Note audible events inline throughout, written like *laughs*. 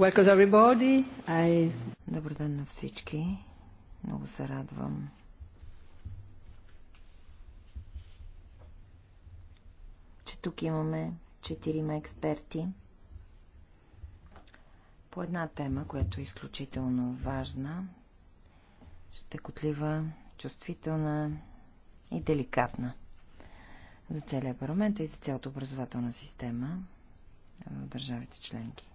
Welcome everybody. I... Добър ден на всички. Много се радвам. Че тук имаме четирима експерти по една тема, която е изключително важна, щекотлива, чувствителна и деликатна за целия парламент и за цялата образователна система в държавите членки.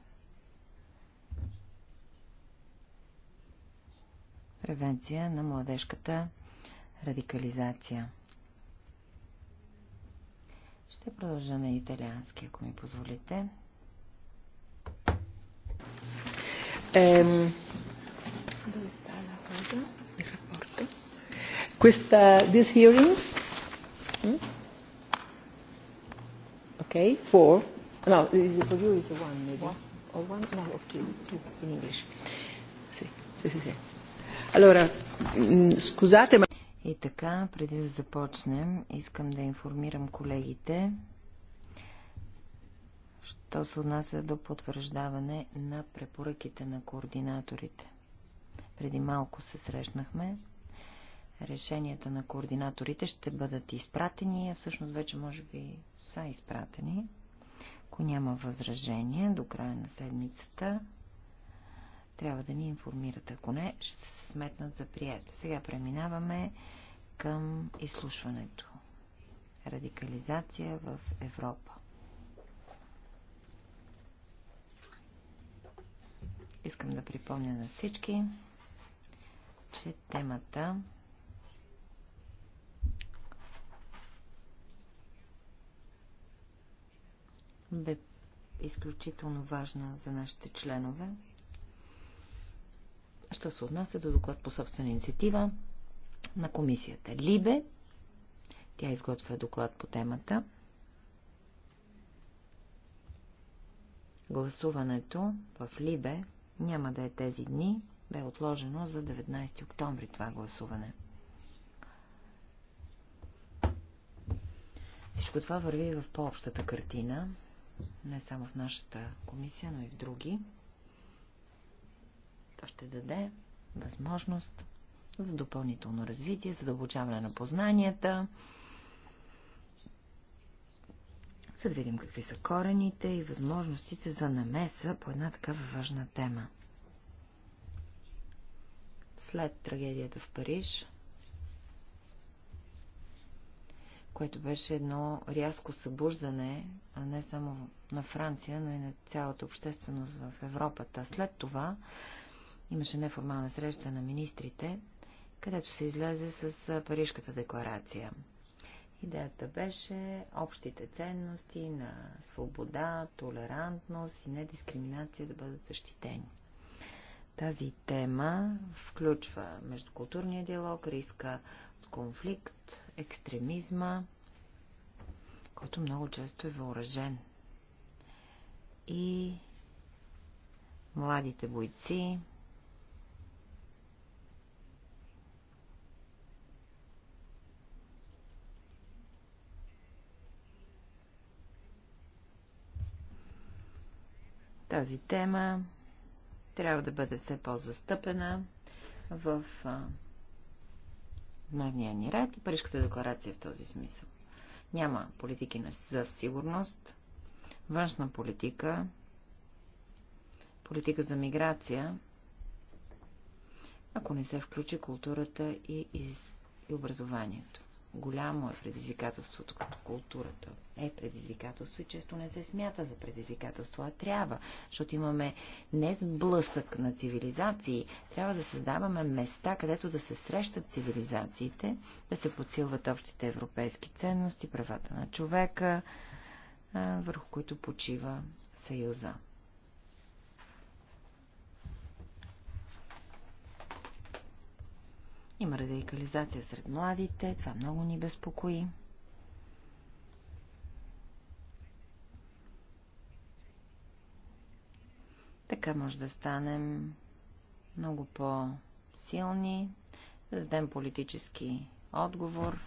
превенция на младежката радикализация. Ще продължа на италиански, ако ми позволите. Ehm, questa, this hearing hmm? okay four no is for you is one maybe or one no of two, two in English sì, sì, sì, sì. Mm, И така, преди да започнем, искам да информирам колегите, що се отнася до потвърждаване на препоръките на координаторите. Преди малко се срещнахме. Решенията на координаторите ще бъдат изпратени, а всъщност вече може би са изпратени. Ако няма възражение до края на седмицата, трябва да ни информират. Ако не, ще се сметнат за прият. Сега преминаваме към изслушването. Радикализация в Европа. Искам да припомня на всички, че темата бе изключително важна за нашите членове що се отнася до доклад по собствена инициатива на комисията Либе. Тя изготвя доклад по темата. Гласуването в Либе няма да е тези дни, бе отложено за 19 октомври това гласуване. Всичко това върви в по-общата картина, не само в нашата комисия, но и в други. Това ще даде възможност за допълнително развитие, задълбочаване на познанията, за да видим какви са корените и възможностите за намеса по една такава важна тема. След трагедията в Париж, което беше едно рязко събуждане, а не само на Франция, но и на цялата общественост в Европата. След това Имаше неформална среща на министрите, където се излезе с Парижката декларация. Идеята беше общите ценности на свобода, толерантност и недискриминация да бъдат защитени. Тази тема включва междукултурния диалог, риска от конфликт, екстремизма, който много често е въоръжен. И младите бойци, Тази тема трябва да бъде все по-застъпена в дневния ни ред и Парижката декларация в този смисъл. Няма политики на, за сигурност, външна политика, политика за миграция, ако не се включи културата и, и, и образованието. Голямо е предизвикателството, като културата е предизвикателство и често не се смята за предизвикателство, а трябва, защото имаме не сблъсък на цивилизации, трябва да създаваме места, където да се срещат цивилизациите, да се подсилват общите европейски ценности, правата на човека, върху които почива Съюза. Има радикализация сред младите, това много ни безпокои. Така може да станем много по-силни, да дадем политически отговор,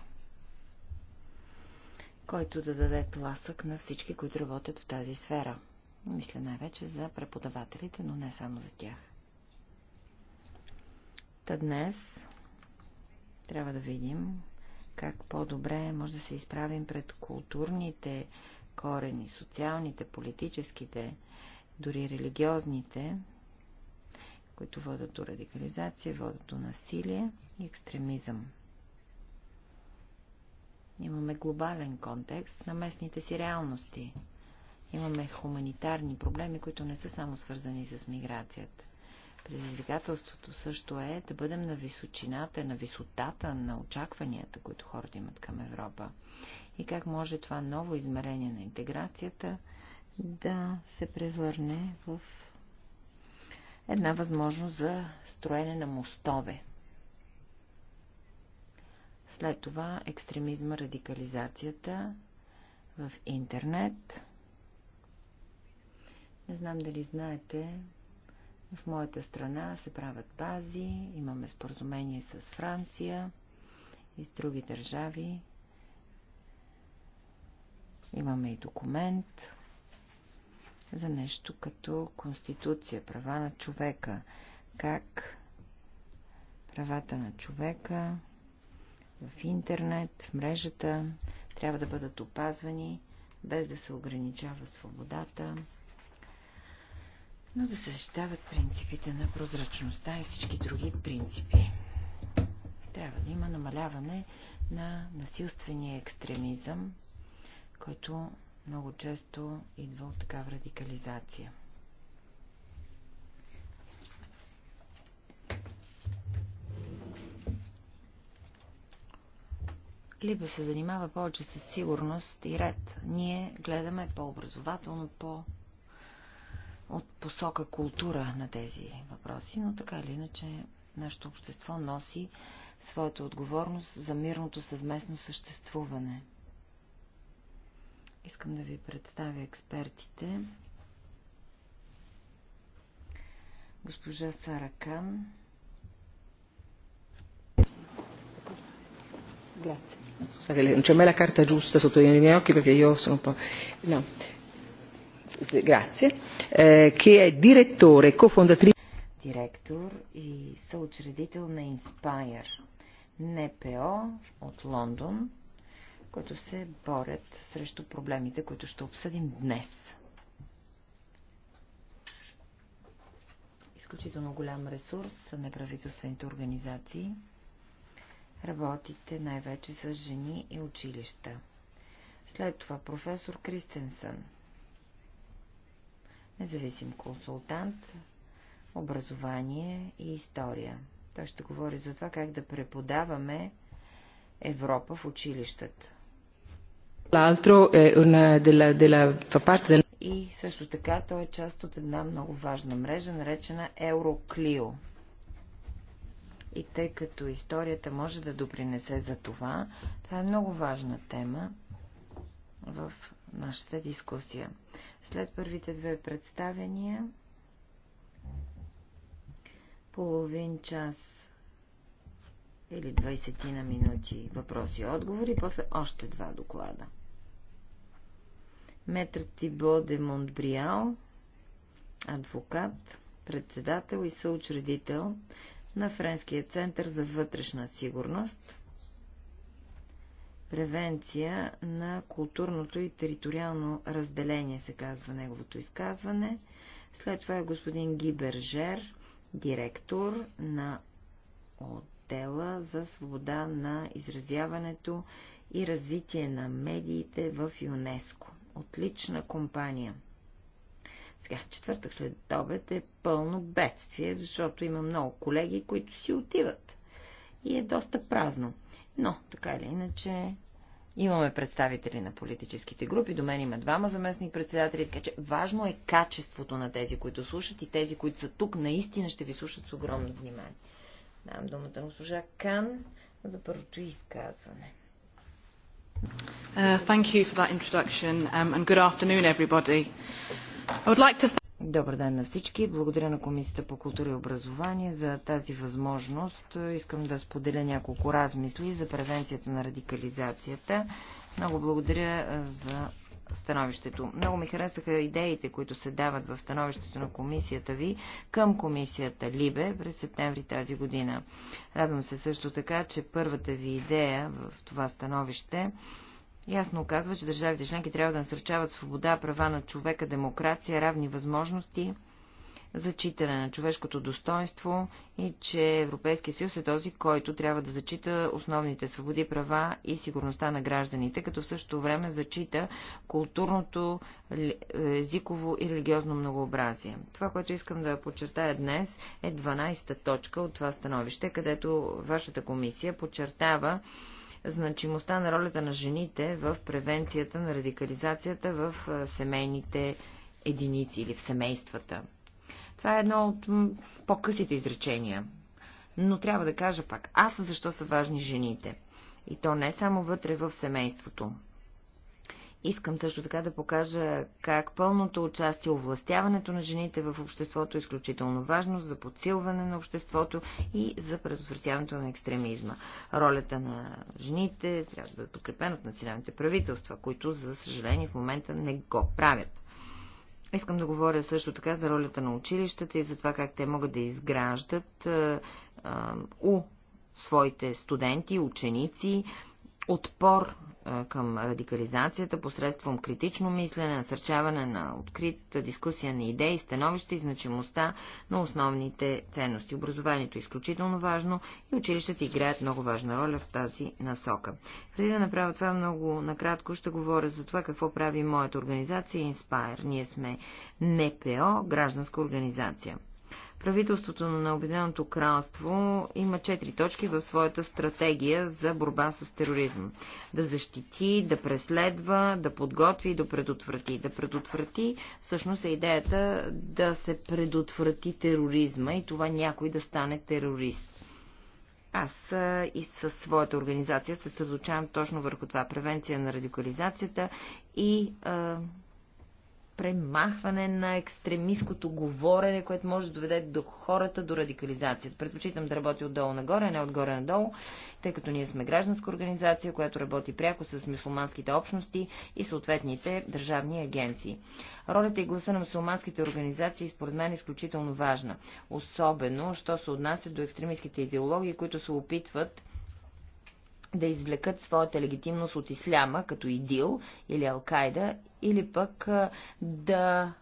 който да даде тласък на всички, които работят в тази сфера. Мисля най-вече за преподавателите, но не само за тях. Та днес трябва да видим как по-добре може да се изправим пред културните корени, социалните, политическите, дори религиозните, които водят до радикализация, водят до насилие и екстремизъм. Имаме глобален контекст на местните си реалности. Имаме хуманитарни проблеми, които не са само свързани с миграцията. Предизвикателството също е да бъдем на височината, на висотата на очакванията, които хората имат към Европа. И как може това ново измерение на интеграцията да се превърне в една възможност за строене на мостове. След това екстремизма, радикализацията в интернет. Не знам дали знаете, в моята страна се правят бази, имаме споразумение с Франция и с други държави. Имаме и документ за нещо като Конституция, права на човека. Как правата на човека в интернет, в мрежата трябва да бъдат опазвани, без да се ограничава свободата но да се защитават принципите на прозрачността и всички други принципи. Трябва да има намаляване на насилствения екстремизъм, който много често идва от такава радикализация. Либо се занимава повече с сигурност и ред. Ние гледаме по-образователно, по-образователно от посока култура на тези въпроси, но така или иначе нашето общество носи своята отговорност за мирното съвместно съществуване. Искам да ви представя експертите. Госпожа Сара Кан. Grazie. Scusate, non c'è mai la carta giusta sotto i miei occhi perché io sono un po'... No. Eh, che è direttore, cofondatrice. Директор и съучредител на Inspire, НПО от Лондон, които се борят срещу проблемите, които ще обсъдим днес. Изключително голям ресурс са неправителствените организации. Работите най-вече с жени и училища. След това професор Кристенсън – независим консултант, образование и история. Той ще говори за това как да преподаваме Европа в училищата. И също така той е част от една много важна мрежа, наречена Евроклио. И тъй като историята може да допринесе за това, това е много важна тема в нашата дискусия. След първите две представения, половин час или 20 на минути въпроси и отговори, после още два доклада. Метър Тибо де Монтбриал, адвокат, председател и съучредител на Френския център за вътрешна сигурност – превенция на културното и териториално разделение, се казва неговото изказване. След това е господин Гибержер, директор на отдела за свобода на изразяването и развитие на медиите в ЮНЕСКо. Отлична компания. Сега, четвъртък след обед е пълно бедствие, защото има много колеги, които си отиват. И е доста празно. Но, така или иначе, имаме представители на политическите групи, до мен има двама заместни председатели, така че важно е качеството на тези, които слушат и тези, които са тук, наистина ще ви слушат с огромно внимание. Дам думата на госпожа Кан за първото изказване. Uh, thank you for that introduction um, and good afternoon everybody. I would like to Добър ден на всички. Благодаря на Комисията по култура и образование за тази възможност. Искам да споделя няколко размисли за превенцията на радикализацията. Много благодаря за становището. Много ми харесаха идеите, които се дават в становището на комисията ви към комисията Либе през септември тази година. Радвам се също така, че първата ви идея в това становище ясно оказва, че държавите членки трябва да насърчават свобода, права на човека, демокрация, равни възможности, зачитане на човешкото достоинство и че Европейския съюз е този, който трябва да зачита основните свободи, права и сигурността на гражданите, като в същото време зачита културното, езиково и религиозно многообразие. Това, което искам да подчертая днес е 12-та точка от това становище, където вашата комисия подчертава значимостта на ролята на жените в превенцията на радикализацията в семейните единици или в семействата. Това е едно от по-късите изречения. Но трябва да кажа пак, аз защо са важни жените? И то не само вътре в семейството. Искам също така да покажа как пълното участие, овластяването на жените в обществото е изключително важно за подсилване на обществото и за предотвратяването на екстремизма. Ролята на жените трябва да бъде подкрепена от националните правителства, които, за съжаление, в момента не го правят. Искам да говоря също така за ролята на училищата и за това как те могат да изграждат у своите студенти, ученици, отпор към радикализацията посредством критично мислене, насърчаване на открита дискусия на идеи, становища и значимостта на основните ценности. Образованието е изключително важно и училищата играят много важна роля в тази насока. Преди да направя това много накратко, ще говоря за това какво прави моята организация Inspire. Ние сме НПО, гражданска организация. Правителството на Обединеното кралство има четири точки в своята стратегия за борба с тероризъм. Да защити, да преследва, да подготви и да предотврати. Да предотврати всъщност е идеята да се предотврати тероризма и това някой да стане терорист. Аз и със своята организация се съсредоточавам точно върху това превенция на радикализацията и премахване на екстремистското говорене, което може да доведе до хората до радикализацията. Предпочитам да работя отдолу нагоре, а не отгоре надолу, тъй като ние сме гражданска организация, която работи пряко с мусулманските общности и съответните държавни агенции. Ролята и гласа на мусулманските организации според мен е изключително важна, особено, що се отнася до екстремистските идеологии, които се опитват да извлекат своята легитимност от исляма, като ИДИЛ или Алкайда, или пък да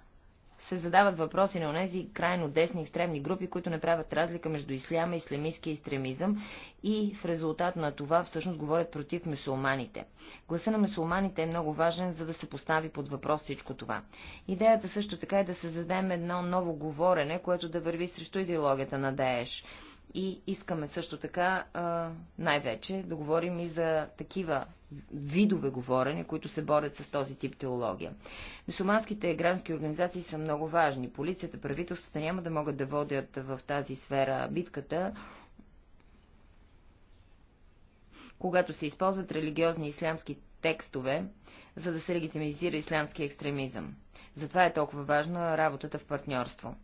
се задават въпроси на тези крайно десни екстремни групи, които не правят разлика между исляма, ислямистския екстремизъм и в резултат на това всъщност говорят против мусулманите. Гласа на мусулманите е много важен, за да се постави под въпрос всичко това. Идеята също така е да създадем едно ново говорене, което да върви срещу идеологията на Даеш. И искаме също така най-вече да говорим и за такива видове говорене, които се борят с този тип теология. Мусулманските граждански организации са много важни. Полицията, правителствата няма да могат да водят в тази сфера битката, когато се използват религиозни ислямски текстове, за да се легитимизира ислямски екстремизъм. Затова е толкова важна работата в партньорство.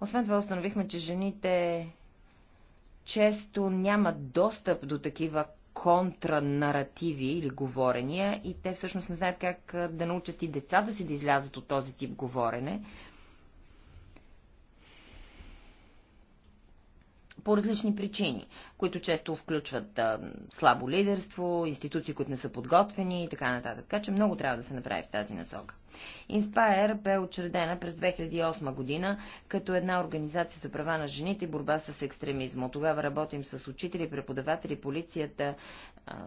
Освен това установихме, че жените често нямат достъп до такива контранаративи или говорения и те всъщност не знаят как да научат и деца да си да излязат от този тип говорене. по различни причини, които често включват а, слабо лидерство, институции, които не са подготвени и така нататък. Така че много трябва да се направи в тази насока. Inspire бе учредена през 2008 година като една организация за права на жените и борба с екстремизма. От тогава работим с учители, преподаватели, полицията,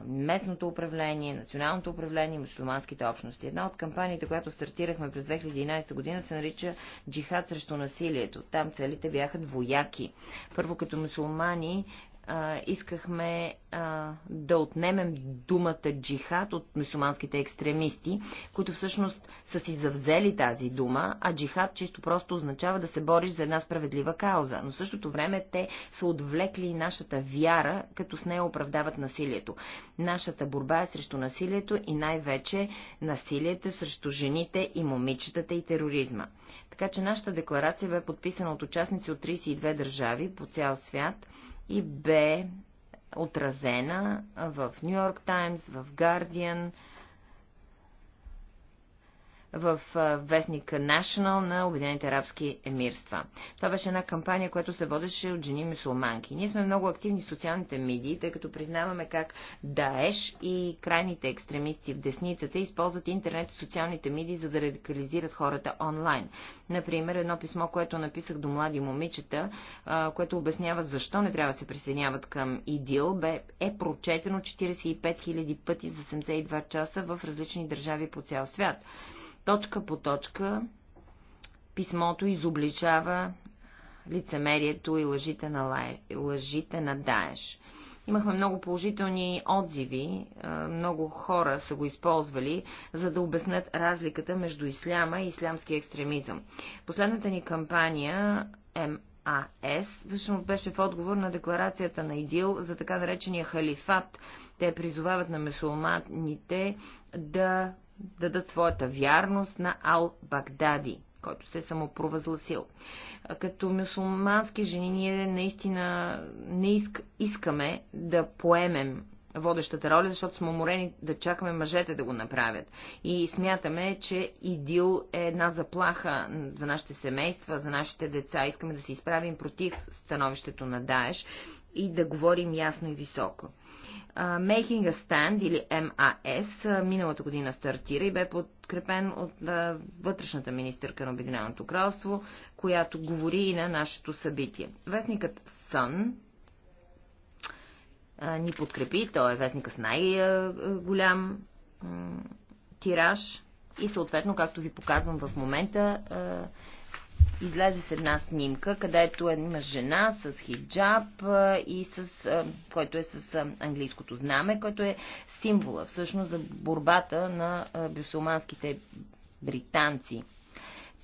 местното управление, националното управление и мусулманските общности. Една от кампаниите, която стартирахме през 2011 година, се нарича Джихад срещу насилието. Там целите бяха двояки. Първо, като мусулмани а, искахме а, да отнемем думата джихад от мусулманските екстремисти, които всъщност са си завзели тази дума, а джихад чисто просто означава да се бориш за една справедлива кауза. Но в същото време те са отвлекли и нашата вяра, като с нея оправдават насилието. Нашата борба е срещу насилието и най-вече насилието срещу жените и момичетата и тероризма. Така че нашата декларация бе подписана от участници от 32 държави по цял свят и бе отразена в Нью Йорк Таймс, в Гардиан, в вестника National на Обединените арабски емирства. Това беше една кампания, която се водеше от жени мусулманки. Ние сме много активни в социалните медии, тъй като признаваме как Даеш и крайните екстремисти в десницата използват интернет и социалните медии, за да радикализират хората онлайн. Например, едно писмо, което написах до млади момичета, което обяснява защо не трябва да се присъединяват към ИДИЛ, бе, е прочетено 45 000 пъти за 72 часа в различни държави по цял свят. Точка по точка писмото изобличава лицемерието и лъжите на, лай... лъжите на Даеш. Имахме много положителни отзиви, е, много хора са го използвали, за да обяснят разликата между исляма и ислямски екстремизъм. Последната ни кампания МАС всъщност беше в отговор на декларацията на ИДИЛ за така наречения халифат. Те призовават на мусулманите да дадат своята вярност на Ал-Багдади, който се е самопровъзгласил. Като мюсулмански жени ние наистина не иск, искаме да поемем водещата роля, защото сме уморени да чакаме мъжете да го направят. И смятаме, че идил е една заплаха за нашите семейства, за нашите деца. Искаме да се изправим против становището на Даеш и да говорим ясно и високо. Making a Stand или МАС миналата година стартира и бе подкрепен от вътрешната министърка на Обединеното кралство, която говори и на нашето събитие. Вестникът Сън ни подкрепи, той е вестника с най-голям тираж и съответно, както ви показвам в момента, излезе с една снимка, където има жена с хиджаб и с, който е с английското знаме, който е символа всъщност за борбата на бюсулманските британци.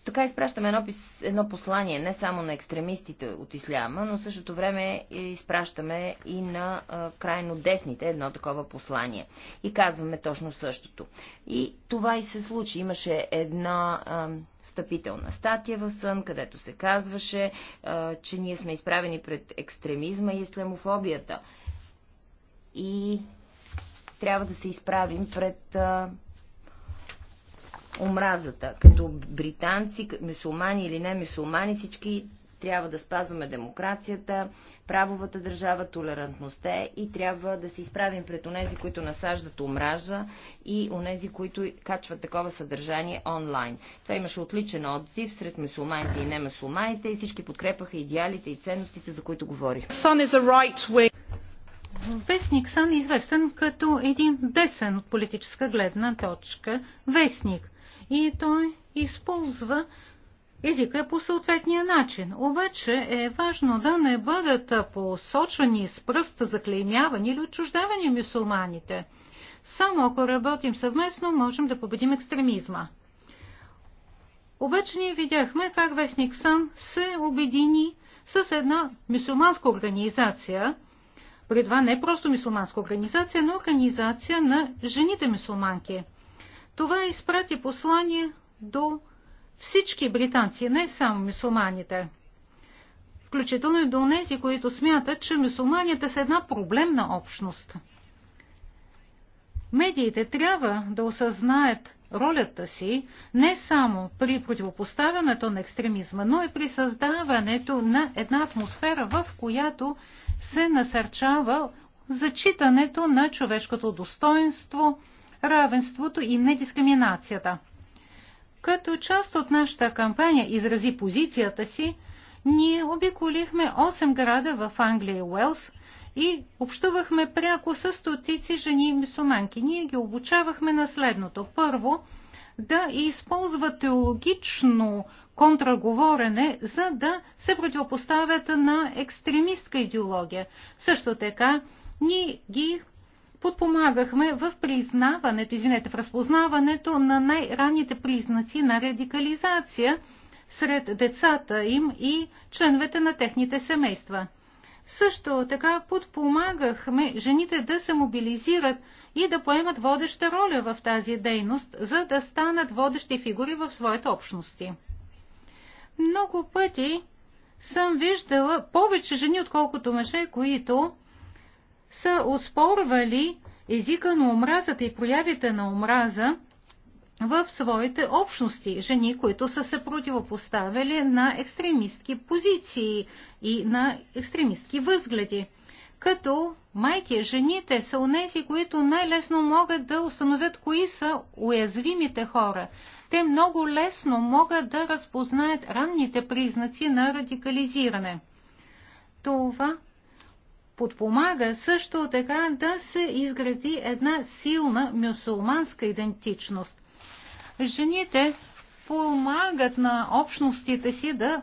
Така изпращаме едно, едно послание не само на екстремистите от исляма, но същото време изпращаме и на а, крайно десните едно такова послание. И казваме точно същото. И това и се случи. Имаше една а, встъпителна статия в сън, където се казваше, че ние сме изправени пред екстремизма и ислямофобията. И трябва да се изправим пред омразата. Като британци, мусулмани или не мусулмани, всички трябва да спазваме демокрацията, правовата държава, толерантността и трябва да се изправим пред онези, които насаждат омража и онези, които качват такова съдържание онлайн. Това имаше отличен отзив сред мусулманите и не мусулманите и всички подкрепаха идеалите и ценностите, за които говорих. Вестник Сан е известен като един десен от политическа гледна точка вестник. И той използва езика е по съответния начин. Обаче е важно да не бъдат посочвани с пръста, заклеймявани или отчуждавани мусулманите. Само ако работим съвместно, можем да победим екстремизма. Обаче ние видяхме как вестник Сан се обедини с една мусулманска организация, при това не просто мусулманска организация, но организация на жените мусулманки. Това изпрати послание до всички британци, не само мусулманите. Включително и до тези, които смятат, че мусулманите са една проблемна общност. Медиите трябва да осъзнаят ролята си не само при противопоставянето на екстремизма, но и при създаването на една атмосфера, в която се насърчава зачитането на човешкото достоинство, равенството и недискриминацията. Като част от нашата кампания изрази позицията си, ние обиколихме 8 града в Англия и Уелс и общувахме пряко с стотици жени и мусулманки. Ние ги обучавахме на следното. Първо, да използват теологично контраговорене, за да се противопоставят на екстремистка идеология. Също така, ние ги подпомагахме в признаването, извинете, в разпознаването на най-ранните признаци на радикализация сред децата им и членовете на техните семейства. Също така подпомагахме жените да се мобилизират и да поемат водеща роля в тази дейност, за да станат водещи фигури в своите общности. Много пъти съм виждала повече жени, отколкото мъже, които са оспорвали езика на омразата и проявите на омраза в своите общности. Жени, които са се противопоставили на екстремистки позиции и на екстремистки възгледи. Като майки, жените са унези, които най-лесно могат да установят кои са уязвимите хора. Те много лесно могат да разпознаят ранните признаци на радикализиране. Това подпомага също така да се изгради една силна мюсулманска идентичност. Жените помагат на общностите си да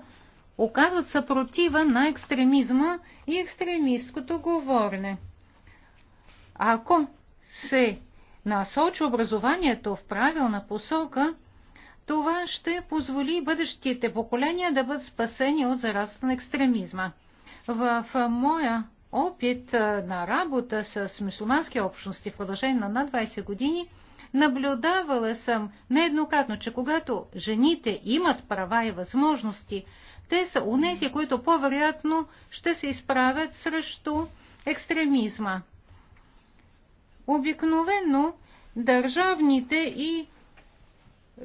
оказват съпротива на екстремизма и екстремистското говорене. Ако се насочи образованието в правилна посока, това ще позволи бъдещите поколения да бъдат спасени от зараста на екстремизма. В моя опит на работа с мусулмански общности в продължение на над 20 години, наблюдавала съм нееднократно, че когато жените имат права и възможности, те са унези, които по-вероятно ще се изправят срещу екстремизма. Обикновено държавните и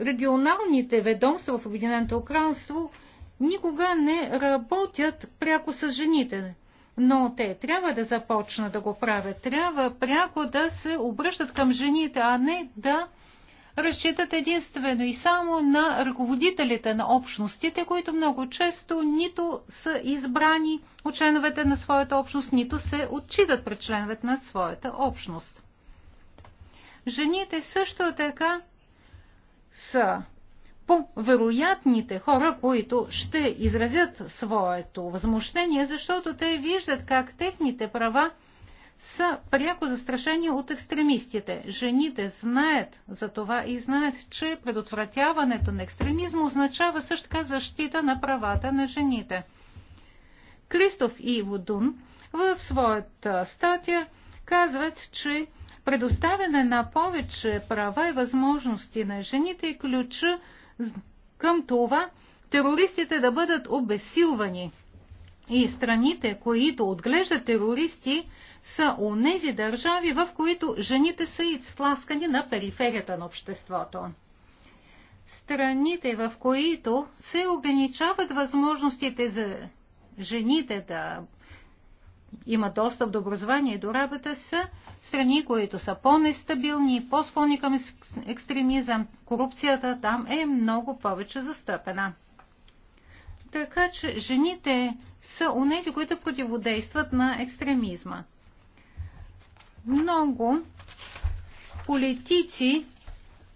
регионалните ведомства в Обединеното кралство никога не работят пряко с жените но те трябва да започнат да го правят. Трябва пряко да се обръщат към жените, а не да разчитат единствено и само на ръководителите на общностите, които много често нито са избрани от членовете на своята общност, нито се отчитат пред членовете на своята общност. Жените също така са по-вероятните хора, които ще изразят своето възмущение, защото те виждат как техните права са пряко застрашени от екстремистите. Жените знаят за това и знаят, че предотвратяването на екстремизма означава също така защита на правата на жените. Кристоф и Водун в своята статия казват, че предоставяне на повече права и възможности на жените е ключа към това терористите да бъдат обесилвани. И страните, които отглеждат терористи, са онези държави, в които жените са изтласкани на периферията на обществото. Страните, в които се ограничават възможностите за жените да имат достъп до образование и до работа, са страни, които са по-нестабилни, по-склонни към екстремизъм. Корупцията там е много повече застъпена. Така че жените са унези, които противодействат на екстремизма. Много политици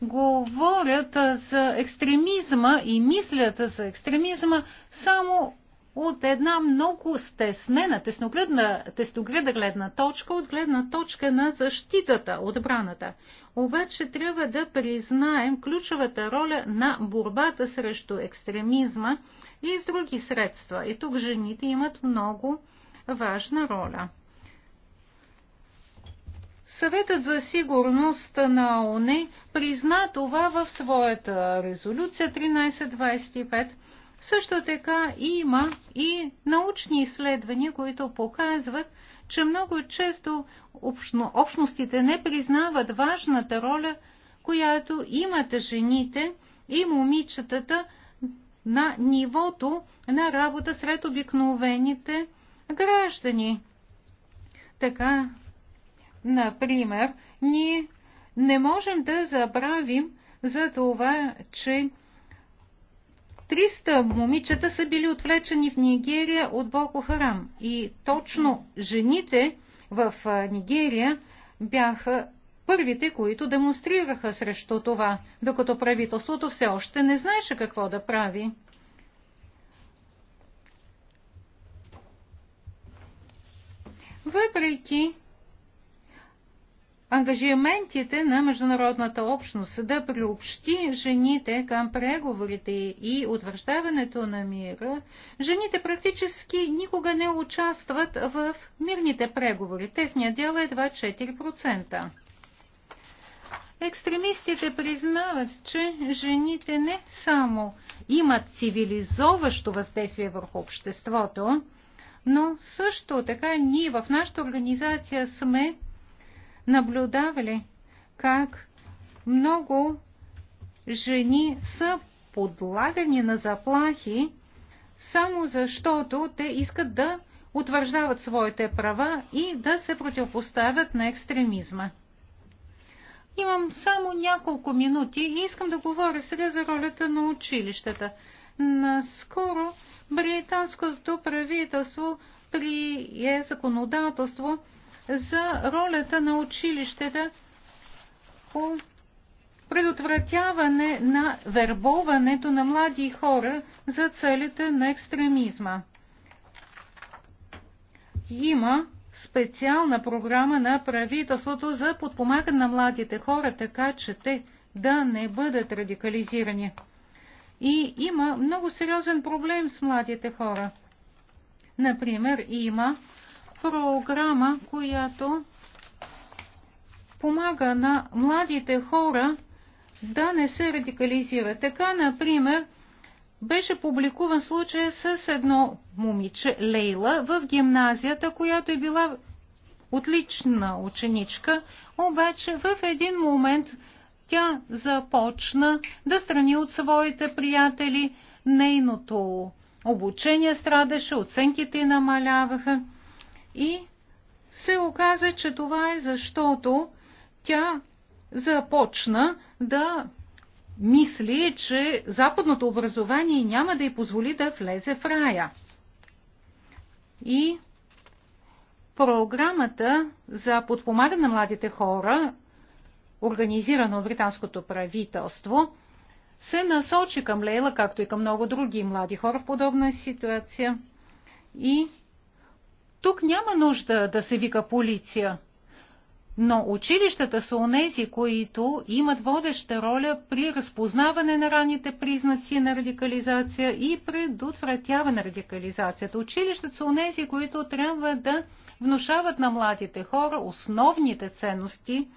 говорят за екстремизма и мислят за екстремизма само от една много стеснена, тесногледна, тесногледна гледна точка, от гледна точка на защитата, отбраната. Обаче трябва да признаем ключовата роля на борбата срещу екстремизма и с други средства. И тук жените имат много важна роля. Съветът за сигурност на ОНЕ призна това в своята резолюция 1325 също така има и научни изследвания, които показват, че много често общно, общностите не признават важната роля, която имат жените и момичетата на нивото на работа сред обикновените граждани. Така, например, ние не можем да забравим за това, че 300 момичета са били отвлечени в Нигерия от Боко Харам. И точно жените в Нигерия бяха първите, които демонстрираха срещу това, докато правителството все още не знаеше какво да прави. Въпреки ангажиментите на международната общност да приобщи жените към преговорите и утвърждаването на мира, жените практически никога не участват в мирните преговори. Техният дял е 24%. Екстремистите признават, че жените не само имат цивилизоващо въздействие върху обществото, но също така ние в нашата организация сме наблюдавали как много жени са подлагани на заплахи, само защото те искат да утвърждават своите права и да се противопоставят на екстремизма. Имам само няколко минути и искам да говоря сега за ролята на училищата. Наскоро британското правителство прие законодателство, за ролята на училищата по предотвратяване на вербоването на млади хора за целите на екстремизма. Има специална програма на правителството за подпомагане на младите хора, така че те да не бъдат радикализирани. И има много сериозен проблем с младите хора. Например, има програма, която помага на младите хора да не се радикализират. Така, например, беше публикуван случай с едно момиче, Лейла, в гимназията, която е била отлична ученичка, обаче в един момент тя започна да страни от своите приятели, нейното обучение страдаше, оценките намаляваха. И се оказа, че това е защото тя започна да мисли, че западното образование няма да й позволи да влезе в рая. И програмата за подпомагане на младите хора, организирана от британското правителство, се насочи към Лейла, както и към много други млади хора в подобна ситуация. И тук няма нужда да се вика полиция. Но училищата са онези, които имат водеща роля при разпознаване на ранните признаци на радикализация и предотвратяване на радикализацията. Училищата са онези, които трябва да внушават на младите хора основните ценности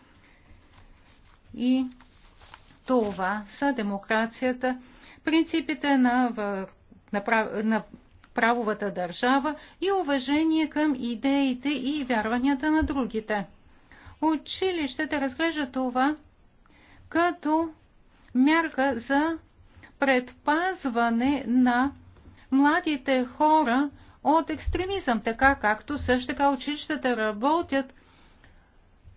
и това са демокрацията, принципите на, на, на правовата държава и уважение към идеите и вярванията на другите. Училищата разглежда това като мярка за предпазване на младите хора от екстремизъм, така както също така училищата работят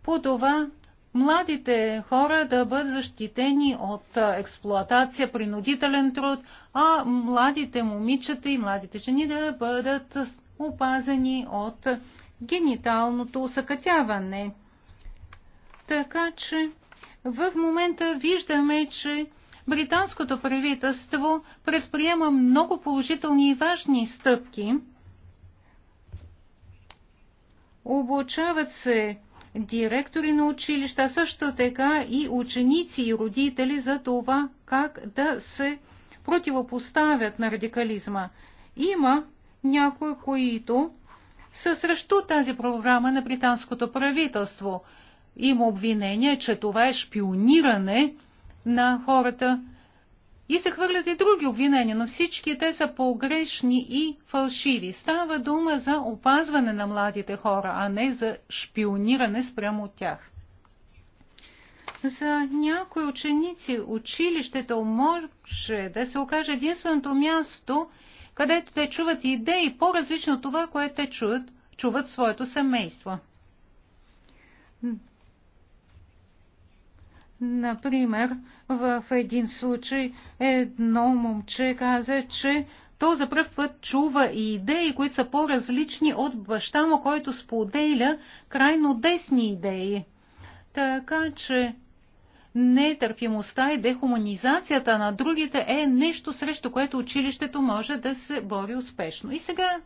по това младите хора да бъдат защитени от експлоатация, принудителен труд, а младите момичета и младите жени да бъдат опазени от гениталното усъкътяване. Така че в момента виждаме, че британското правителство предприема много положителни и важни стъпки. Обучават се директори на училища, също така и ученици и родители за това как да се противопоставят на радикализма. Има някои, които са срещу тази програма на британското правителство. Има обвинение, че това е шпиониране на хората. И се хвърлят и други обвинения, но всички те са погрешни и фалшиви. Става дума за опазване на младите хора, а не за шпиониране спрямо от тях. За някои ученици училището може да се окаже единственото място, където те чуват идеи по-различно от това, което те чуват, чуват своето семейство. Например, в един случай едно момче каза, че то за първ път чува и идеи, които са по-различни от баща му, който споделя крайно десни идеи. Така че нетърпимостта и дехуманизацията на другите е нещо, срещу което училището може да се бори успешно. И сега,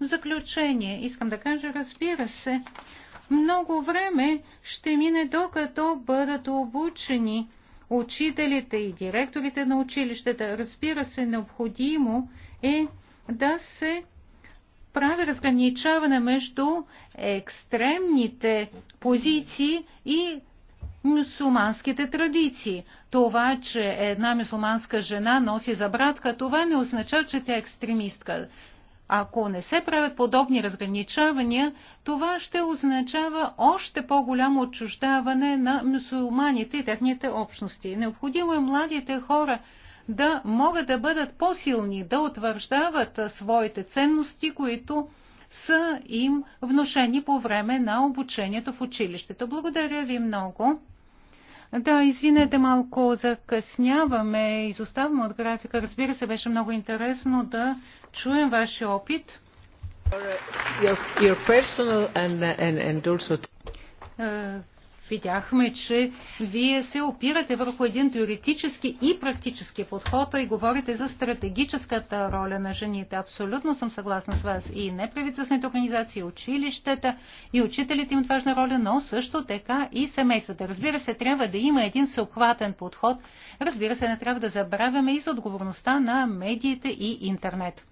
в заключение, искам да кажа, разбира се, много време ще мине докато бъдат обучени учителите и директорите на училищата. Разбира се, необходимо е да се прави разграничаване между екстремните позиции и мусулманските традиции. Това, че една мусулманска жена носи забратка, това не означава, че тя е екстремистка. Ако не се правят подобни разграничавания, това ще означава още по-голямо отчуждаване на мусулманите и техните общности. Необходимо е младите хора да могат да бъдат по-силни, да утвърждават своите ценности, които са им вношени по време на обучението в училището. Благодаря ви много. Да, извинете, малко закъсняваме, изоставаме от графика. Разбира се, беше много интересно да чуем вашия опит. Your, your and, and, and also... uh, видяхме, че вие се опирате върху един теоретически и практически подход и говорите за стратегическата роля на жените. Абсолютно съм съгласна с вас. И неправителствените организации, и училищата, и учителите имат важна роля, но също така и семействата. Разбира се, трябва да има един съобхватен подход. Разбира се, не трябва да забравяме и за отговорността на медиите и интернет.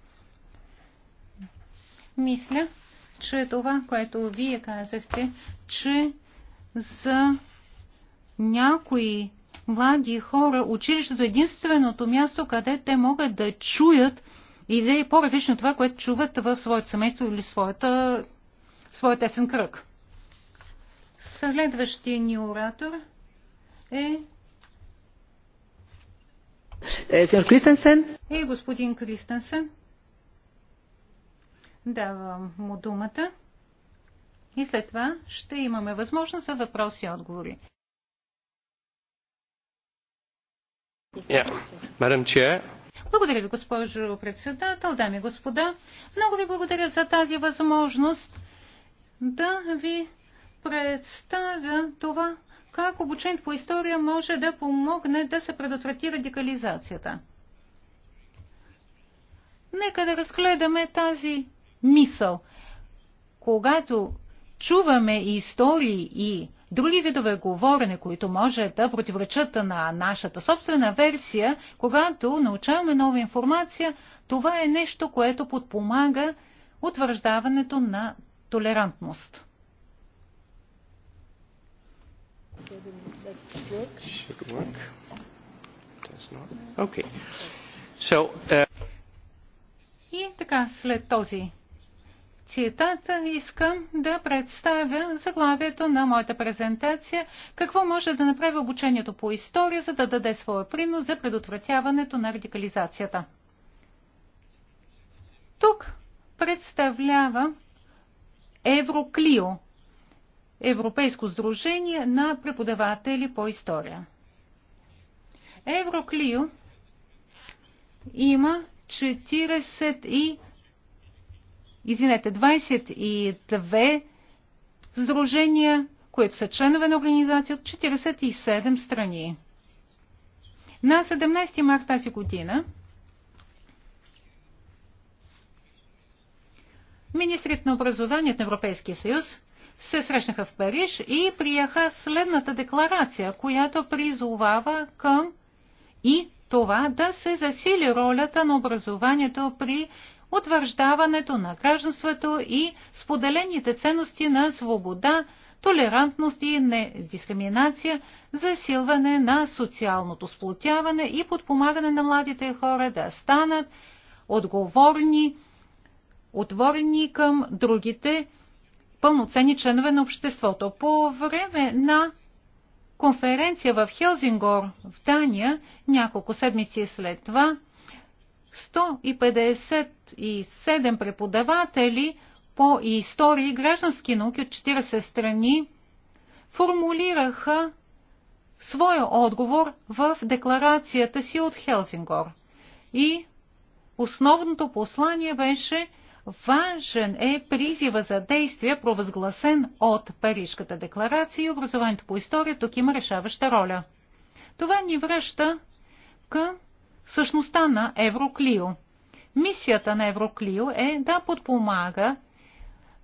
Мисля, че това, което вие казахте, че за някои млади хора училището е единственото място, къде те могат да чуят идеи е по-различно от това, което чуват в своето семейство или своята, своят тесен кръг. Следващия ни оратор е, е Сеньор Кристенсен. Е, господин Кристенсен. Давам му думата и след това ще имаме възможност за въпроси и отговори. Yeah. Благодаря ви, госпожо председател, дами и господа. Много ви благодаря за тази възможност да ви представя това, как обучението по история може да помогне да се предотврати радикализацията. Нека да разгледаме тази мисъл. Когато чуваме и истории и други видове говорене, които може да противоречат на нашата собствена версия, когато научаваме нова информация, това е нещо, което подпомага утвърждаването на толерантност. Uh, и така, след този цитат, искам да представя заглавието на моята презентация «Какво може да направи обучението по история, за да даде своя принос за предотвратяването на радикализацията». Тук представлява Евроклио, Европейско сдружение на преподаватели по история. Евроклио има 40 извинете, 22 сдружения, които са членове на организация от 47 страни. На 17 марта тази година министрите на образованието на Европейския съюз се срещнаха в Париж и приеха следната декларация, която призовава към и това да се засили ролята на образованието при утвърждаването на гражданството и споделените ценности на свобода, толерантност и недискриминация, засилване на социалното сплотяване и подпомагане на младите хора да станат отговорни, отворени към другите пълноценни членове на обществото. По време на конференция в Хелзингор в Дания, няколко седмици след това, 150 27 преподаватели по истории и граждански науки от 40 страни формулираха своя отговор в декларацията си от Хелзингор. И основното послание беше Важен е призива за действие, провъзгласен от Парижката декларация и образованието по история тук има решаваща роля. Това ни връща към същността на Евроклио. Мисията на Евроклио е да подпомага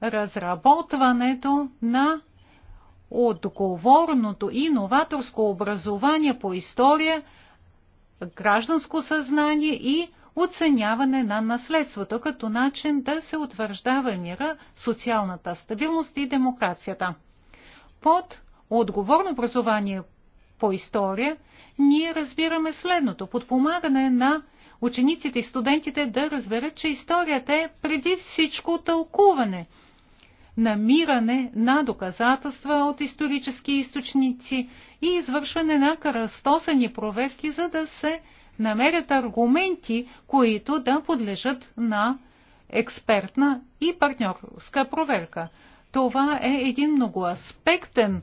разработването на отговорното и новаторско образование по история, гражданско съзнание и оценяване на наследството като начин да се утвърждава мира, социалната стабилност и демокрацията. Под отговорно образование по история ние разбираме следното подпомагане на учениците и студентите да разберат, че историята е преди всичко тълкуване, намиране на доказателства от исторически източници и извършване на кръстосани проверки, за да се намерят аргументи, които да подлежат на експертна и партньорска проверка. Това е един многоаспектен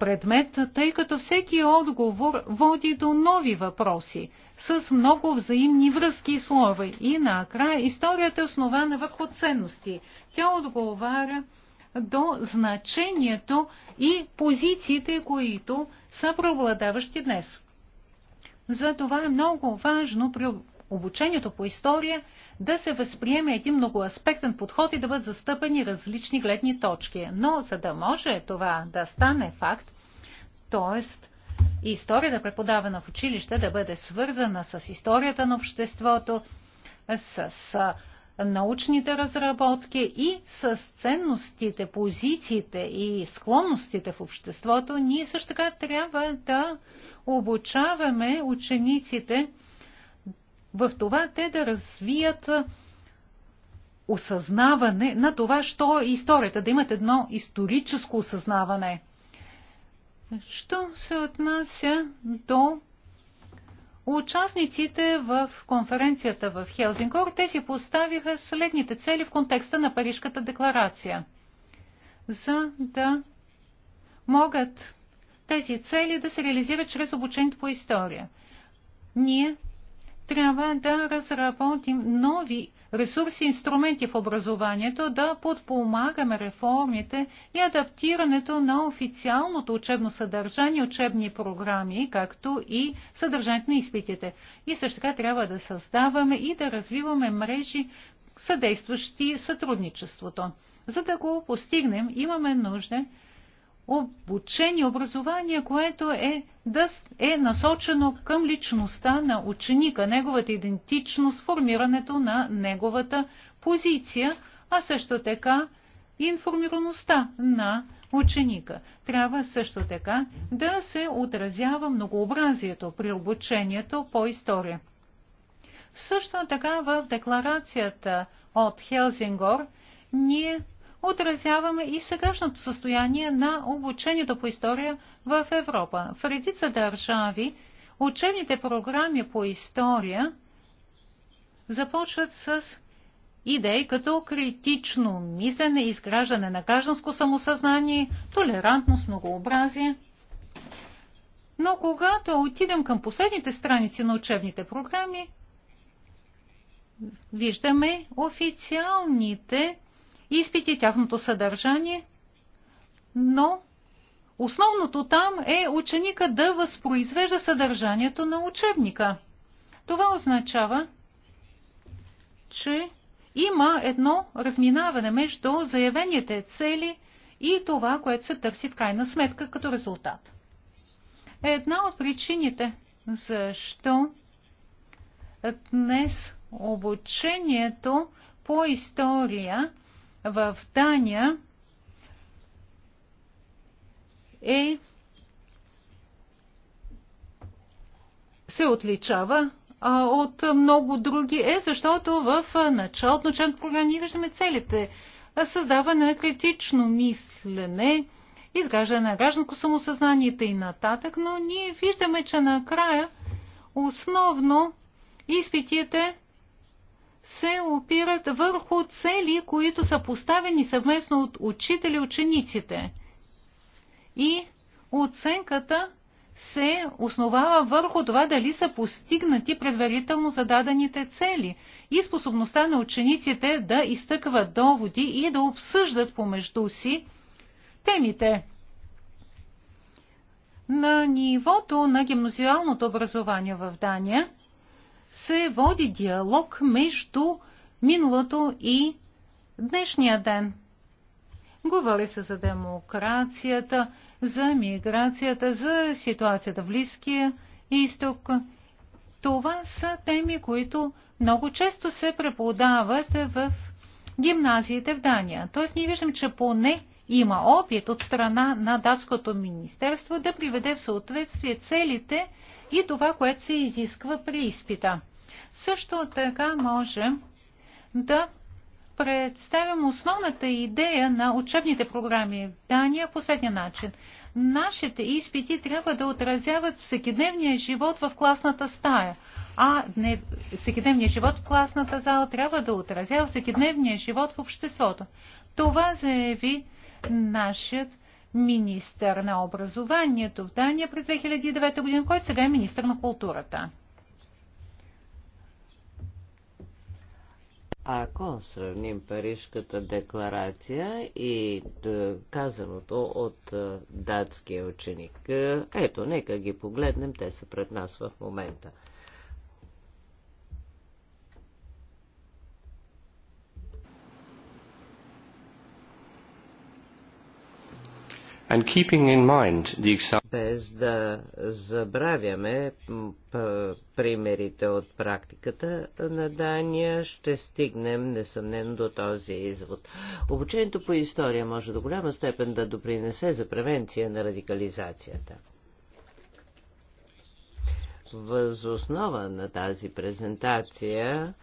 предмет, тъй като всеки отговор води до нови въпроси с много взаимни връзки и слова. И накрая историята е основана върху ценности. Тя отговаря до значението и позициите, които са преобладаващи днес. Затова е много важно при обучението по история да се възприеме един многоаспектен подход и да бъдат застъпени различни гледни точки. Но за да може това да стане факт, т.е. историята преподавана в училище да бъде свързана с историята на обществото, с, научните разработки и с ценностите, позициите и склонностите в обществото, ние също така трябва да обучаваме учениците в това те да развият осъзнаване на това, що е историята, да имат едно историческо осъзнаване. Що се отнася до участниците в конференцията в Хелзингор, те си поставиха следните цели в контекста на Парижката декларация, за да могат тези цели да се реализират чрез обучението по история. Ние трябва да разработим нови ресурси, инструменти в образованието, да подпомагаме реформите и адаптирането на официалното учебно съдържание, учебни програми, както и съдържанието на изпитите. И също така трябва да създаваме и да развиваме мрежи, съдействащи сътрудничеството. За да го постигнем, имаме нужда обучение, образование, което е, да, е насочено към личността на ученика, неговата идентичност, формирането на неговата позиция, а също така информираността на ученика. Трябва също така да се отразява многообразието при обучението по история. Също така в декларацията от Хелзингор ние отразяваме и сегашното състояние на обучението по история в Европа. В редица държави учебните програми по история започват с идеи като критично мислене, изграждане на гражданско самосъзнание, толерантност, многообразие. Но когато отидем към последните страници на учебните програми, виждаме официалните изпити, тяхното съдържание, но основното там е ученика да възпроизвежда съдържанието на учебника. Това означава, че има едно разминаване между заявените цели и това, което се търси в крайна сметка като резултат. Една от причините, защо днес обучението по история в Дания е се отличава а, от много други е, защото в началото началната програма ние виждаме целите. Създаване на критично мислене, изграждане на гражданско самосъзнание и нататък, но ние виждаме, че накрая основно изпитите се опират върху цели, които са поставени съвместно от учители и учениците. И оценката се основава върху това дали са постигнати предварително зададените цели и способността на учениците да изтъкват доводи и да обсъждат помежду си темите. На нивото на гимназиалното образование в Дания се води диалог между миналото и днешния ден. Говори се за демокрацията, за миграцията, за ситуацията в Близкия изток. Това са теми, които много често се преподават в гимназиите в Дания. Тоест ние виждам, че поне има опит от страна на датското министерство да приведе в съответствие целите и това, което се изисква при изпита. Също така можем да представим основната идея на учебните програми в Дания по следния начин. Нашите изпити трябва да отразяват всекидневния живот в класната стая, а не всекидневния живот в класната зала трябва да отразява всекидневния живот в обществото. Това заяви нашият министър на образованието в Дания през 2009 година, който сега е министър на културата. Ако сравним Парижката декларация и е, казаното от е, датския ученик, е, ето, нека ги погледнем, те са пред нас в момента. And keeping in mind the example... Без да забравяме примерите от практиката на Дания, ще стигнем несъмнено до този извод. Обучението по история може до голяма степен да допринесе за превенция на радикализацията. Възоснова на тази презентация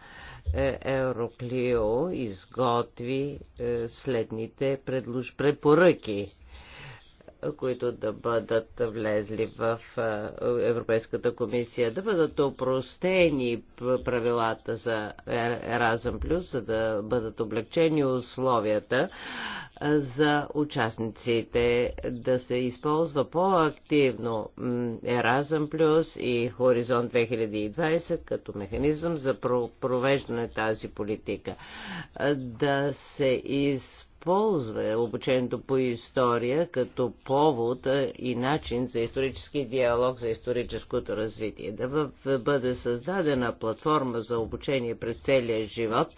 Евроклио изготви е, следните предпоръки които да бъдат влезли в Европейската комисия, да бъдат опростени правилата за Erasmus е-, Plus, за да бъдат облегчени условията за участниците, да се използва по-активно Erasmus Plus и Хоризонт 2020 като механизъм за провеждане тази политика, да се използва използва обучението по история като повод и начин за исторически диалог, за историческото развитие. Да бъде създадена платформа за обучение през целия живот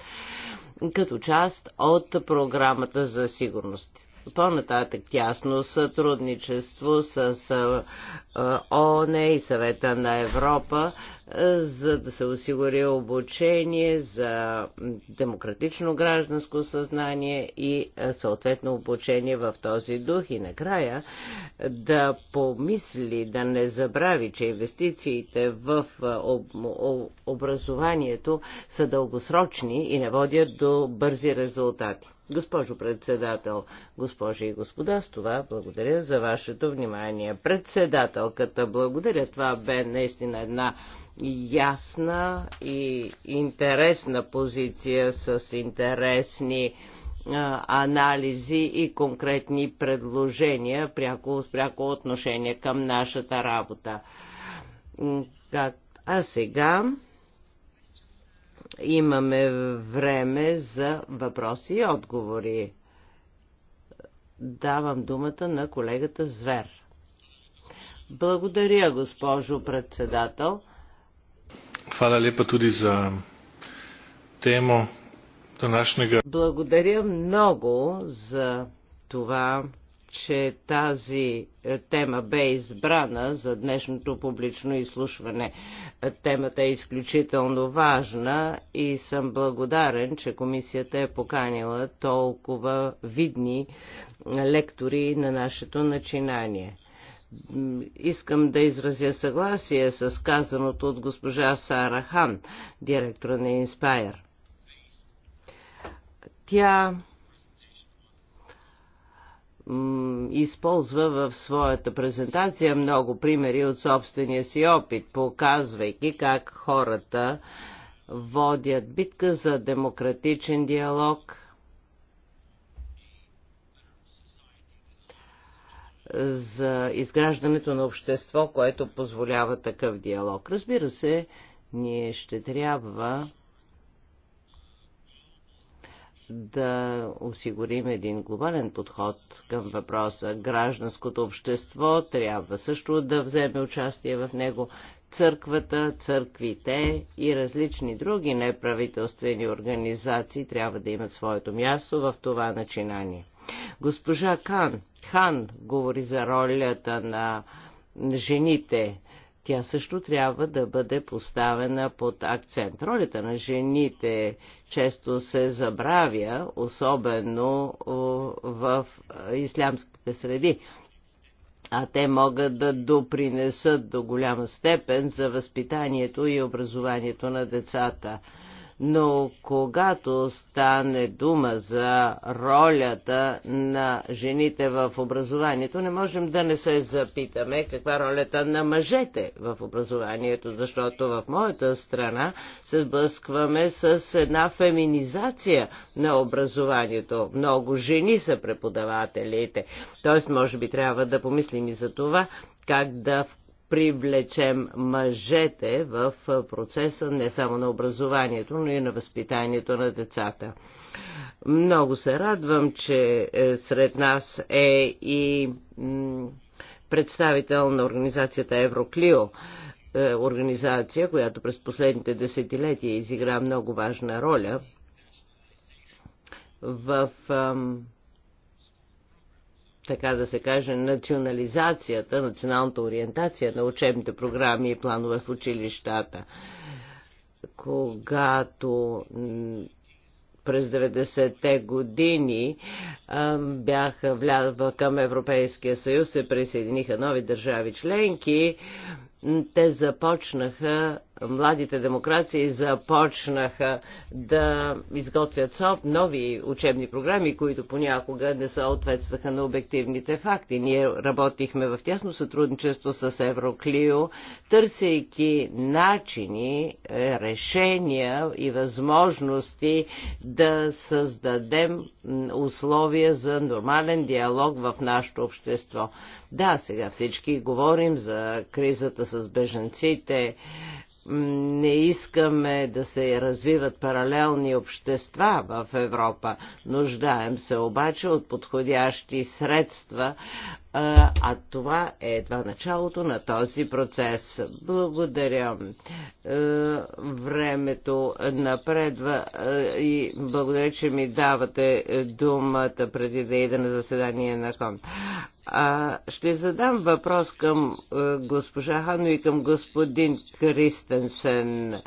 като част от програмата за сигурност по-нататък тясно сътрудничество с ООН и съвета на Европа, за да се осигури обучение за демократично гражданско съзнание и съответно обучение в този дух. И накрая да помисли, да не забрави, че инвестициите в образованието са дългосрочни и не водят до бързи резултати. Госпожо председател, госпожи и господа, с това благодаря за вашето внимание. Председателката, благодаря. Това бе наистина една ясна и интересна позиция с интересни анализи и конкретни предложения, пряко, пряко отношение към нашата работа. А сега имаме време за въпроси и отговори. Давам думата на колегата Звер. Благодаря, госпожо председател. Хвала лепа туди за тема днешнега. Благодаря много за това че тази е, тема бе избрана за днешното публично изслушване. Е, темата е изключително важна и съм благодарен, че комисията е поканила толкова видни е, лектори на нашето начинание. Искам да изразя съгласие с казаното от госпожа Сара Хан, директора на Inspire. Тя използва в своята презентация много примери от собствения си опит, показвайки как хората водят битка за демократичен диалог, за изграждането на общество, което позволява такъв диалог. Разбира се, ние ще трябва да осигурим един глобален подход към въпроса. Гражданското общество трябва също да вземе участие в него. Църквата, църквите и различни други неправителствени организации трябва да имат своето място в това начинание. Госпожа Кан, Хан говори за ролята на жените тя също трябва да бъде поставена под акцент. Ролята на жените често се забравя, особено в ислямските среди а те могат да допринесат до голяма степен за възпитанието и образованието на децата но когато стане дума за ролята на жените в образованието, не можем да не се запитаме каква е ролята на мъжете в образованието, защото в моята страна се сблъскваме с една феминизация на образованието. Много жени са преподавателите. Тоест, може би трябва да помислим и за това, как да привлечем мъжете в процеса не само на образованието, но и на възпитанието на децата. Много се радвам, че е, сред нас е и представител на организацията Евроклио, е, организация, която през последните десетилетия изигра много важна роля в така да се каже, национализацията, националната ориентация на учебните програми и планове в училищата. Когато през 90-те години бяха влява към Европейския съюз, се присъединиха нови държави членки, те започнаха младите демокрации започнаха да изготвят СОП, нови учебни програми, които понякога не съответстваха на обективните факти. Ние работихме в тясно сътрудничество с Евроклио, търсейки начини, е, решения и възможности да създадем условия за нормален диалог в нашето общество. Да, сега всички говорим за кризата с беженците, не искаме да се развиват паралелни общества в Европа. Нуждаем се обаче от подходящи средства а това е едва началото на този процес. Благодаря. Е, времето напредва е, и благодаря, че ми давате думата преди да ида на заседание на Кон. А, ще задам въпрос към е, госпожа Хано и към господин Кристенсен.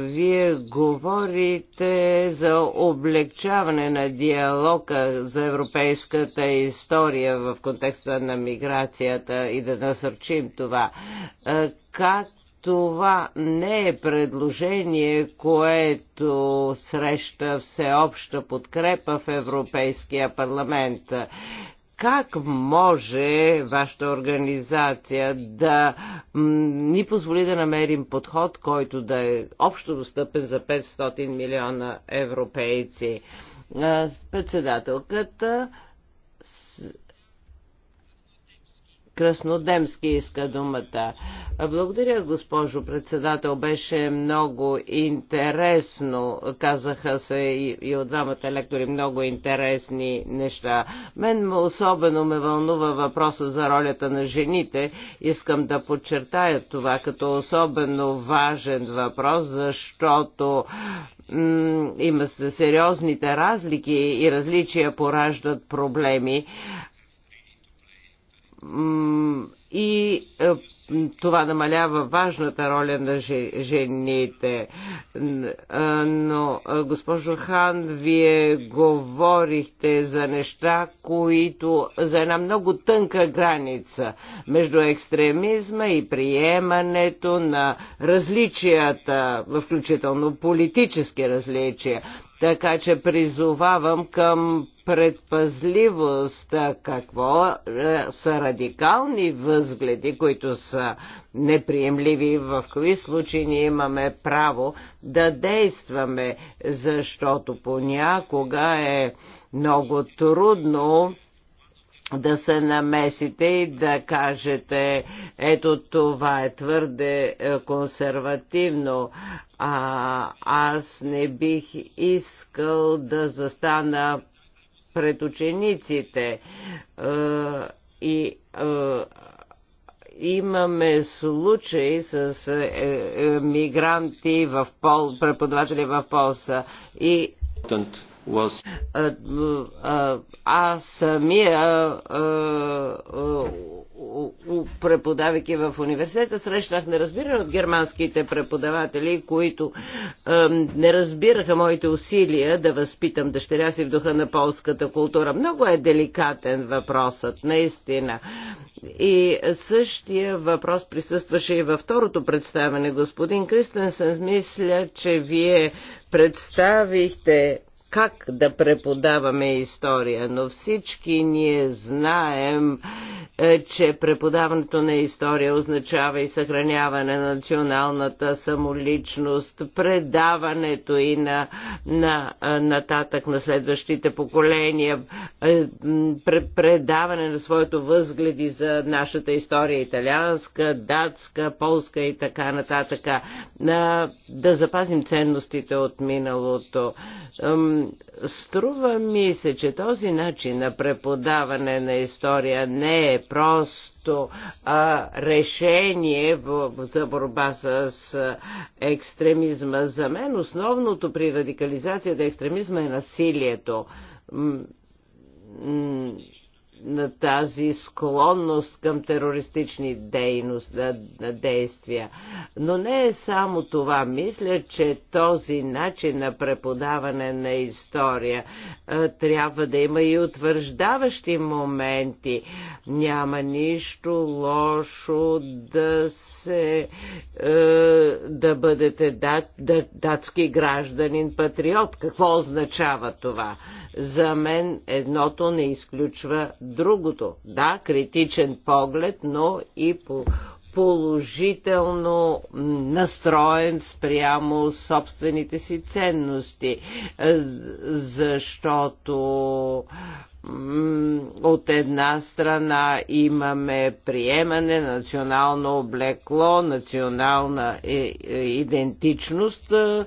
Вие говорите за облегчаване на диалога за европейската история в контекста на миграцията и да насърчим това. Е, как това не е предложение, което среща всеобща подкрепа в Европейския парламент. Как може вашата организация да ни позволи да намерим подход, който да е общо достъпен за 500 милиона европейци? Председателката Краснодемски иска думата. Благодаря, госпожо председател. Беше много интересно. Казаха се и, и от двамата лектори много интересни неща. Мен особено ме вълнува въпроса за ролята на жените. Искам да подчертая това като особено важен въпрос, защото има се сериозните разлики и различия пораждат проблеми и е, това намалява важната роля на жените. Е, но, е, госпожо Хан, вие говорихте за неща, които за една много тънка граница между екстремизма и приемането на различията, включително политически различия. Така че призовавам към предпазливост, какво е, са радикални възгледи, които са неприемливи, в кои случаи ние имаме право да действаме, защото понякога е много трудно да се намесите и да кажете, ето това е твърде е, консервативно. А, аз не бих искал да застана пред учениците. Е, и е, имаме случаи с мигранти в пол, преподаватели в полса. И was... Аз самия преподавайки в университета, срещнах неразбиране от германските преподаватели, които не разбираха моите усилия да възпитам дъщеря си в духа на полската култура. Много е деликатен въпросът, наистина. И същия въпрос присъстваше и във второто представяне. Господин Кристенсен, мисля, че вие представихте как да преподаваме история, но всички ние знаем, е, че преподаването на история означава и съхраняване на националната самоличност, предаването и на, на е, нататък на следващите поколения, е, предаване на своето възгледи за нашата история, италианска, датска, полска и така нататък. Да запазим ценностите от миналото Струва ми се, че този начин на преподаване на история не е просто а, решение в, за борба с екстремизма. За мен основното при радикализацията екстремизма е насилието на тази склонност към терористични дейност, на, на действия. Но не е само това. Мисля, че този начин на преподаване на история трябва да има и утвърждаващи моменти. Няма нищо лошо да се да бъдете дат, дат, датски гражданин патриот. Какво означава това? За мен едното не изключва другото. Да, критичен поглед, но и по положително настроен спрямо собствените си ценности, е, защото от една страна имаме приемане, национално облекло, национална е, е, идентичност, е,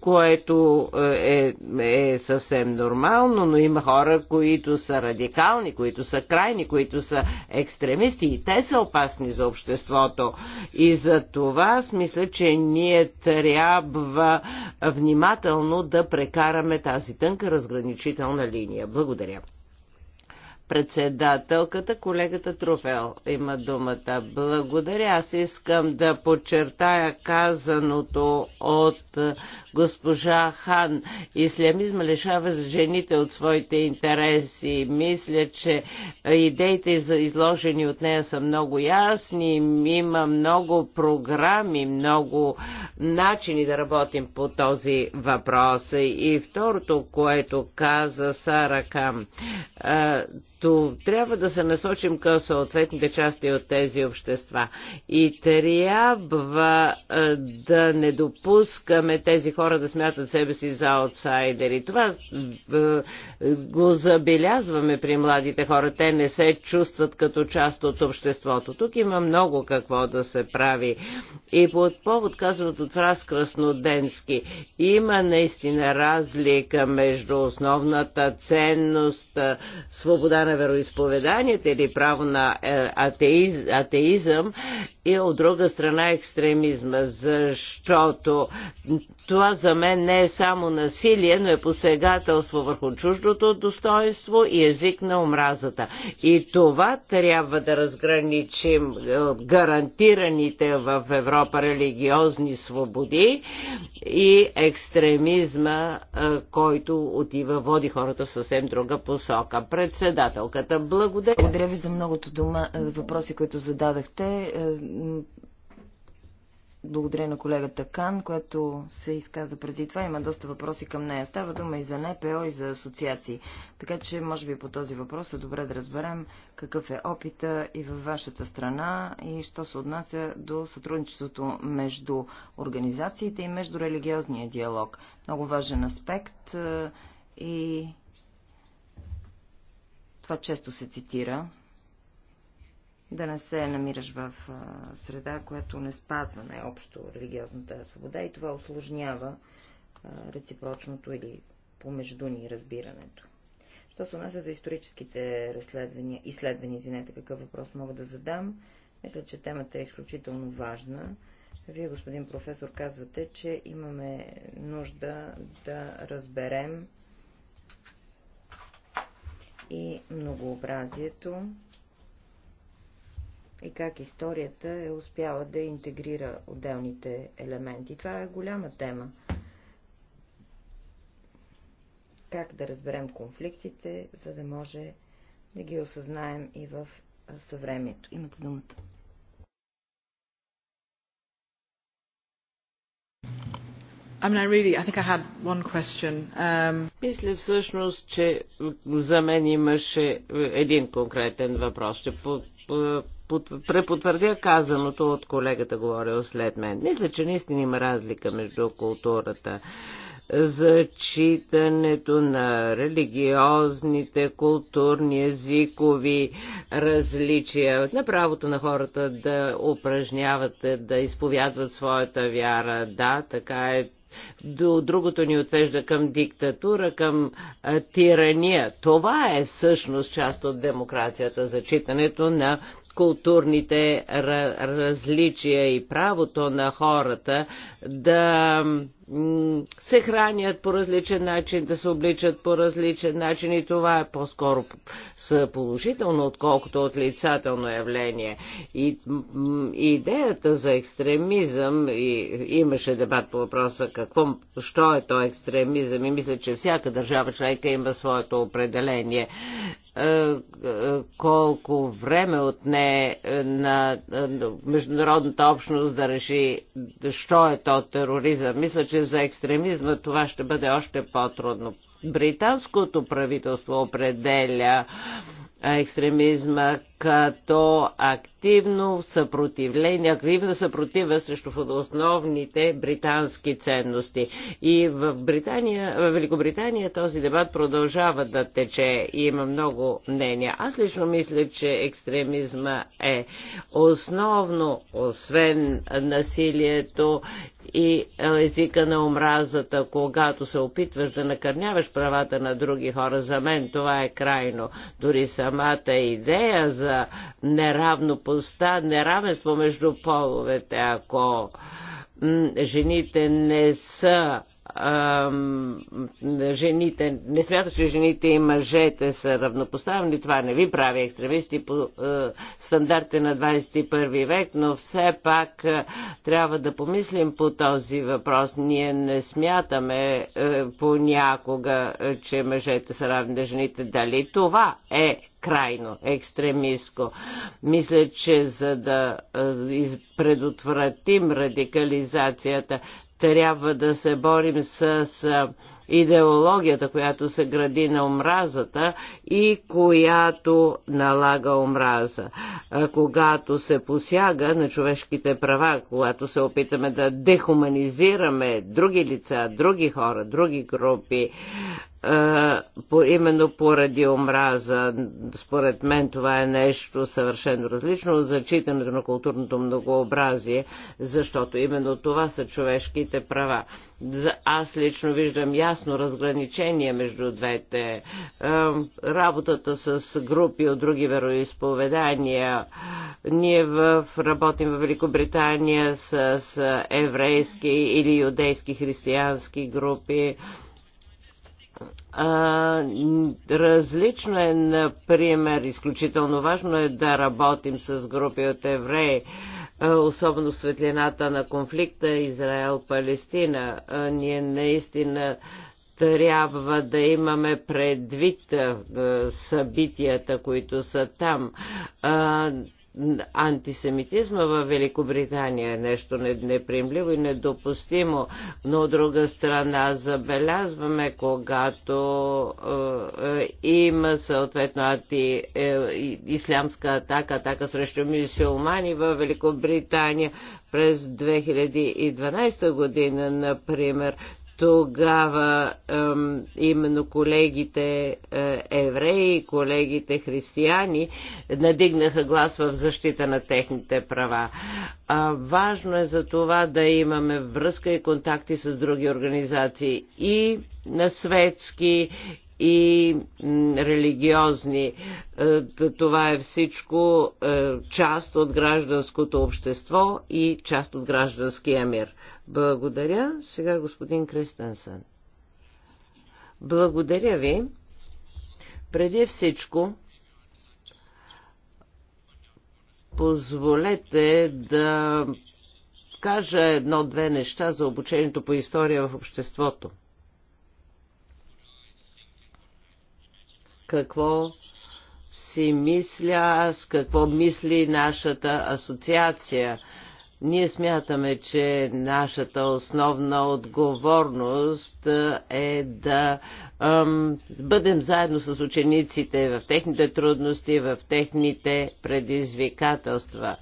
което е, е съвсем нормално, но има хора, които са радикални, които са крайни, които са екстремисти и те са опасни за обществото. И за това аз мисля, че ние трябва внимателно да прекараме тази тънка разграничителна линия. Благодаря. Председателката, колегата Труфел има думата. Благодаря. Аз искам да подчертая казаното от е, госпожа Хан. Ислямизма лишава жените от своите интереси. Мисля, че е, идеите изложени от нея са много ясни. Има много програми, много начини да работим по този въпрос. И второто, което каза Сара Кам, е, трябва да се насочим към съответните части от тези общества. И трябва да не допускаме тези хора да смятат себе си за аутсайдери. Това го забелязваме при младите хора. Те не се чувстват като част от обществото. Тук има много какво да се прави. И по повод казаното от Фрас Красноденски, има наистина разлика между основната ценност, свобода на на вероисповеданията или право на е, атеизъм и от друга страна екстремизма, защото това за мен не е само насилие, но е посегателство върху чуждото достоинство и език на омразата. И това трябва да разграничим е, гарантираните в Европа религиозни свободи и екстремизма, е, който отива, води хората в съвсем друга посока. Председателката, благодаря. Благодаря ви за многото дума, е, въпроси, които зададахте благодаря на колегата Кан, която се изказа преди това. Има доста въпроси към нея. Става дума и за НПО, и за асоциации. Така че, може би по този въпрос е добре да разберем какъв е опита и във вашата страна и що се отнася до сътрудничеството между организациите и между религиозния диалог. Много важен аспект е, и това често се цитира да не се намираш в среда, която не спазва най-общо религиозната свобода и това осложнява реципрочното или помежду ни разбирането. Що се отнася за историческите разследвания, изследвания, извинете, какъв въпрос мога да задам, мисля, че темата е изключително важна. Вие, господин професор, казвате, че имаме нужда да разберем и многообразието, и как историята е успяла да интегрира отделните елементи. Това е голяма тема. Как да разберем конфликтите, за да може да ги осъзнаем и в съвремието. Имате думата. I mean, I really, I think I had one question. Um... Мисля всъщност, че за мен имаше е, един конкретен въпрос. Ще по, по, препотвърдя казаното от колегата, говорил след мен. Мисля, че наистина има разлика между културата зачитането на религиозните, културни, езикови различия, на правото на хората да упражняват, да изповядват своята вяра. Да, така е до другото ни отвежда към диктатура, към тирания. Това е всъщност част от демокрацията, зачитането на културните различия и правото на хората да се хранят по различен начин, да се обличат по различен начин и това е по-скоро положително, отколкото отлицателно явление. И, идеята за екстремизъм, и имаше дебат по въпроса какво, що е то екстремизъм и мисля, че всяка държава членка има своето определение е, е, колко време отне е, на международната общност да реши що е то тероризъм. Мисля, случай за екстремизма това ще бъде още по-трудно. Британското правителство определя екстремизма като акт активно съпротивление, активна съпротива срещу основните британски ценности. И в, Британия, в Великобритания този дебат продължава да тече и има много мнения. Аз лично мисля, че екстремизма е основно, освен насилието и езика на омразата, когато се опитваш да накърняваш правата на други хора. За мен това е крайно. Дори самата идея за неравно пропаста, неравенство между половете. Ако жените не са жените, не смята, че жените и мъжете са равнопоставени, това не ви прави екстремисти по е, стандарти на 21 век, но все пак е, трябва да помислим по този въпрос. Ние не смятаме е, понякога, че мъжете са равни на жените. Дали това е крайно екстремистко. Мисля, че за да предотвратим радикализацията, трябва да се борим с идеологията, която се гради на омразата и която налага омраза. Когато се посяга на човешките права, когато се опитаме да дехуманизираме други лица, други хора, други групи, по, именно поради омраза. Според мен това е нещо съвършено различно зачитането на културното многообразие, защото именно това са човешките права. Аз лично виждам ясно ясно разграничение между двете. Е, работата с групи от други вероисповедания. Ние в, работим в Великобритания с, с еврейски или юдейски християнски групи а, различно е, например, изключително важно е да работим с групи от евреи, особено светлината на конфликта Израел-Палестина. Ние наистина трябва да имаме предвид събитията, които са там антисемитизма в Великобритания е нещо неприемливо и недопустимо, но от друга страна забелязваме, когато е, е, има съответно анти, е, ислямска атака, атака срещу мюсюлмани в Великобритания през 2012 година, например, тогава ем, именно колегите е, евреи, колегите християни надигнаха глас в защита на техните права. А, важно е за това да имаме връзка и контакти с други организации и на светски, и религиозни. Е, това е всичко е, част от гражданското общество и част от гражданския мир. Благодаря. Сега господин Кристенсен. Благодаря ви. Преди всичко, позволете да кажа едно-две неща за обучението по история в обществото. какво си мисля аз, какво мисли нашата асоциация. Ние смятаме, че нашата основна отговорност е, е да ам, бъдем заедно с учениците в техните трудности, в техните предизвикателства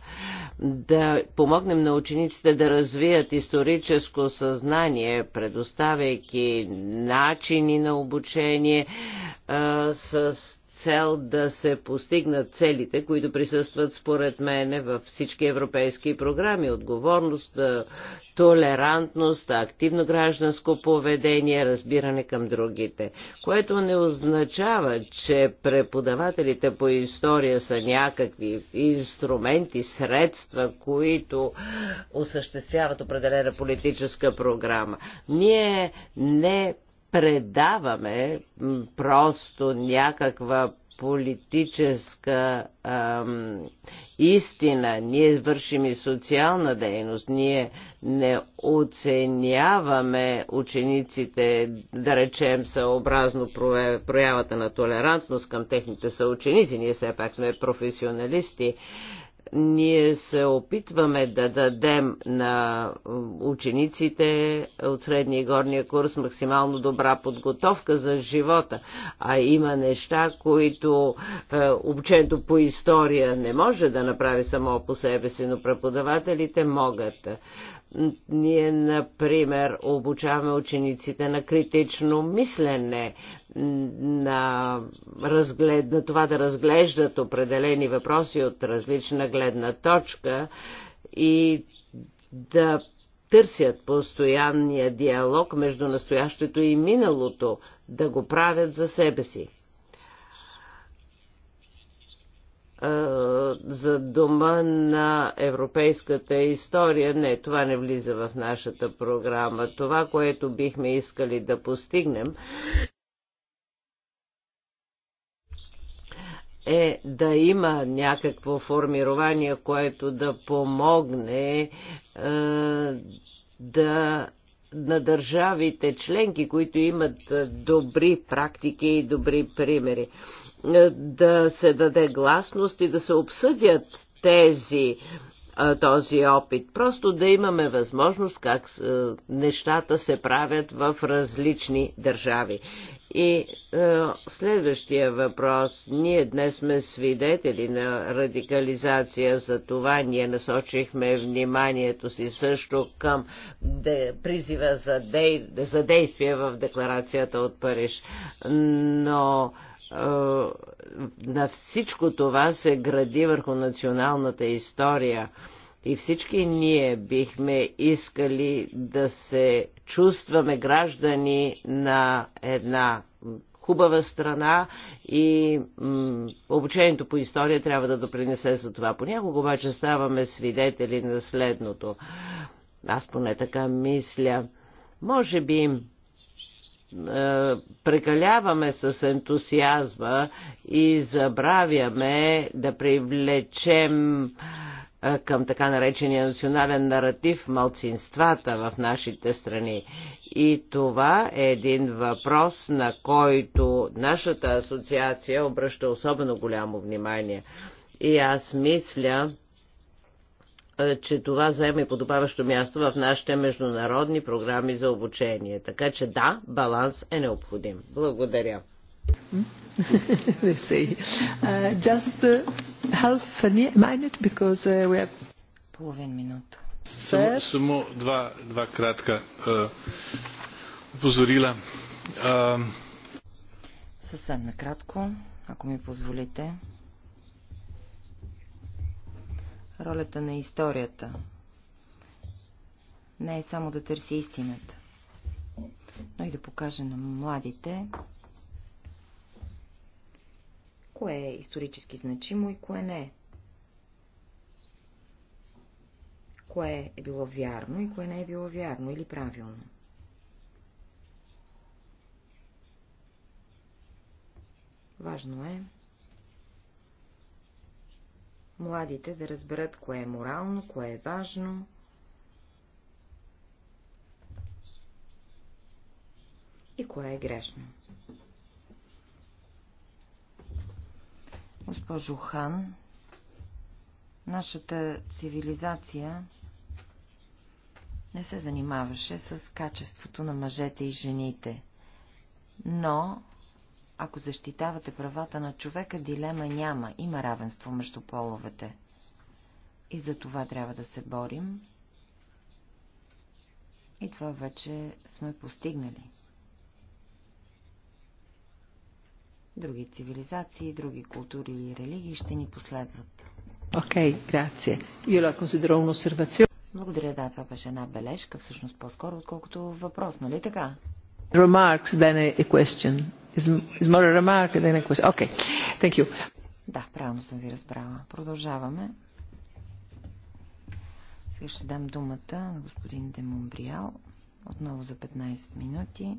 да помогнем на учениците да развият историческо съзнание, предоставяйки начини на обучение с цел да се постигнат целите, които присъстват според мене във всички европейски програми. Отговорност, толерантност, активно гражданско поведение, разбиране към другите. Което не означава, че преподавателите по история са някакви инструменти, средства, които осъществяват определена политическа програма. Ние не предаваме просто някаква политическа ам, истина, ние вършим и социална дейност, ние не оценяваме учениците, да речем, съобразно проявата на толерантност към техните съученици, ние все пак сме професионалисти ние се опитваме да дадем на учениците от средния и горния курс максимално добра подготовка за живота. А има неща, които обчето обучението по история не може да направи само по себе си, но преподавателите могат. Ние, например, обучаваме учениците на критично мислене, на, разглед, на това да разглеждат определени въпроси от различна гледна точка и да търсят постоянния диалог между настоящето и миналото, да го правят за себе си. За дома на европейската история, не, това не влиза в нашата програма. Това, което бихме искали да постигнем, е да има някакво формирование, което да помогне е, да на държавите членки, които имат е, добри практики и добри примери. Е, да се даде гласност и да се обсъдят тези този опит. Просто да имаме възможност как нещата се правят в различни държави. И е, следващия въпрос. Ние днес сме свидетели на радикализация, за това ние насочихме вниманието си също към де, призива за, дей, за действие в декларацията от Париж. Но е, на всичко това се гради върху националната история. И всички ние бихме искали да се чувстваме граждани на една хубава страна и обучението по история трябва да допринесе за това. Понякога обаче ставаме свидетели на следното. Аз поне така мисля. Може би е, прекаляваме с ентусиазма и забравяме да привлечем е, към така наречения национален наратив малцинствата в нашите страни. И това е един въпрос, на който нашата асоциация обръща особено голямо внимание. И аз мисля, е, че това заеме подобаващо място в нашите международни програми за обучение. Така че да, баланс е необходим. Благодаря. *laughs* Uh, uh, uh, Половин минута. Само, само два, два кратка Uh, Съвсем накратко, ако ми позволите. Ролята на историята не е само да търси истината, но и да покаже на младите, кое е исторически значимо и кое не е. Кое е било вярно и кое не е било вярно или правилно. Важно е младите да разберат, кое е морално, кое е важно. И кое е грешно. Госпожо Хан, нашата цивилизация не се занимаваше с качеството на мъжете и жените, но ако защитавате правата на човека, дилема няма. Има равенство между половете. И за това трябва да се борим. И това вече сме постигнали. Други цивилизации, други култури и религии ще ни последват. Окей, грация. Io la considero Благодаря, да, това беше една бележка, всъщност по-скоро, отколкото въпрос, нали така? Remarks, then a e question. Thank you. Да, правилно съм ви разбрала. Продължаваме. Сега ще дам думата на господин Демомбриал отново за 15 минути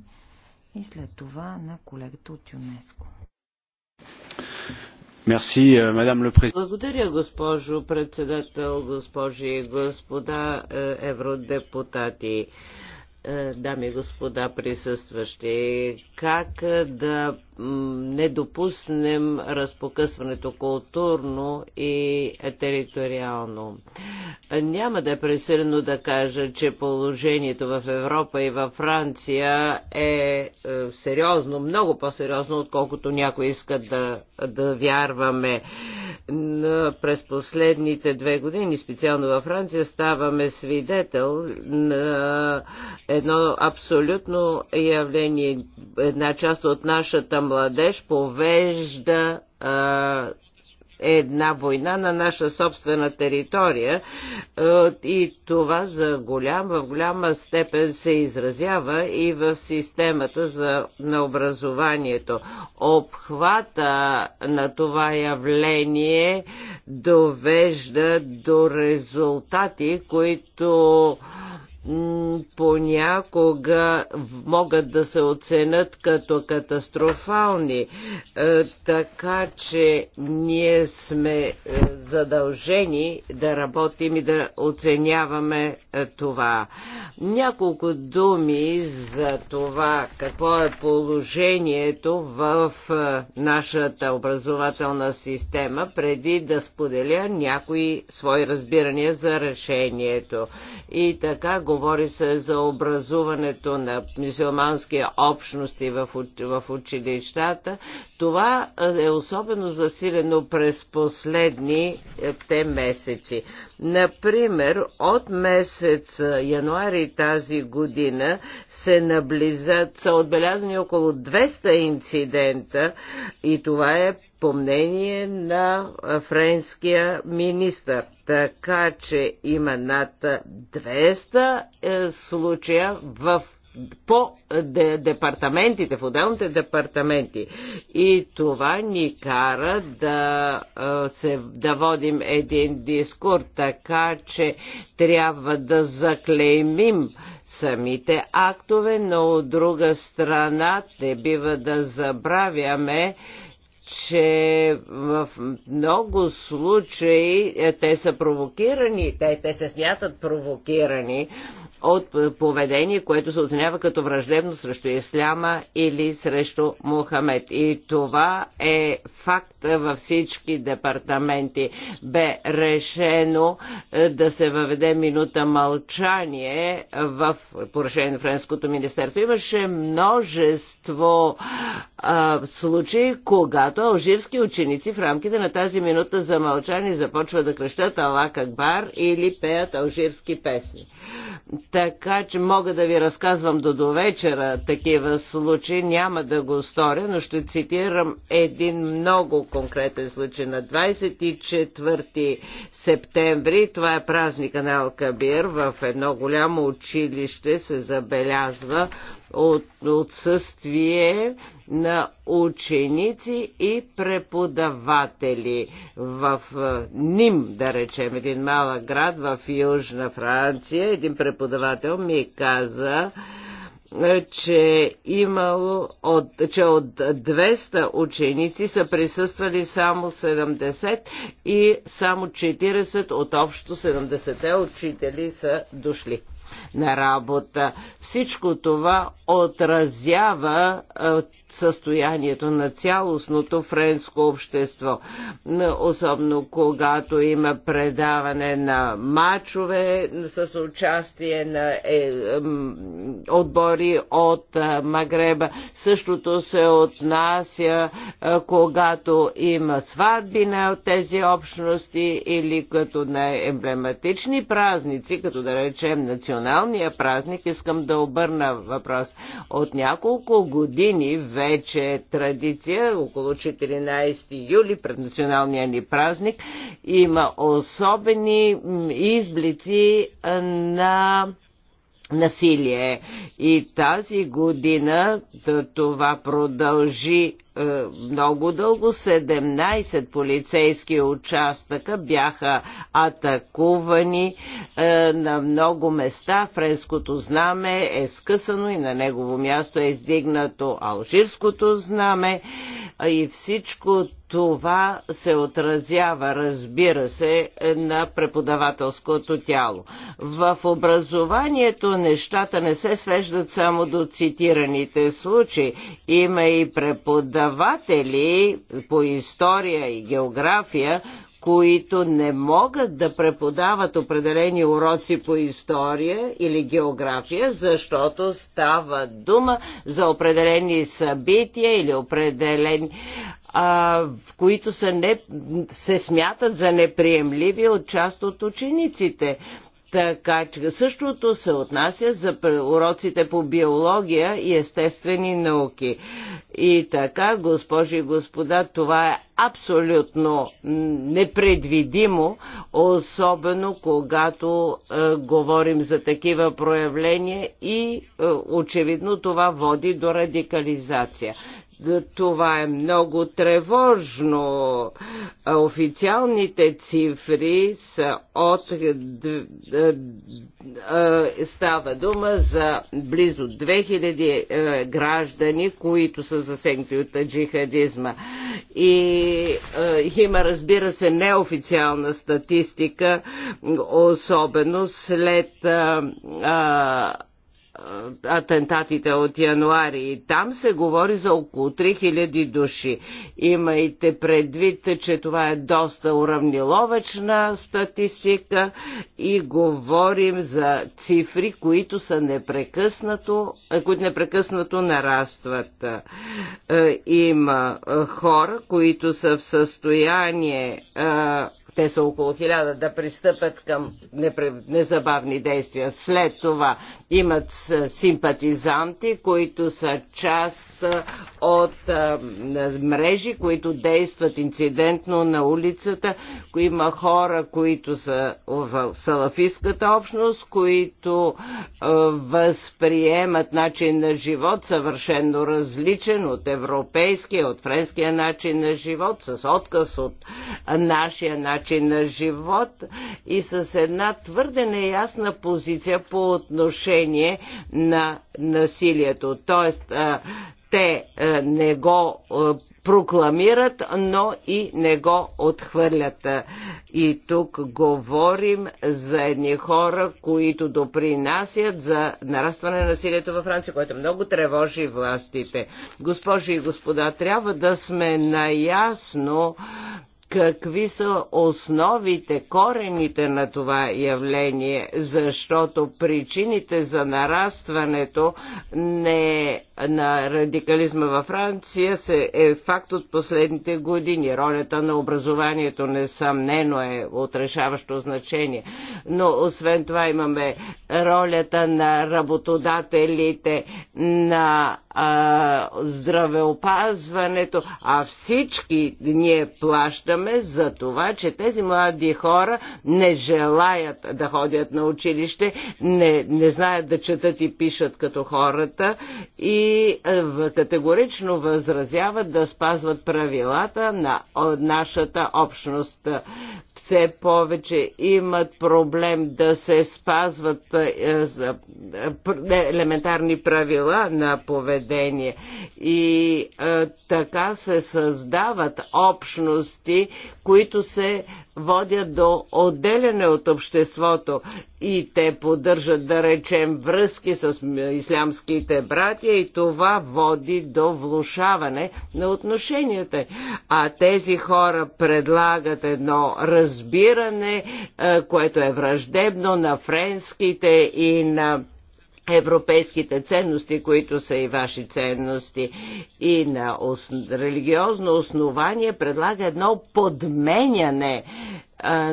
и след това на колегата от ЮНЕСКО. Е, Благодаря, госпожо председател, госпожи и господа е, евродепутати. Е, дами и господа присъстващи, как е да не допуснем разпокъсването културно и териториално. Няма да е пресилено да кажа, че положението в Европа и във Франция е, е сериозно, много по-сериозно, отколкото някой иска да, да вярваме. През последните две години, специално във Франция, ставаме свидетел на едно абсолютно явление. Една част от нашата младеж повежда а, една война на наша собствена територия и това за голям, в голяма степен се изразява и в системата за, на образованието. Обхвата на това явление довежда до резултати, които понякога могат да се оценят като катастрофални. Е, така че ние сме е, задължени да работим и да оценяваме е, това. Няколко думи за това какво е положението в нашата образователна система, преди да споделя някои свои разбирания за решението. И така го Говори се за образуването на мисиомански общности в, в училищата. Това е особено засилено през последните е, месеци. Например, от месец януари тази година се наблизат, са отбелязани около 200 инцидента и това е по мнение на френския министр. Така че има над 200 е, случая в по департаментите, в отделните департаменти. И това ни кара да, се, да водим един дискурс, така че трябва да заклеймим самите актове, но от друга страна не бива да забравяме, че в много случаи е, те са провокирани, те, те се смятат провокирани от е, поведение, което се оценява като враждебно срещу исляма или срещу Мухамед. И това е факт във всички департаменти. Бе решено е, да се въведе минута мълчание в порешение на Френското министерство. Имаше множество а, случаи, когато алжирски ученици в рамките на тази минута за мълчание започват да крещат Алак Акбар или пеят алжирски песни. Така че мога да ви разказвам до довечера такива случаи, няма да го сторя, но ще цитирам един много конкретен случай. На 24 септември, това е празника на Алкабир, в едно голямо училище се забелязва от, отсъствие на ученици и преподаватели в Ним, да речем, един малък град в Южна Франция. Един преподавател ми каза, че имало от, че от 200 ученици са присъствали само 70 и само 40 от общо 70 учители са дошли на работа. Всичко това отразява състоянието на цялостното френско общество. Особено когато има предаване на мачове с участие на е, отбори от Магреба. Същото се отнася, когато има сватби на тези общности или като на емблематични празници, като да речем национал националния празник искам да обърна въпрос. От няколко години вече е традиция, около 14 юли, пред националния ни празник, има особени изблици на насилие. И тази година това продължи е, много дълго 17 полицейски участъка бяха атакувани е, на много места. Френското знаме е скъсано и на негово място е издигнато алжирското знаме и всичко това се отразява, разбира се, на преподавателското тяло. В образованието нещата не се свеждат само до цитираните случаи. Има и преподавателство преподаватели по история и география, които не могат да преподават определени уроци по история или география, защото става дума за определени събития или определени а, които са не, се смятат за неприемливи от част от учениците. Така че същото се отнася за уроците по биология и естествени науки. И така, госпожи и господа, това е абсолютно непредвидимо, особено когато е, говорим за такива проявления и е, очевидно това води до радикализация. Това е много тревожно. Официалните цифри са от... Става дума за близо 2000 е, граждани, които са засегнати от джихадизма. И има, разбира се, неофициална статистика, особено след атентатите от януари там се говори за около 3000 души. Имайте предвид, че това е доста уравниловечна статистика и говорим за цифри, които са непрекъснато, които непрекъснато нарастват. Има хора, които са в състояние те са около хиляда да пристъпят към незабавни действия. След това имат симпатизанти, които са част от мрежи, които действат инцидентно на улицата. Има хора, които са в салафистската общност, които възприемат начин на живот съвършенно различен от европейския, от френския начин на живот, с отказ от нашия начин на живот и с една твърде неясна позиция по отношение на насилието. Тоест, те не го прокламират, но и не го отхвърлят. И тук говорим за едни хора, които допринасят за нарастване на насилието във Франция, което много тревожи властите. Госпожи и господа, трябва да сме наясно какви са основите, корените на това явление, защото причините за нарастването не, на радикализма във Франция се е факт от последните години. Ролята на образованието несъмнено е от решаващо значение. Но освен това имаме ролята на работодателите, на а, здравеопазването, а всички ние плащаме за това, че тези млади хора не желаят да ходят на училище, не, не знаят да четат и пишат като хората и а, категорично възразяват да спазват правилата на нашата общност все повече имат проблем да се спазват е, е, елементарни правила на поведение. И е, така се създават общности, които се водят до отделяне от обществото и те поддържат, да речем, връзки с ислямските братия и това води до влушаване на отношенията. А тези хора предлагат едно разбиране, е, което е враждебно на френските и на европейските ценности, които са и ваши ценности, и на ос... религиозно основание предлага едно подменяне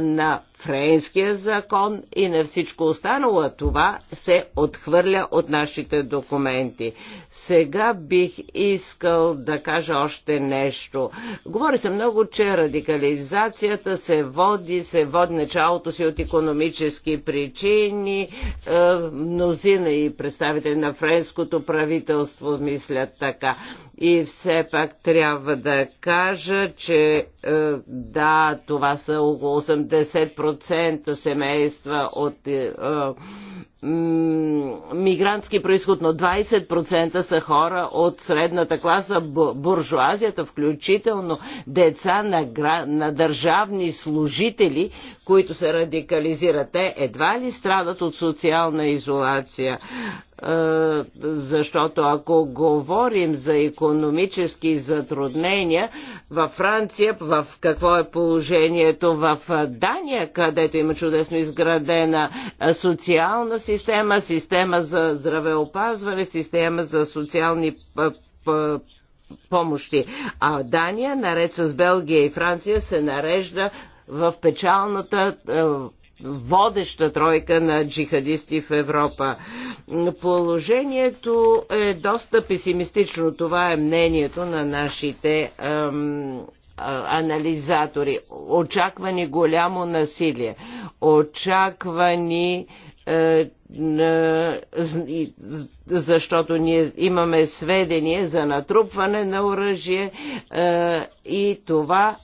на френския закон и на всичко останало. Това се отхвърля от нашите документи. Сега бих искал да кажа още нещо. Говори се много, че радикализацията се води, се води началото си от економически причини. Мнозина и представители на френското правителство мислят така. И все пак трябва да кажа, че да, това са около 80% семейства от е, мигрантски происход, но 20% са хора от средната класа, буржуазията, включително деца на, гра... на държавни служители, които се радикализират. Те едва ли страдат от социална изолация. Е, защото ако говорим за економически затруднения във Франция, в какво е положението в е, Дания, където има чудесно изградена е, социална система, система за здравеопазване, система за социални помощи. А Дания, наред с Белгия и Франция, се нарежда в печалната водеща тройка на джихадисти в Европа. Положението е доста песимистично. Това е мнението на нашите ам, анализатори. Очаквани голямо насилие. Очаквани, е, защото ние имаме сведения за натрупване на оръжие е, и това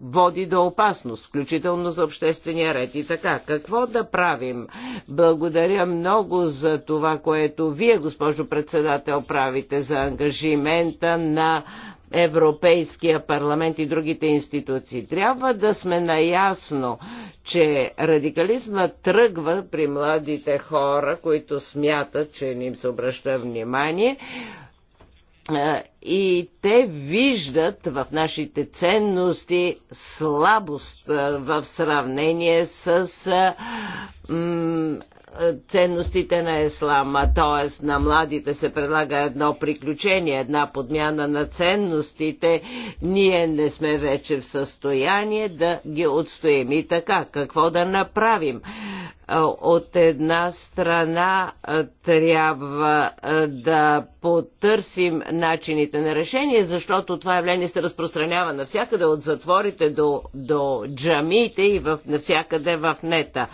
води до опасност, включително за обществения ред. И така, какво да правим? Благодаря много за това, което вие, госпожо председател, правите за ангажимента на Европейския парламент и другите институции. Трябва да сме наясно, че радикализма тръгва при младите хора, които смятат, че не им се обръща внимание и те виждат в нашите ценности слабост в сравнение с ценностите на еслама, т.е. на младите се предлага едно приключение, една подмяна на ценностите, ние не сме вече в състояние да ги отстоим. И така, какво да направим? От една страна трябва да потърсим начините на решение, защото това явление се разпространява навсякъде, от затворите до, до джамиите и в, навсякъде в нета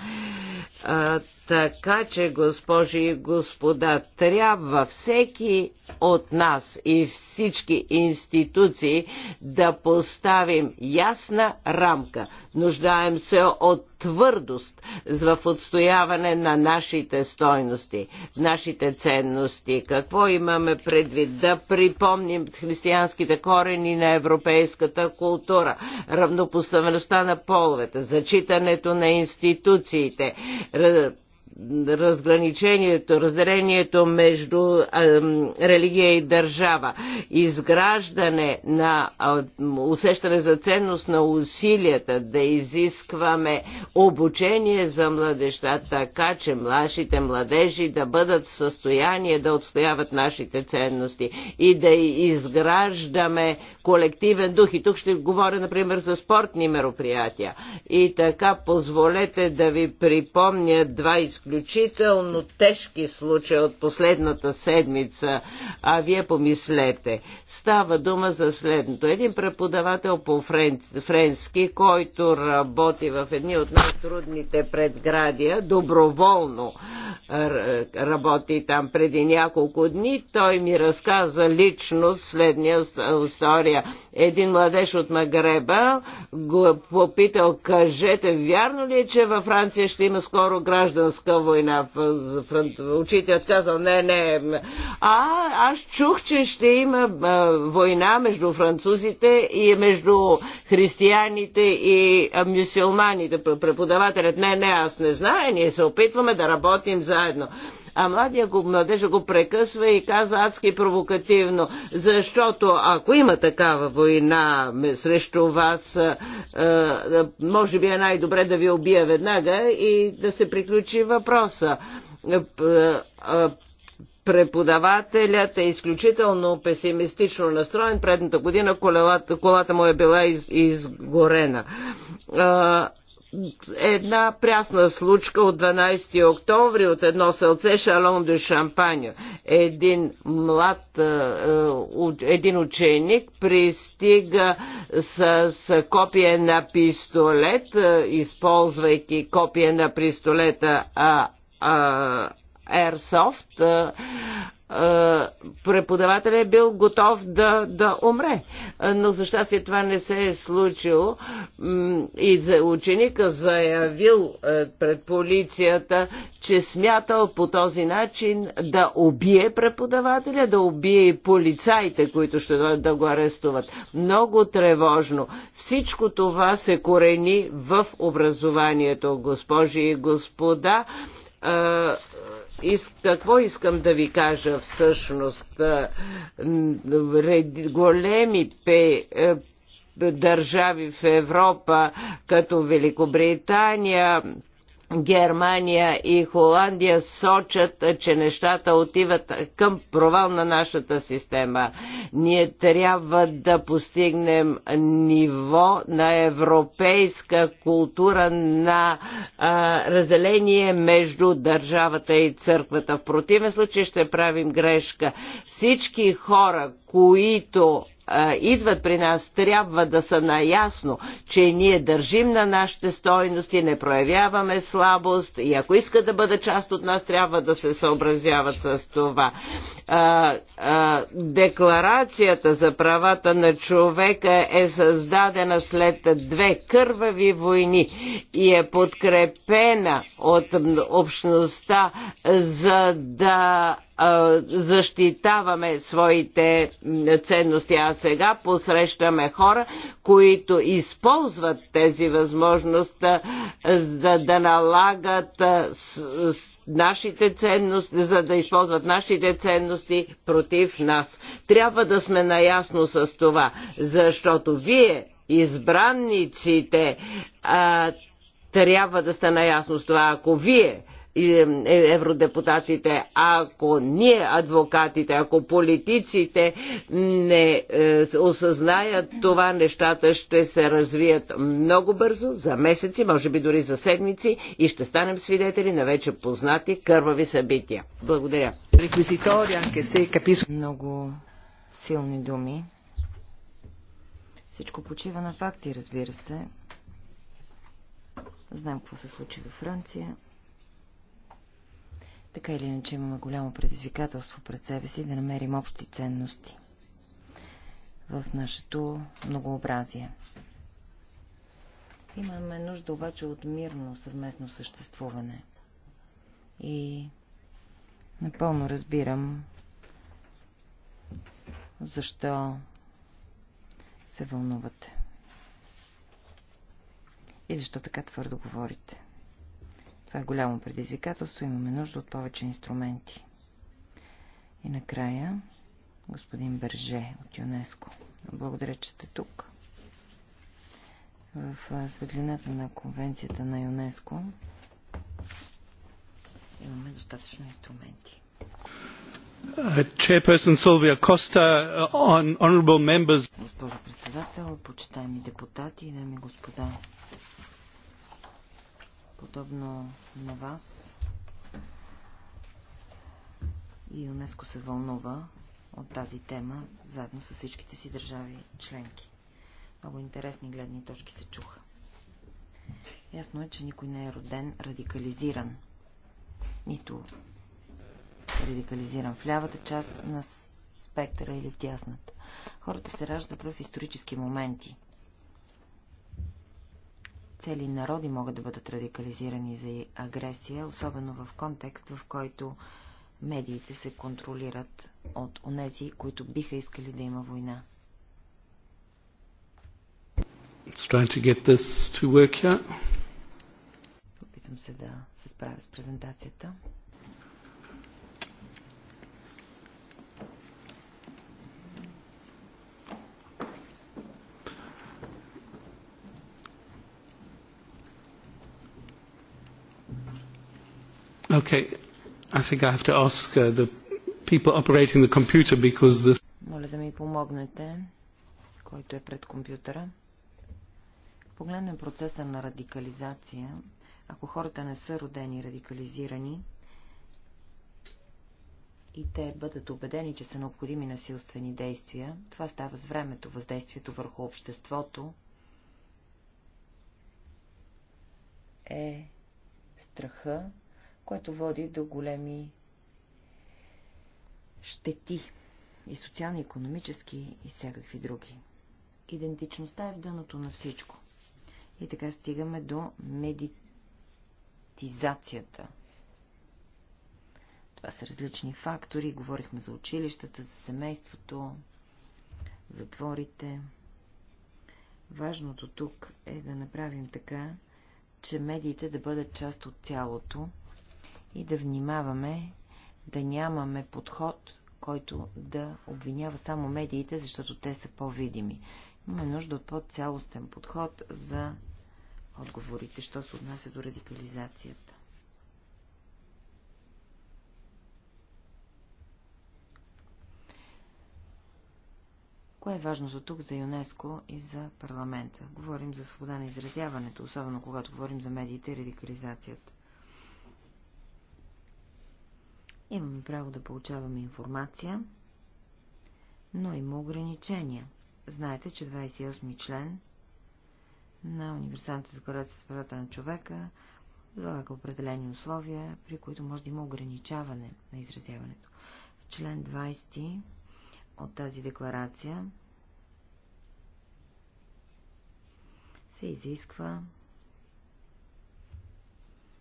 така че, госпожи и господа, трябва всеки от нас и всички институции да поставим ясна рамка. Нуждаем се от твърдост в отстояване на нашите стойности, нашите ценности. Какво имаме предвид? Да припомним християнските корени на европейската култура, равнопоставеността на половете, зачитането на институциите, разграничението, разделението между религия и държава, изграждане на усещане за ценност на усилията, да изискваме обучение за младеща, така че младшите младежи да бъдат в състояние да отстояват нашите ценности и да изграждаме колективен дух. И тук ще говоря, например, за спортни мероприятия. И така, позволете да ви припомня два изключения изключително тежки случаи от последната седмица, а вие помислете. Става дума за следното. Един преподавател по френски, който работи в едни от най-трудните предградия, доброволно работи там преди няколко дни, той ми разказа лично следния история. Един младеж от Магреба го е попитал, кажете, вярно ли е, че във Франция ще има скоро гражданска започнала война. Учителят казал, не, не. А аз чух, че ще има война между французите и между християните и мюсюлманите. Преподавателят, не, не, аз не знае, ние се опитваме да работим заедно а младия го, младежа го прекъсва и казва адски провокативно, защото ако има такава война срещу вас, може би е най-добре да ви убия веднага и да се приключи въпроса е, е, преподавателят е изключително песимистично настроен. Предната година колата, колата му е била из, изгорена. А, една прясна случка от 12 октомври от едно селце Шалон де Шампаня. Един млад, е, е, един ученик пристига с, копия копие на пистолет, е, използвайки копие на пистолета а, а, Airsoft е, преподавателя е бил готов да, да умре. Е, но за щастие това не се е случило. И за ученика заявил е, пред полицията, че смятал по този начин да убие преподавателя, да убие и полицаите, които ще дойдат да го арестуват. Много тревожно. Всичко това се корени в образованието, госпожи и господа какво искам да ви кажа всъщност? Големи пе, е, държави в Европа, като Великобритания, Германия и Холандия сочат, че нещата отиват към провал на нашата система. Ние трябва да постигнем ниво на европейска култура на а, разделение между държавата и църквата. В противен случай ще правим грешка. Всички хора, които идват при нас, трябва да са наясно, че ние държим на нашите стойности, не проявяваме слабост и ако искат да бъдат част от нас, трябва да се съобразяват с това. Декларацията за правата на човека е създадена след две кървави войни и е подкрепена от общността, за да защитаваме своите ценности. А сега посрещаме хора, които използват тези възможности да, да налагат нашите ценности, за да използват нашите ценности против нас. Трябва да сме наясно с това, защото вие, избранниците, трябва да сте наясно с това. Ако вие е, евродепутатите, ако ние адвокатите, ако политиците не е, осъзнаят това, нещата ще се развият много бързо, за месеци, може би дори за седмици и ще станем свидетели на вече познати кървави събития. Благодаря. Много силни думи. Всичко почива на факти, разбира се. Знаем какво се случи във Франция. Така или иначе имаме голямо предизвикателство пред себе си да намерим общи ценности в нашето многообразие. Имаме нужда обаче от мирно съвместно съществуване. И напълно разбирам защо се вълнувате. И защо така твърдо говорите. Това е голямо предизвикателство, имаме нужда от повече инструменти. И накрая, господин Берже от ЮНЕСКО. Благодаря, че сте тук. В светлината на конвенцията на ЮНЕСКО имаме достатъчно инструменти. Uh, Chairperson Силвия Коста, uh, honorable members. Госпожо председател, почитаеми депутати, дами и господа подобно на вас. И ЮНЕСКО се вълнува от тази тема, заедно с всичките си държави членки. Много интересни гледни точки се чуха. Ясно е, че никой не е роден радикализиран. Нито радикализиран в лявата част на спектъра или в дясната. Хората се раждат в исторически моменти – Цели народи могат да бъдат радикализирани за агресия, особено в контекст, в който медиите се контролират от онези, които биха искали да има война. Опитам се да се справя с презентацията. Okay, I think I have to ask uh, the people operating the computer because this... Моля да ми помогнете, който е пред компютъра. Погледнем процеса на радикализация. Ако хората не са родени радикализирани и те бъдат убедени, че са необходими насилствени действия, това става с времето, въздействието върху обществото е страха, което води до големи щети и социални, економически и всякакви други. Идентичността е в дъното на всичко. И така стигаме до медитизацията. Това са различни фактори. Говорихме за училищата, за семейството, затворите. Важното тук е да направим така, че медиите да бъдат част от цялото и да внимаваме да нямаме подход, който да обвинява само медиите, защото те са по-видими. Имаме нужда от по-цялостен подход за отговорите, що се отнася до радикализацията. Кое е важното тук за ЮНЕСКО и за парламента? Говорим за свобода на изразяването, особено когато говорим за медиите и радикализацията. Имаме право да получаваме информация, но има ограничения. Знаете, че 28 член на Универсалната декларация за правата на човека залага определени условия, при които може да има ограничаване на изразяването. В член 20 от тази декларация се изисква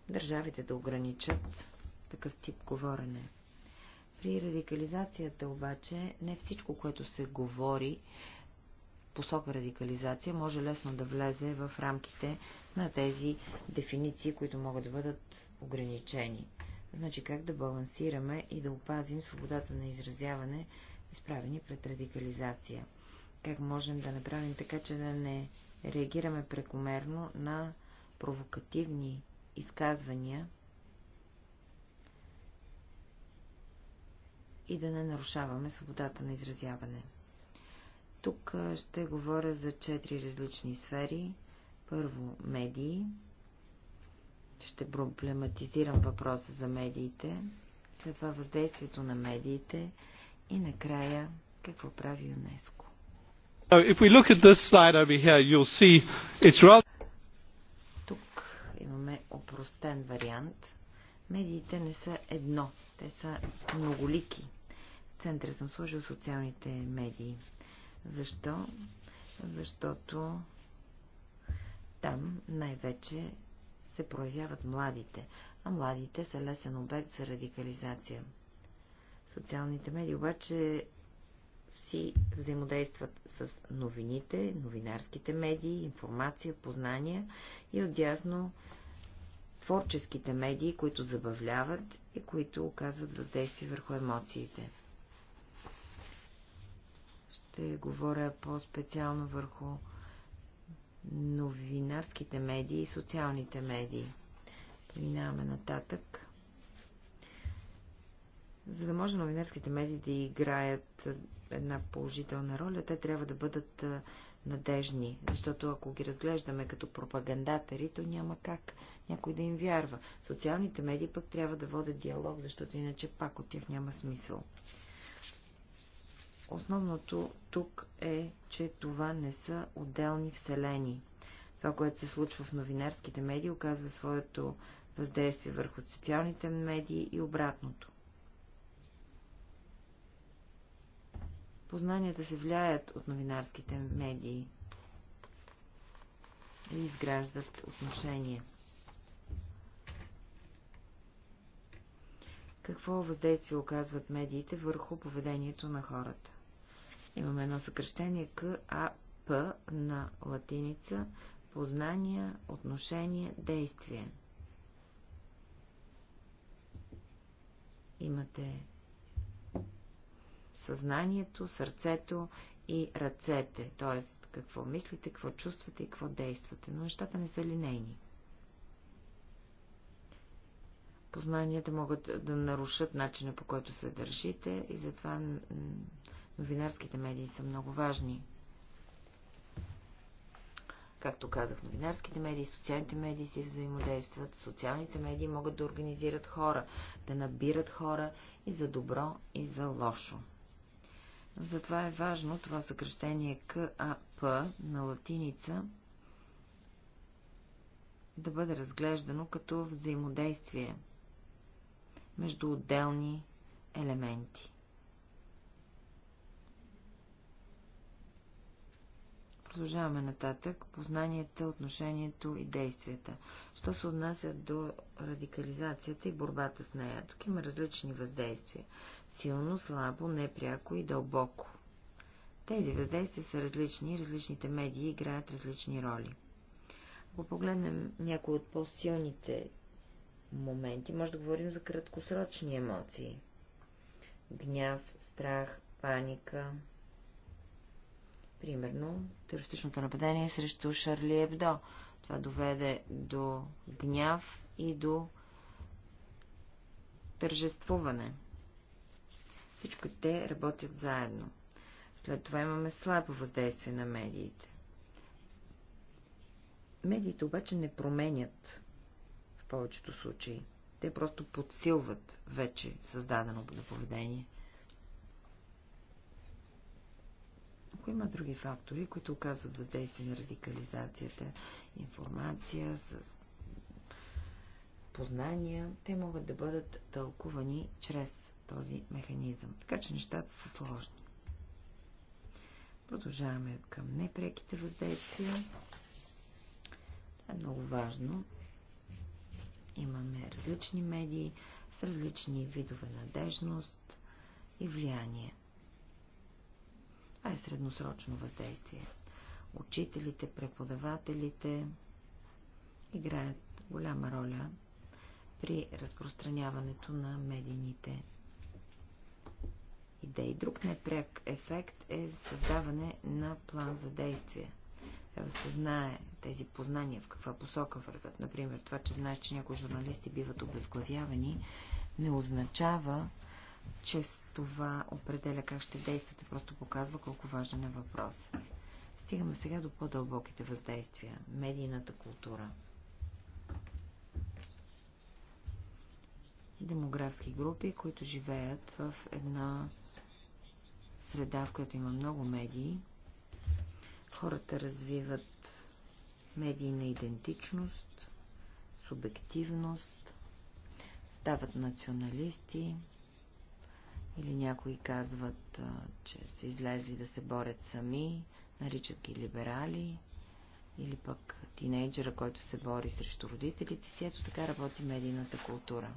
държавите да ограничат такъв тип говорене. При радикализацията обаче не всичко, което се говори посока радикализация, може лесно да влезе в рамките на тези дефиниции, които могат да бъдат ограничени. Значи как да балансираме и да опазим свободата на изразяване, изправени пред радикализация. Как можем да направим така, че да не реагираме прекомерно на провокативни изказвания, и да не нарушаваме свободата на изразяване. Тук ще говоря за четири различни сфери. Първо, медии. Ще проблематизирам въпроса за медиите, след това въздействието на медиите и накрая какво прави ЮНЕСКО. Тук имаме опростен вариант. Медиите не са едно, те са многолики центъра съм служил социалните медии. Защо? Защото там най-вече се проявяват младите, а младите са лесен обект за радикализация. Социалните медии обаче си взаимодействат с новините, новинарските медии, информация, познания и отясно творческите медии, които забавляват и които оказват въздействие върху емоциите ще говоря по-специално върху новинарските медии и социалните медии. Преминаваме нататък. За да може новинарските медии да играят една положителна роля, те трябва да бъдат надежни, защото ако ги разглеждаме като пропагандатери, то няма как някой да им вярва. Социалните медии пък трябва да водят диалог, защото иначе пак от тях няма смисъл. Основното тук е, че това не са отделни вселени. Това, което се случва в новинарските медии, оказва своето въздействие върху социалните медии и обратното. Познанията се влияят от новинарските медии и изграждат отношения. Какво въздействие оказват медиите върху поведението на хората? Имаме едно съкръщение П на латиница познание, отношение, действие. Имате съзнанието, сърцето и ръцете, т.е. какво мислите, какво чувствате и какво действате, но нещата не са линейни. Познанията могат да нарушат начина по който се държите и затова Новинарските медии са много важни. Както казах, новинарските медии, социалните медии си взаимодействат. Социалните медии могат да организират хора, да набират хора и за добро, и за лошо. Затова е важно това съкръщение КАП на латиница да бъде разглеждано като взаимодействие между отделни елементи. Продължаваме нататък. Познанията, отношението и действията. Що се отнася до радикализацията и борбата с нея? Тук има различни въздействия. Силно, слабо, непряко и дълбоко. Тези въздействия са различни и различните медии играят различни роли. Ако погледнем някои от по-силните моменти, може да говорим за краткосрочни емоции. Гняв, страх, паника, Примерно, терористичното нападение срещу Шарли Ебдо. Това доведе до гняв и до тържествуване. Всичко те работят заедно. След това имаме слабо въздействие на медиите. Медиите обаче не променят в повечето случаи. Те просто подсилват вече създаденото поведение – ако има други фактори, които оказват въздействие на радикализацията. Информация с познания, те могат да бъдат тълкувани чрез този механизъм. Така че нещата са сложни. Продължаваме към непреките въздействия. Това е много важно. Имаме различни медии с различни видове надежност и влияние. Това е средносрочно въздействие. Учителите, преподавателите играят голяма роля при разпространяването на медийните идеи. Друг непряк ефект е създаване на план за действие. Трябва да се знае тези познания в каква посока вървят. Например, това, че знаеш, че някои журналисти биват обезглавявани, не означава, че с това определя как ще действате, просто показва колко важен е въпрос. Стигаме сега до по-дълбоките въздействия. Медийната култура. Демографски групи, които живеят в една среда, в която има много медии. Хората развиват медийна идентичност, субективност, стават националисти, или някои казват, че са излезли да се борят сами, наричат ги либерали, или пък тинейджера, който се бори срещу родителите си. Ето така работи медийната култура.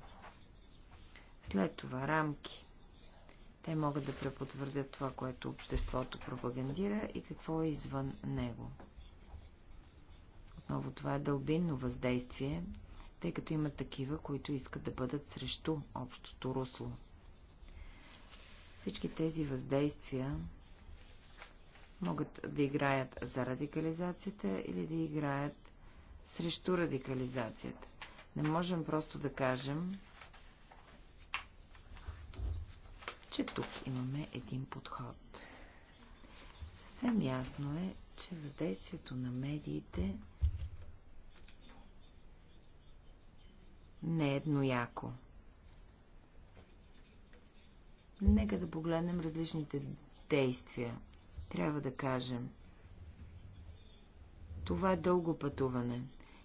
След това рамки. Те могат да препотвърдят това, което обществото пропагандира и какво е извън него. Отново това е дълбинно въздействие, тъй като има такива, които искат да бъдат срещу общото русло. Всички тези въздействия могат да играят за радикализацията или да играят срещу радикализацията. Не можем просто да кажем, че тук имаме един подход. Съвсем ясно е, че въздействието на медиите не е еднояко. Нека да погледнем различните действия. Трябва да кажем. Това е дълго пътуване.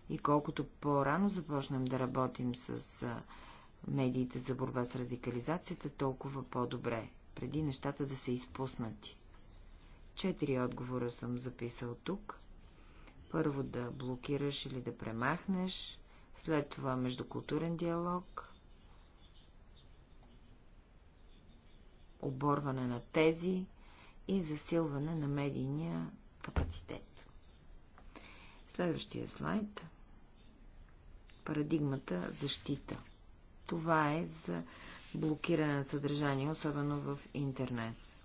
И колкото по-рано започнем да работим с медиите за борба с радикализацията, толкова по-добре, преди нещата да са изпуснати. Четири отговора съм записал тук. Първо да блокираш или да премахнеш, след това междукултурен диалог, оборване на тези и засилване на медийния капацитет. Следващия слайд. Парадигмата защита. Това е за блокиране на съдържание, особено в интернет.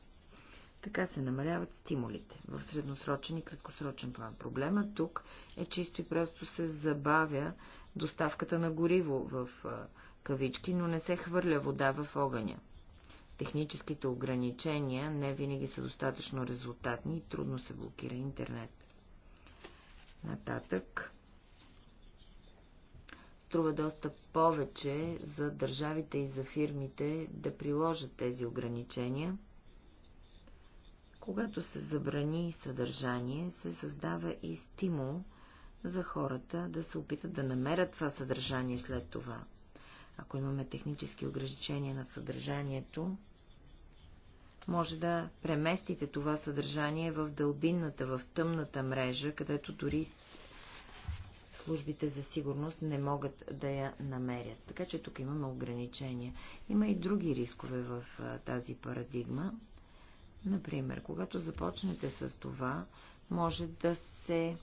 Така се намаляват стимулите в средносрочен и краткосрочен план. Проблема тук е чисто и просто се забавя доставката на гориво в кавички, но не се хвърля вода в огъня техническите ограничения не винаги са достатъчно резултатни и трудно се блокира интернет. Нататък струва доста повече за държавите и за фирмите да приложат тези ограничения. Когато се забрани съдържание, се създава и стимул за хората да се опитат да намерят това съдържание след това. Ако имаме технически ограничения на съдържанието, може да преместите това съдържание в дълбинната, в тъмната мрежа, където дори службите за сигурност не могат да я намерят. Така че тук имаме ограничения. Има и други рискове в тази парадигма. Например, когато започнете с това, може да се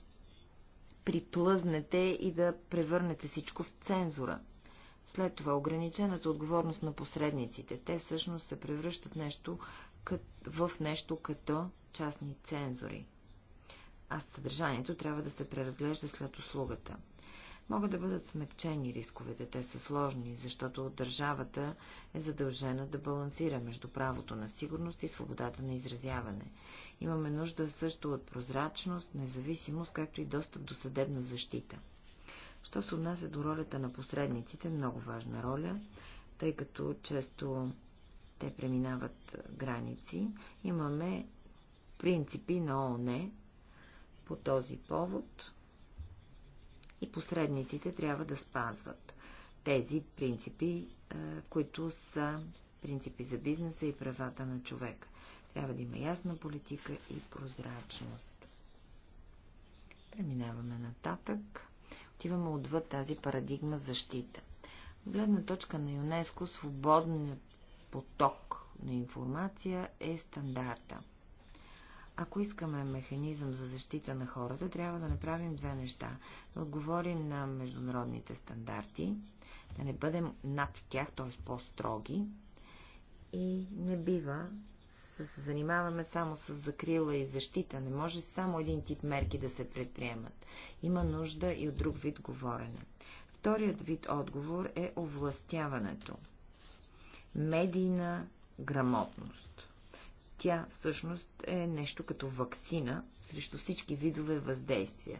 приплъзнете и да превърнете всичко в цензура. След това ограничената отговорност на посредниците. Те всъщност се превръщат нещо в нещо като частни цензори. А съдържанието трябва да се преразглежда след услугата. Могат да бъдат смекчени рисковете, те са сложни, защото държавата е задължена да балансира между правото на сигурност и свободата на изразяване. Имаме нужда също от прозрачност, независимост, както и достъп до съдебна защита. Що се отнася до ролята на посредниците, много важна роля, тъй като често те преминават граници. Имаме принципи на ООН по този повод и посредниците трябва да спазват тези принципи, е, които са принципи за бизнеса и правата на човека. Трябва да има ясна политика и прозрачност. Преминаваме нататък. Отиваме отвъд тази парадигма защита. гледна точка на ЮНЕСКО, свободният поток на информация е стандарта. Ако искаме механизъм за защита на хората, трябва да направим две неща. Да отговорим на международните стандарти, да не бъдем над тях, т.е. по-строги, и не бива да се занимаваме само с закрила и защита. Не може само един тип мерки да се предприемат. Има нужда и от друг вид говорене. Вторият вид отговор е овластяването медийна грамотност. Тя всъщност е нещо като вакцина срещу всички видове въздействия.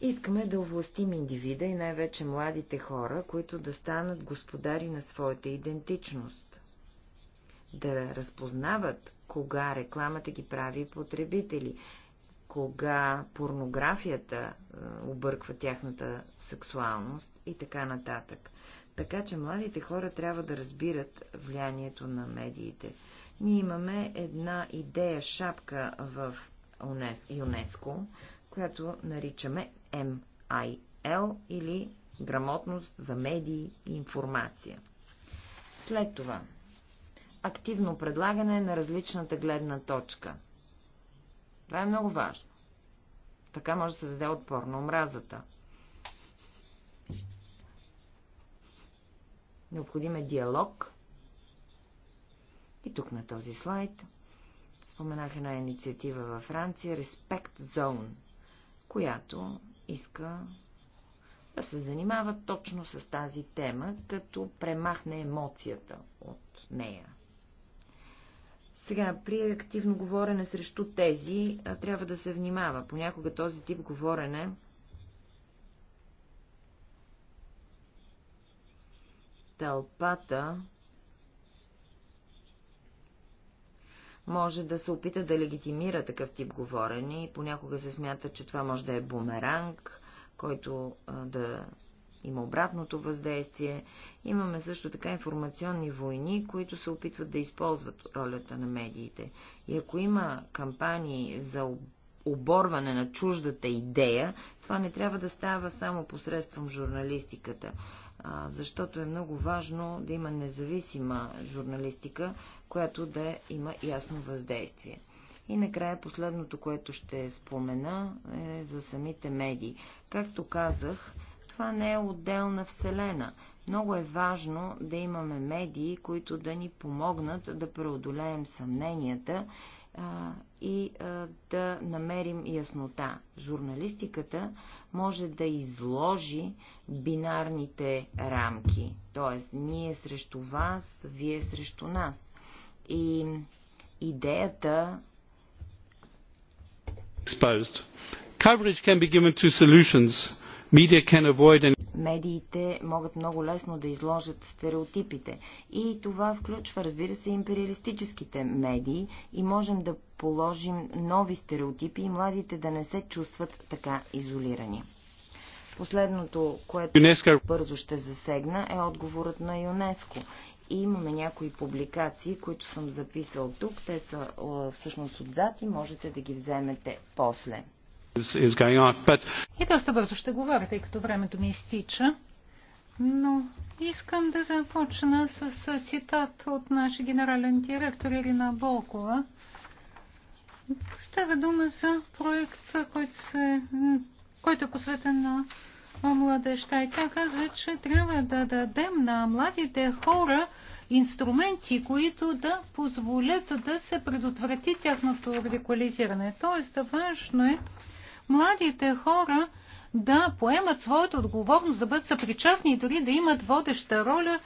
Искаме да овластим индивида и най-вече младите хора, които да станат господари на своята идентичност. Да разпознават кога рекламата ги прави потребители, кога порнографията е, обърква тяхната сексуалност и така нататък. Така че младите хора трябва да разбират влиянието на медиите. Ние имаме една идея шапка в ЮНЕСКО, която наричаме MIL или грамотност за медии и информация. След това активно предлагане на различната гледна точка. Това е много важно. Така може да се даде отпор на омразата – Необходим е диалог. И тук на този слайд споменах една инициатива във Франция, Respect Zone, която иска да се занимава точно с тази тема, като премахне емоцията от нея. Сега, при активно говорене срещу тези, трябва да се внимава. Понякога този тип говорене тълпата може да се опита да легитимира такъв тип говорене и понякога се смята, че това може да е бумеранг, който да има обратното въздействие. Имаме също така информационни войни, които се опитват да използват ролята на медиите. И ако има кампании за оборване на чуждата идея, това не трябва да става само посредством журналистиката защото е много важно да има независима журналистика, която да има ясно въздействие. И накрая последното, което ще спомена е за самите медии. Както казах, това не е отделна вселена. Много е важно да имаме медии, които да ни помогнат да преодолеем съмненията а, и а, да намерим яснота. Журналистиката може да изложи бинарните рамки, т.е. ние срещу вас, вие срещу нас. И идеята exposed. Coverage can be given to solutions. Media can avoid and медиите могат много лесно да изложат стереотипите. И това включва, разбира се, империалистическите медии и можем да положим нови стереотипи и младите да не се чувстват така изолирани. Последното, което ЮНЕСКО. бързо ще засегна, е отговорът на ЮНЕСКО. И имаме някои публикации, които съм записал тук. Те са всъщност отзад и можете да ги вземете после. But... И доста бързо ще говоря, тъй като времето ми изтича. Но искам да започна с цитат от нашия генерален директор Ирина Болкова. Става дума за проект, който, се, който е посветен на младеща. И тя казва, че трябва да дадем на младите хора инструменти, които да позволят да се предотврати тяхното радикализиране. Тоест, важно е младите хора да поемат своята отговорност, да бъдат съпричастни и дори да имат водеща роля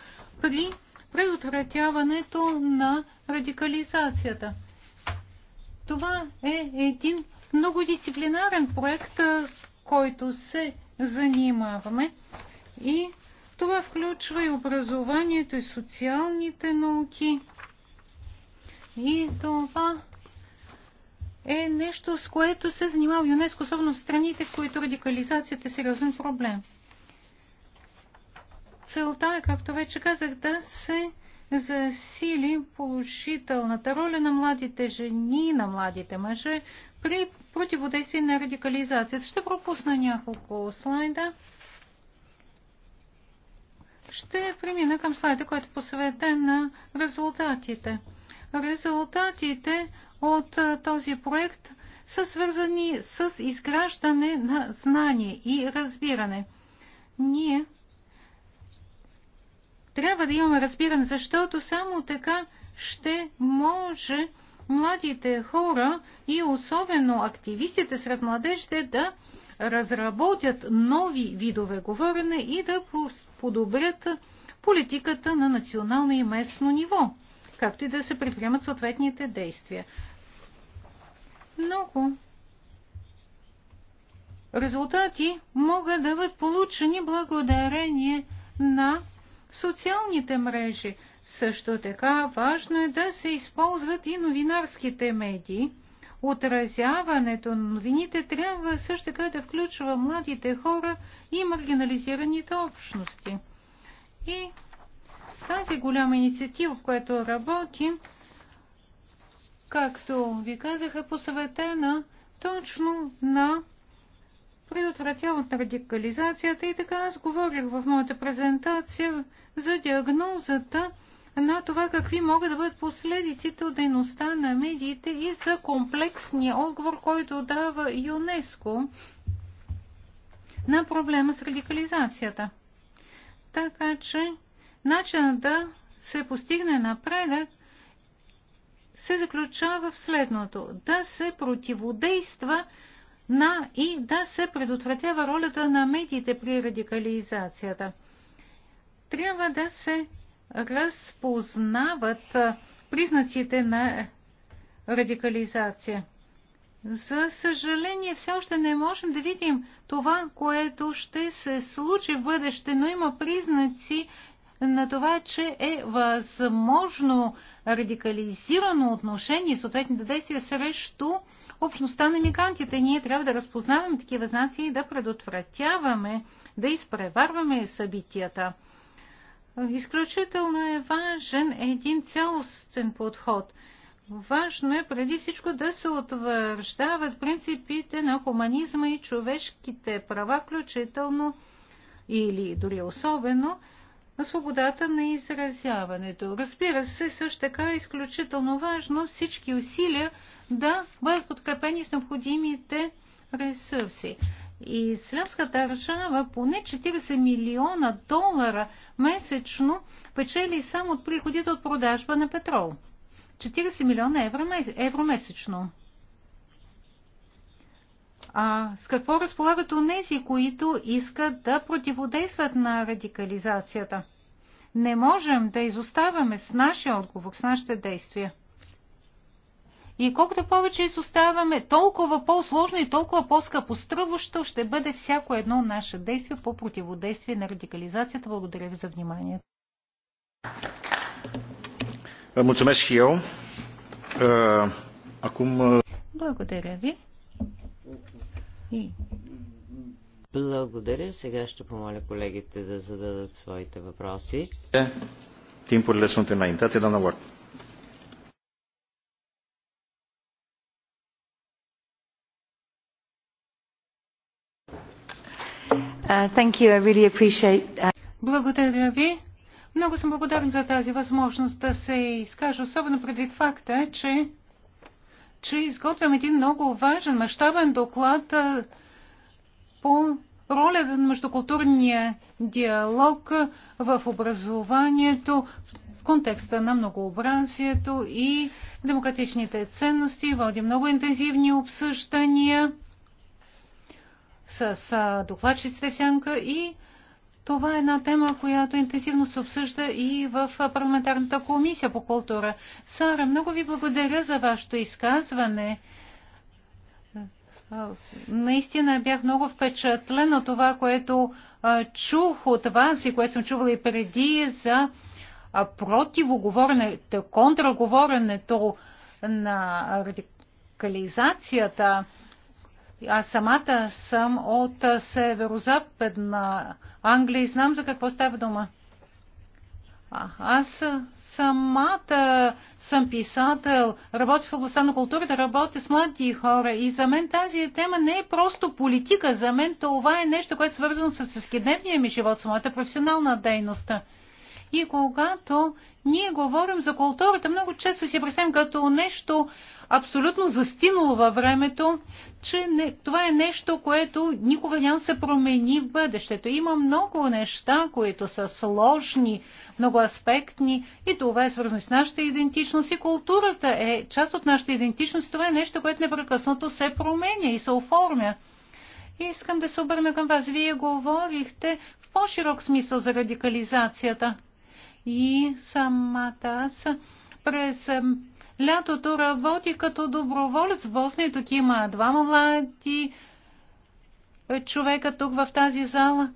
при предотвратяването на радикализацията. Това е един много дисциплинарен проект, с който се занимаваме и това включва и образованието, и социалните науки. И това е нещо, с което се занимава ЮНЕСКО, особено в страните, в които радикализацията е сериозен проблем. Целта е, както вече казах, да се засили положителната роля на младите жени, на младите мъже при противодействие на радикализацията. Ще пропусна няколко слайда. Ще премина към слайда, който е посветен на резултатите. Резултатите от този проект са свързани с изграждане на знание и разбиране. Ние трябва да имаме разбиране, защото само така ще може младите хора и особено активистите сред младежите да разработят нови видове говорене и да подобрят политиката на национално и местно ниво както и да се предприемат съответните действия. Много резултати могат да бъдат получени благодарение на социалните мрежи. Също така важно е да се използват и новинарските медии. Отразяването на новините трябва също така да включва младите хора и маргинализираните общности. И тази голяма инициатива, в която работим, както ви казах, е посъветена точно на предотвратяването на радикализацията. И така аз говорих в моята презентация за диагнозата на това какви могат да бъдат последиците от дейността на медиите и за комплексния отговор, който дава ЮНЕСКО на проблема с радикализацията. Така че Начинът да се постигне напредък се заключава в следното. Да се противодейства на и да се предотвратява ролята на медиите при радикализацията. Трябва да се разпознават признаците на радикализация. За съжаление, все още не можем да видим това, което ще се случи в бъдеще, но има признаци на това, че е възможно радикализирано отношение и съответните действия срещу общността на мигрантите. Ние трябва да разпознаваме такива знаци и да предотвратяваме, да изпреварваме събитията. Изключително е важен един цялостен подход. Важно е преди всичко да се утвърждават принципите на хуманизма и човешките права, включително или дори особено на свободата на изразяването. Разбира се, също така е изключително важно всички усилия да бъдат подкрепени с необходимите ресурси. И Ислямска държава поне 40 милиона долара месечно печели само от приходите от продажба на петрол. 40 милиона евро месечно. А с какво разполагат онези, които искат да противодействат на радикализацията? Не можем да изоставаме с нашия отговор, с нашите действия. И колкото повече изоставаме, толкова по-сложно и толкова по-скъпостръващо ще бъде всяко едно наше действие по противодействие на радикализацията. Благодаря ви за вниманието. Е, е, Благодаря ви. И. Благодаря. Сега ще помоля колегите да зададат своите въпроси. Е, Тимпурle sunt înaintate, doamna Ward. Uh, uh, Благодаря ви. Много съм благодарен за тази възможност да се изкажа, особено предвид факта, че че изготвям един много важен, мащабен доклад по ролята на междукултурния диалог в образованието, в контекста на многообразието и демократичните ценности. Води много интензивни обсъждания с докладчиците в сянка и това е една тема, която интенсивно се обсъжда и в парламентарната комисия по култура. Сара, много ви благодаря за вашето изказване. Наистина бях много впечатлен от това, което чух от вас и което съм чувала и преди за противоговоренето, контраговоренето на радикализацията аз самата съм от северо-западна Англия и знам за какво става дума. А, аз самата съм писател, работя в областта на културата, работя с млади хора и за мен тази тема не е просто политика, за мен това е нещо, което е свързано с всекидневния ми живот, с моята професионална дейност. И когато ние говорим за културата, много често си представим като нещо абсолютно застинало във времето, че не, това е нещо, което никога няма да се промени в бъдещето. Има много неща, които са сложни, много аспектни, и това е свързано с нашата идентичност и културата е част от нашата идентичност. Това е нещо, което непрекъснато се променя и се оформя. И искам да се обърна към вас. Вие говорихте в по-широк смисъл за радикализацията. И самата аз през Лятото работи като доброволец в Босния. Тук има двама млади човека тук в тази зала.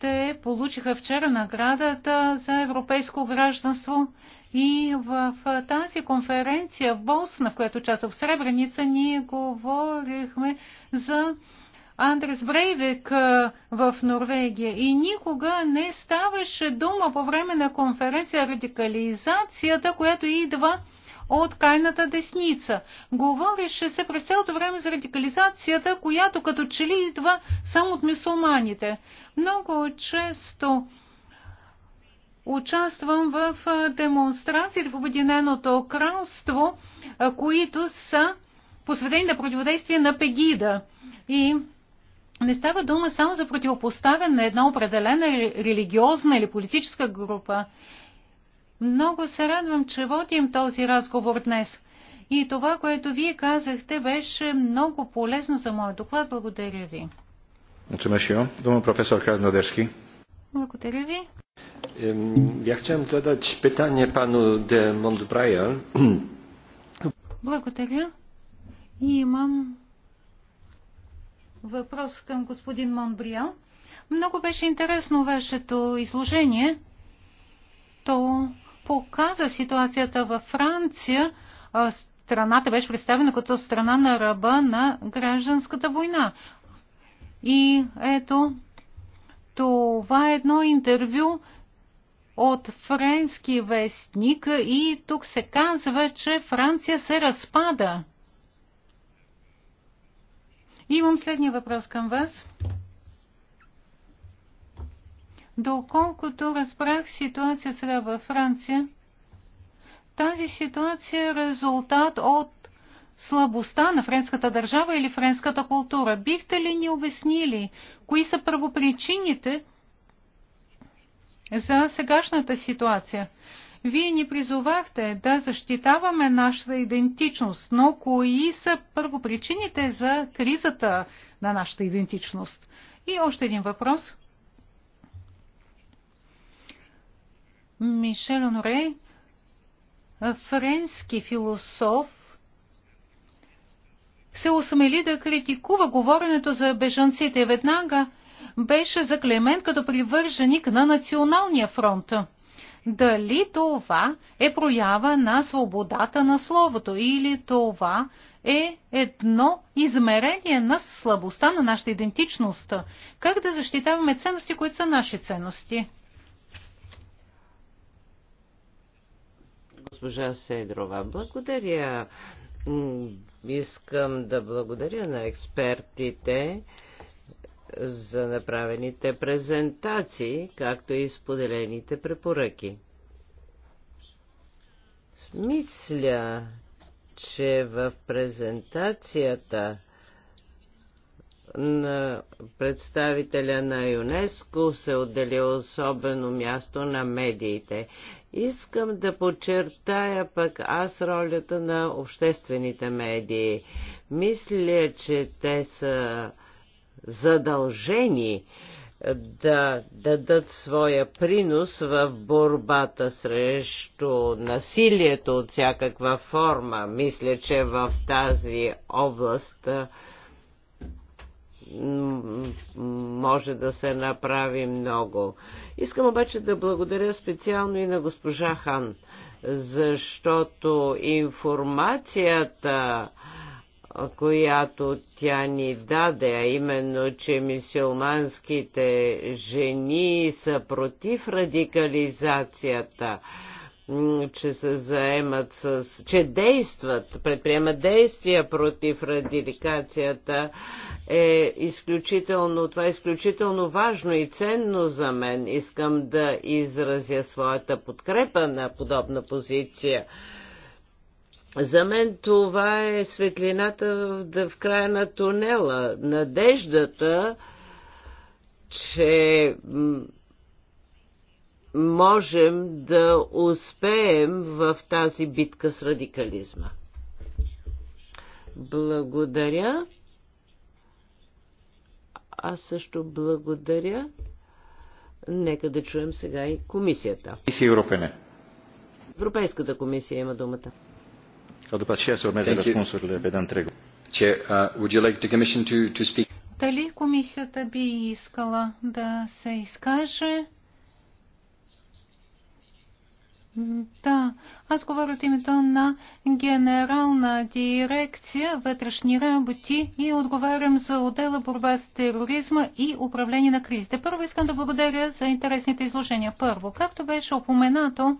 Те получиха вчера наградата за европейско гражданство и в тази конференция в Босна, в която участвах в Сребреница, ние говорихме за Андрес Брейвик в Норвегия. И никога не ставаше дума по време на конференция радикализацията, която идва от крайната десница. Говореше се през цялото време за радикализацията, която като че ли идва само от мусулманите. Много често участвам в демонстрациите в Обединеното кралство, които са посветени на противодействие на Пегида. И не става дума само за противопоставяне на една определена религиозна или политическа група. Много се радвам, че водим този разговор днес. И това, което вие казахте, беше много полезно за моят доклад. Благодаря ви. дума професор Краснодерски. Благодаря ви. Я chciałem задать питание пану де Монтбрайер. Благодаря. И имам въпрос към господин Монбриал. Много беше интересно вашето изложение. То показа ситуацията във Франция. Страната беше представена като страна на ръба на гражданската война. И ето, това е едно интервю от френски вестник и тук се казва, че Франция се разпада. Имам следния въпрос към вас. Доколкото разбрах ситуацията сега във Франция, тази ситуация е резултат от слабостта на френската държава или френската култура. Бихте ли ни обяснили, кои са първопричините за сегашната ситуация? Вие ни призовахте да защитаваме нашата идентичност, но кои са първопричините за кризата на нашата идентичност? И още един въпрос – Мишел Оноре, френски философ, се осмели да критикува говоренето за бежанците веднага беше заклемен като привърженик на Националния фронт. Дали това е проява на свободата на словото или това е едно измерение на слабостта на нашата идентичност? Как да защитаваме ценности, които са наши ценности? госпожа Сейдрова. Благодаря. Искам да благодаря на експертите за направените презентации, както и споделените препоръки. Мисля, че в презентацията на представителя на ЮНЕСКО се отдели особено място на медиите. Искам да подчертая пък аз ролята на обществените медии. Мисля, че те са задължени да дадат своя принос в борбата срещу насилието от всякаква форма. Мисля, че в тази област може да се направи много. Искам обаче да благодаря специално и на госпожа Хан, защото информацията която тя ни даде, а именно, че мисюлманските жени са против радикализацията че се заемат с... че действат, предприемат действия против радикацията е изключително, това е изключително важно и ценно за мен. Искам да изразя своята подкрепа на подобна позиция. За мен това е светлината в, в края на тунела. Надеждата, че можем да успеем в тази битка с радикализма. Благодаря. Аз също благодаря. Нека да чуем сега и комисията. Комисия Европене. Европейската комисия има думата. Дали комисията би искала да се изкаже? Да, аз говоря от името на Генерална дирекция вътрешни работи и отговарям за отдела борба с тероризма и управление на кризите. Първо искам да благодаря за интересните изложения. Първо, както беше опоменато,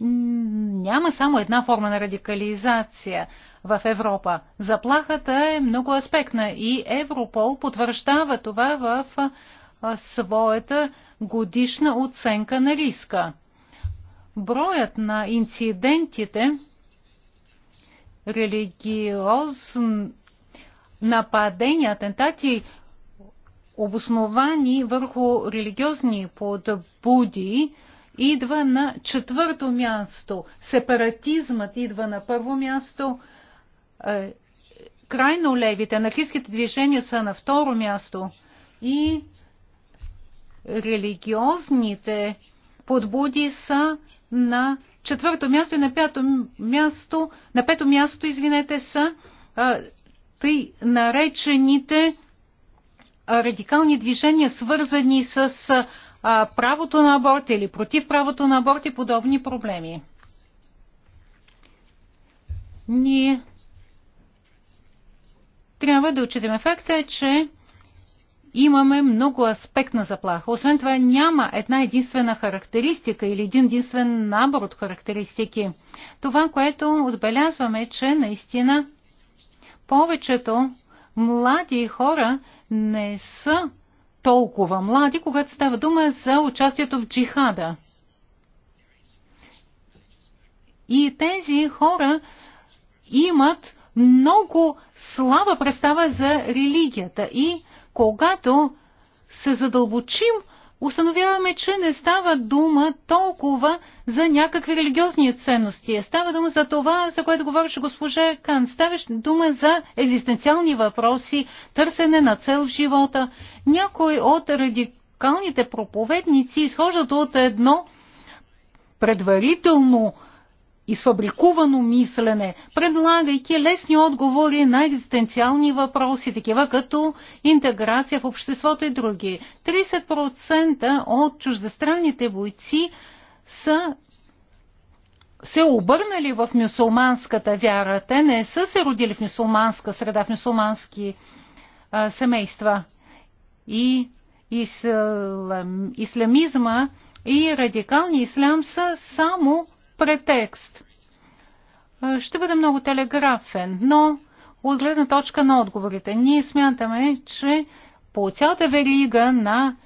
няма само една форма на радикализация в Европа. Заплахата е много аспектна и Европол потвърждава това в своята годишна оценка на риска броят на инцидентите, религиозен нападения, атентати, обосновани върху религиозни подбуди, идва на четвърто място. Сепаратизмът идва на първо място. Е, крайно левите, анархистските движения са на второ място. И религиозните подбуди са на четвърто място и на пето място, на пето място, извинете, са а, тъй наречените радикални движения, свързани с а, правото на аборт или против правото на аборт и подобни проблеми. Ние трябва да отчитаме факта, че имаме много аспектна заплаха. Освен това няма една единствена характеристика или един единствен набор от характеристики. Това, което отбелязваме, е, че наистина повечето млади хора не са толкова млади, когато става дума за участието в джихада. И тези хора имат много слаба представа за религията и когато се задълбочим, установяваме, че не става дума толкова за някакви религиозни ценности. Става дума за това, за което говореше госпожа Кан. Става дума за екзистенциални въпроси, търсене на цел в живота. Някой от радикалните проповедници изхождат от едно предварително изфабрикувано мислене, предлагайки лесни отговори на екзистенциални въпроси, такива като интеграция в обществото и други. 30% от чуждестранните бойци са се обърнали в мюсулманската вяра. Те не са се родили в мюсулманска среда, в мюсулмански а, семейства. И ислам, исламизма и радикалния ислям са само претекст. Е, ще бъде много телеграфен, но от гледна точка на отговорите. Ние смятаме, че по цялата верига на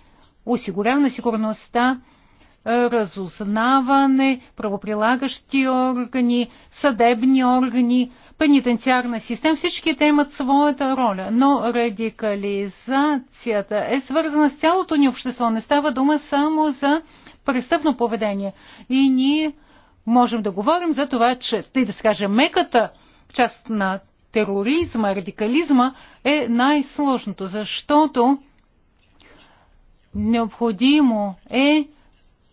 осигуряване сигурността, е, разузнаване, правоприлагащи органи, съдебни органи, пенитенциарна система, всички те имат своята роля. Но радикализацията е свързана с цялото ни общество. Не става дума само за престъпно поведение. И ние можем да говорим за това, че, тъй да се каже, меката част на тероризма, радикализма е най-сложното, защото необходимо е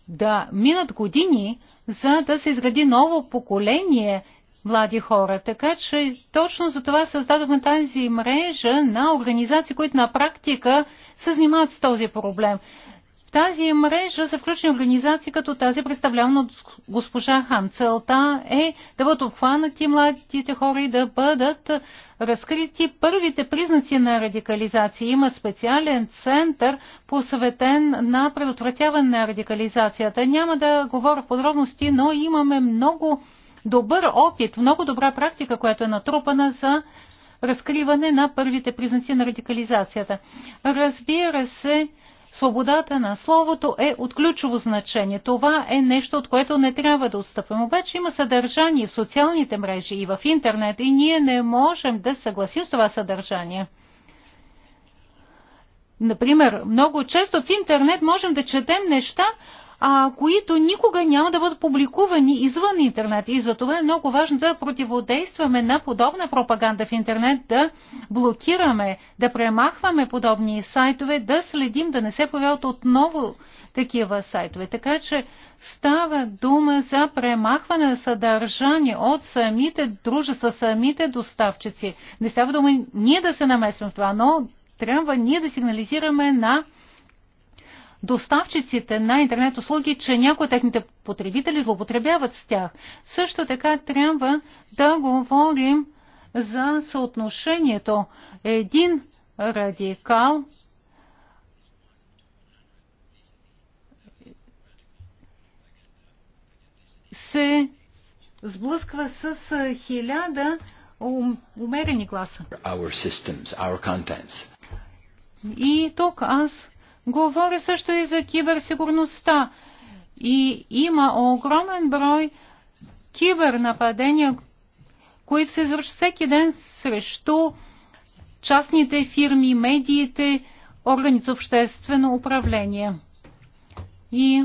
да минат години, за да се изгради ново поколение млади хора. Така че точно за това създадохме тази мрежа на организации, които на практика се занимават с този проблем. В тази мрежа са включени организации като тази, представлявана от госпожа Хан. Целта е да бъдат обхванати младите хора и да бъдат разкрити първите признаци на радикализация. Има специален център, посветен на предотвратяване на радикализацията. Няма да говоря в подробности, но имаме много добър опит, много добра практика, която е натрупана за разкриване на първите признаци на радикализацията. Разбира се, свободата на словото е от ключово значение. Това е нещо, от което не трябва да отстъпваме. Обаче има съдържание в социалните мрежи и в интернет и ние не можем да съгласим с това съдържание. Например, много често в интернет можем да четем неща, а, които никога няма да бъдат публикувани извън интернет. И за това е много важно да противодействаме на подобна пропаганда в интернет, да блокираме, да премахваме подобни сайтове, да следим да не се появяват отново такива сайтове. Така че става дума за премахване на съдържание от самите дружества, самите доставчици. Не става дума ние да се намесваме в това, но трябва ние да сигнализираме на доставчиците на интернет услуги, че някои от техните потребители злоупотребяват с тях. Също така трябва да говорим за съотношението. Един радикал се сблъсква с хиляда умерени гласа. Our systems, our и тук аз Говоря също и за киберсигурността. И има огромен брой кибернападения, които се извършват всеки ден срещу частните фирми, медиите, органи за обществено управление. И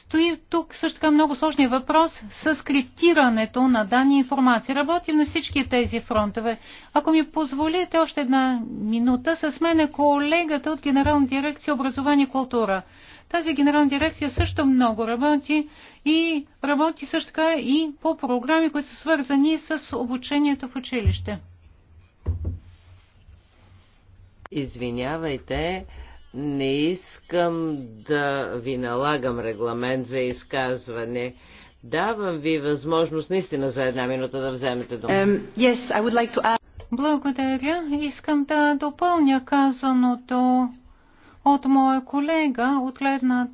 Стои тук също така много сложния въпрос с криптирането на данни и информация. Работим на всички тези фронтове. Ако ми позволите още една минута, с мен е колегата от Генерална дирекция образование и култура. Тази генерална дирекция също много работи и работи също така и по програми, които са свързани с обучението в училище. Извинявайте, не искам да ви налагам регламент за изказване. Давам ви възможност наистина за една минута да вземете дума. Um, yes, I would like to add... Благодаря. Искам да допълня казаното от моя колега от гледна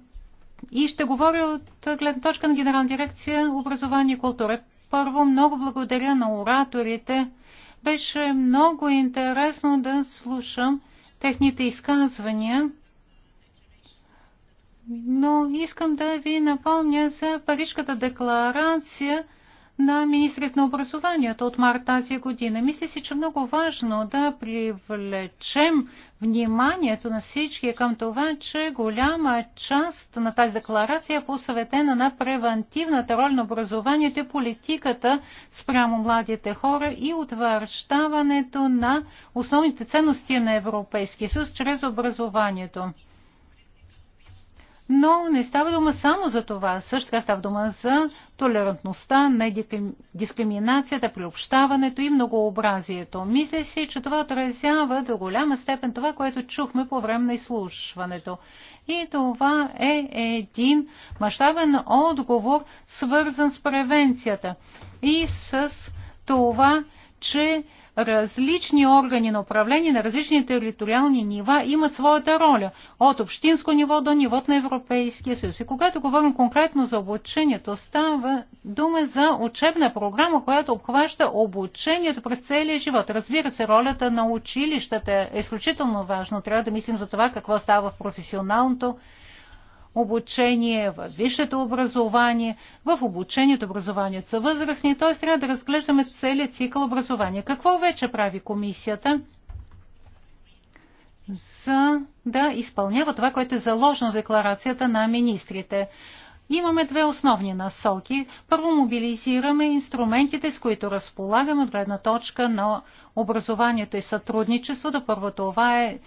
и ще говоря от гледна точка на Генерална дирекция образование и култура. Първо, много благодаря на ораторите. Беше много интересно да слушам техните изказвания, но искам да ви напомня за Парижката декларация – на министрите на образованието от март тази година. Мисля си, че е много важно да привлечем вниманието на всички към това, че голяма част на тази декларация е посветена на превентивната роля на образованието и политиката спрямо младите хора и утвърждаването на основните ценности на Европейския съюз чрез образованието. Но не става дума само за това. Също така става дума за толерантността, на дискриминацията, приобщаването и многообразието. Мисля си, че това отразява до голяма степен това, което чухме по време на изслушването. И това е един мащабен отговор, свързан с превенцията и с това, че различни органи на управление на различни териториални нива имат своята роля, от общинско ниво до нивото на Европейския съюз. И когато говорим конкретно за обучението, става дума за учебна програма, която обхваща обучението през целия живот. Разбира се, ролята на училищата е изключително важна. Трябва да мислим за това какво става в професионалното обучение, в висшето образование, в обучението, образованието са възрастни, т.е. трябва да разглеждаме целият цикъл образование. Какво вече прави комисията? За да изпълнява това, което е заложено в декларацията на министрите. Имаме две основни насоки. Първо мобилизираме инструментите, с които разполагаме от гледна точка на образованието и сътрудничеството. Първо това е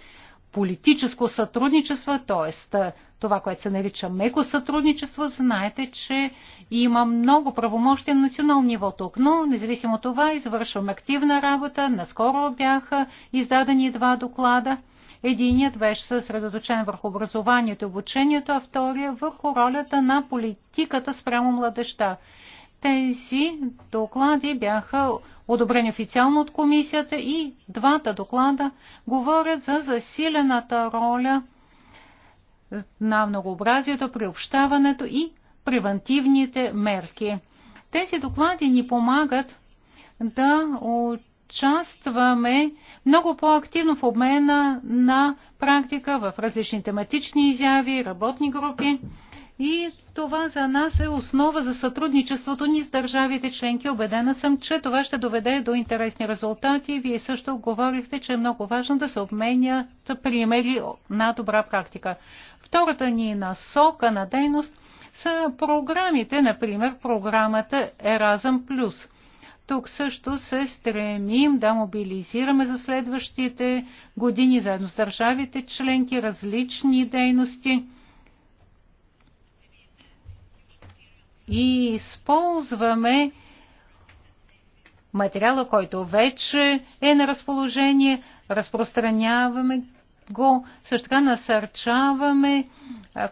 политическо сътрудничество, т.е това, което се нарича меко сътрудничество, знаете, че има много правомощи на национално ниво тук, но независимо от това извършвам активна работа. Наскоро бяха издадени два доклада. Единият беше съсредоточен върху образованието и обучението, а втория върху ролята на политиката спрямо младеща. Тези доклади бяха одобрени официално от комисията и двата доклада говорят за засилената роля на многообразието, приобщаването и превентивните мерки. Тези доклади ни помагат да участваме много по-активно в обмена на практика в различни тематични изяви, работни групи. И това за нас е основа за сътрудничеството ни с държавите членки. Обедена съм, че това ще доведе до интересни резултати. Вие също говорихте, че е много важно да се обменят примери на добра практика. Втората ни насока на дейност са програмите, например програмата Еразъм Плюс. Тук също се стремим да мобилизираме за следващите години заедно с държавите членки различни дейности и използваме материала, който вече е на разположение, разпространяваме го. Също така насърчаваме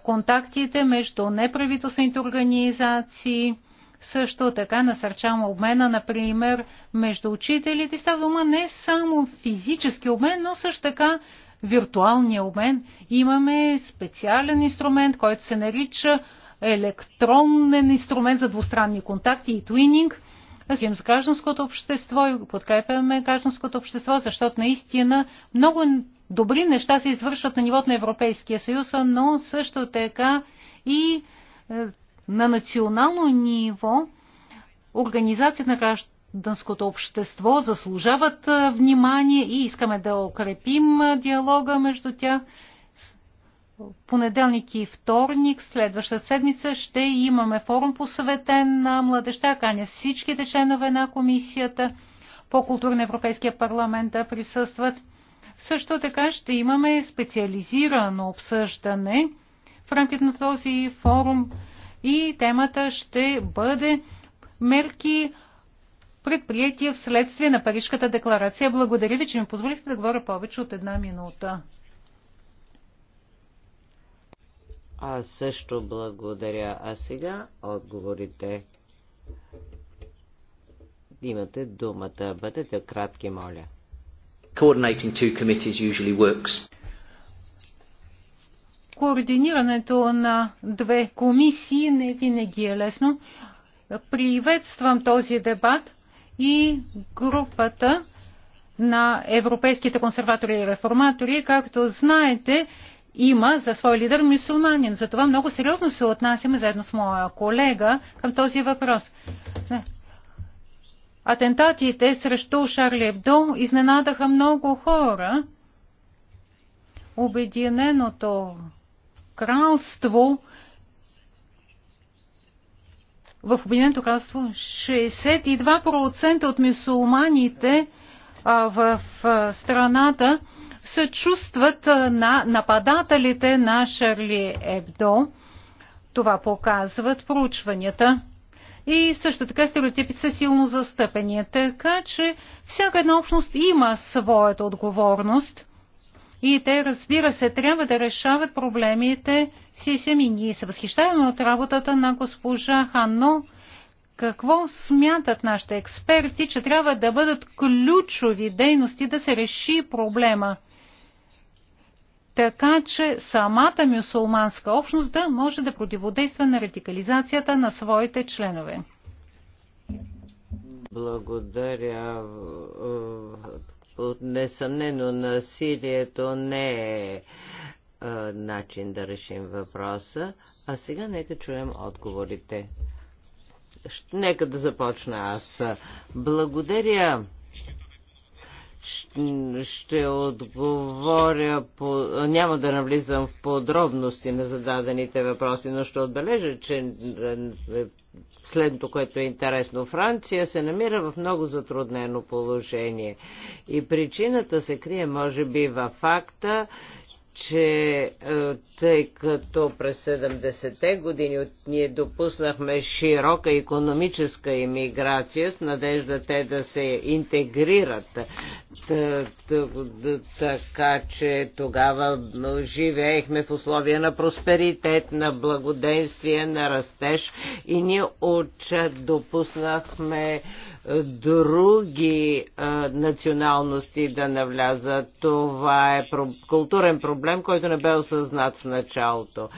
контактите между неправителствените организации, също така насърчаваме обмена, например, между учителите. Става дума не само физически обмен, но също така виртуалния обмен. Имаме специален инструмент, който се нарича електронен инструмент за двустранни контакти и твининг – с гражданското общество и подкрепяме гражданското общество, защото наистина много добри неща се извършват на нивото на Европейския съюз, но също така и е, на национално ниво организацията на гражданското общество заслужават е, внимание и искаме да укрепим е, диалога между тях понеделник и вторник, следваща седмица, ще имаме форум посъветен на младеща, каня всичките членове на комисията по култура на Европейския парламент да присъстват. Също така ще имаме специализирано обсъждане в рамките на този форум и темата ще бъде мерки предприятия вследствие на Парижката декларация. Благодаря ви, че ми позволихте да говоря повече от една минута. Аз също благодаря. А сега отговорите. Имате думата. Бъдете кратки, моля. Coordinating two committees usually works. Координирането на две комисии не винаги е лесно. Приветствам този дебат и групата на европейските консерватори и реформатори. Както знаете, има за свой лидер мусулманин. Затова много сериозно се отнасяме заедно с моя колега към този въпрос. Атентатите срещу Шарли Ебдо изненадаха много хора. Обединеното кралство в Обединеното кралство 62% от мусулманите в страната чувстват на нападателите на Шарли Ебдо. Това показват проучванията. И също така стереотипите са силно застъпени. Така че всяка една общност има своята отговорност. И те, разбира се, трябва да решават проблемите си сами. Ние се възхищаваме от работата на госпожа Ханно. Какво смятат нашите експерти, че трябва да бъдат ключови дейности да се реши проблема? така че самата мюсулманска общност да може да противодейства на радикализацията на своите членове. Благодаря. Несъмнено насилието не е начин да решим въпроса. А сега нека чуем отговорите. Нека да започна аз. Благодаря ще отговоря по... Няма да навлизам в подробности на зададените въпроси, но ще отбележа, че е, е, следното, което е интересно. Франция се намира в много затруднено положение. И причината се крие, може би, във факта, че е, тъй като през 70-те години ние допуснахме широка економическа иммиграция с надежда те да се интегрират. Така че тогава живеехме в условия на просперитет, на благоденствие, на растеж и ние отчет допуснахме други а, националности да навлязат. Това е про- културен проблем, който не бе осъзнат в началото.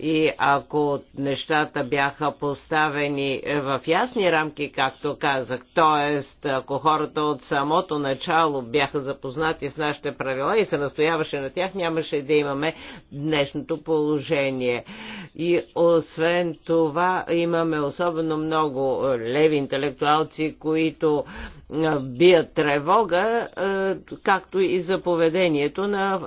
И ако нещата бяха поставени е, в ясни рамки, както казах, т.е. ако хората от самото начало бяха запознати с нашите правила и се настояваше на тях, нямаше да имаме днешното положение. И освен това имаме особено много е, леви интелектуалци, които бият тревога, както и за поведението на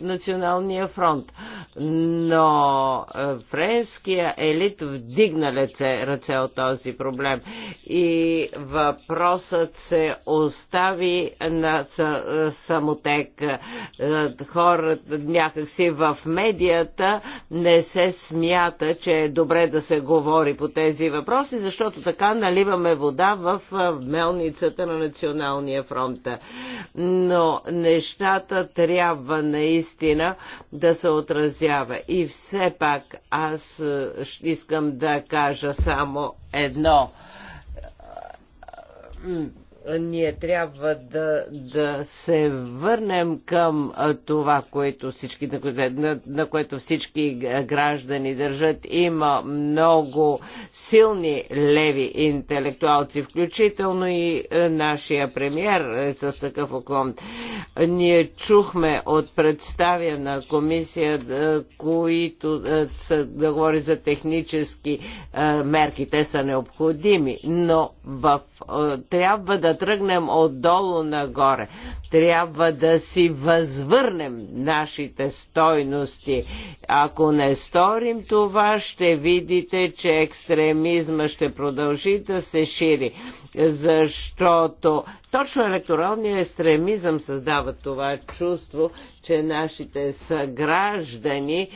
Националния фронт но е, френския елит вдигна лице, ръце от този проблем и въпросът се остави на е, самотек. Е, Хората някакси в медията не се смята, че е добре да се говори по тези въпроси, защото така наливаме вода в мелницата на Националния фронт. Но нещата трябва наистина да се отразят изразява. И все пак аз е, искам да кажа само едно ние трябва да, да се върнем към това, което всички, на, което, на, на което всички граждани държат. Има много силни леви интелектуалци, включително и нашия премьер с такъв оклон. Ние чухме от представя на комисия, които са, да говори за технически мерки. Те са необходими, но в, трябва да да тръгнем отдолу нагоре. Трябва да си възвърнем нашите стойности. Ако не сторим това, ще видите, че екстремизма ще продължи да се шири. Защото точно електоралният екстремизъм създава това чувство, че нашите съграждани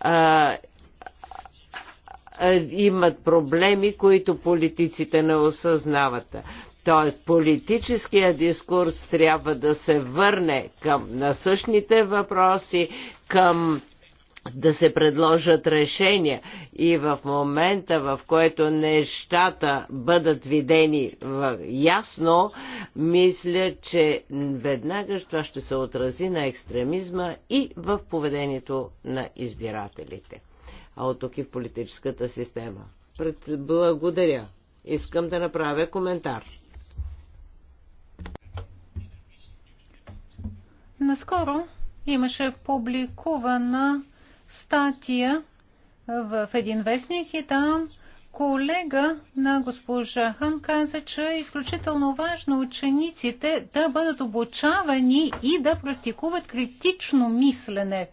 а, имат проблеми, които политиците не осъзнават. Т.е. политическия дискурс трябва да се върне към насъщните въпроси, към да се предложат решения и в момента, в който нещата бъдат видени ясно, мисля, че веднага това ще се отрази на екстремизма и в поведението на избирателите, а от тук и в политическата система. Пред... Благодаря. Искам да направя коментар. Наскоро имаше публикувана статия в един вестник и там колега на госпожа Хан каза, че е изключително важно учениците да бъдат обучавани и да практикуват критично мислене.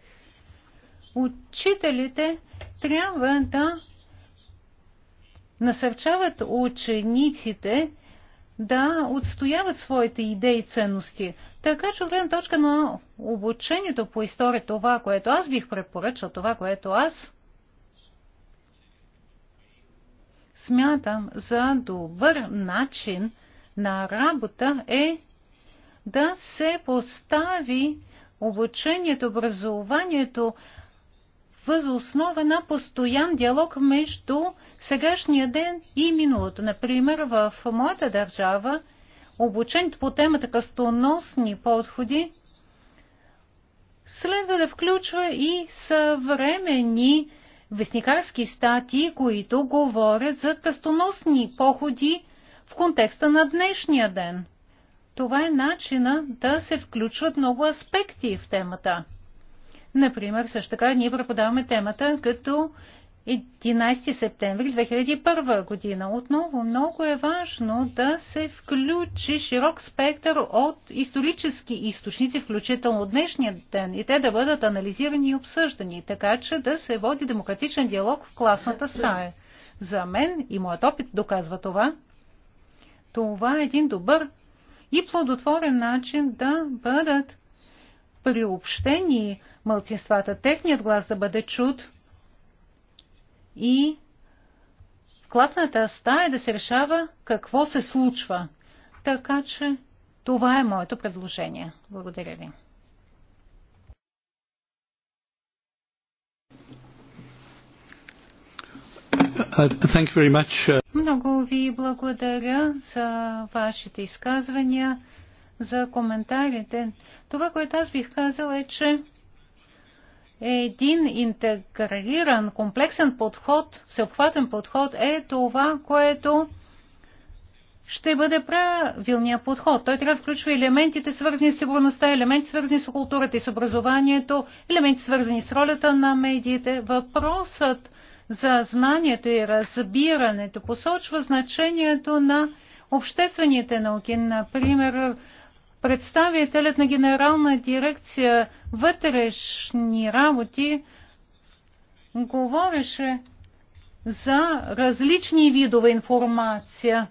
Учителите трябва да насърчават учениците да отстояват своите идеи и ценности. Така че от гледна точка на обучението по история, това, което аз бих препоръчал, това, което аз смятам за добър начин на работа е да се постави обучението, образованието въз основа на постоян диалог между сегашния ден и миналото. Например, в моята държава обучението по темата кръстоносни подходи следва да включва и съвремени вестникарски статии, които говорят за кръстоносни походи в контекста на днешния ден. Това е начина да се включват много аспекти в темата – Например, също така ние преподаваме темата като 11 септември 2001 година. Отново много е важно да се включи широк спектър от исторически източници, включително от днешния ден, и те да бъдат анализирани и обсъждани, така че да се води демократичен диалог в класната стая. За мен и моят опит доказва това. Това е един добър и плодотворен начин да бъдат приобщени мълцинствата, техният глас да бъде чуд. и в класната стая да се решава какво се случва. Така че това е моето предложение. Благодаря ви. Uh, uh, Много ви благодаря за вашите изказвания, за коментарите. Това, което аз бих казала е, че е, един интегриран, комплексен подход, всеобхватен подход е това, което ще бъде правилният подход. Той трябва да включва елементите, свързани с сигурността, елементи, свързани с културата и с образованието, елементи, свързани с ролята на медиите. Въпросът за знанието и разбирането посочва значението на обществените науки, например представителят на Генерална дирекция вътрешни работи говореше за различни видове информация.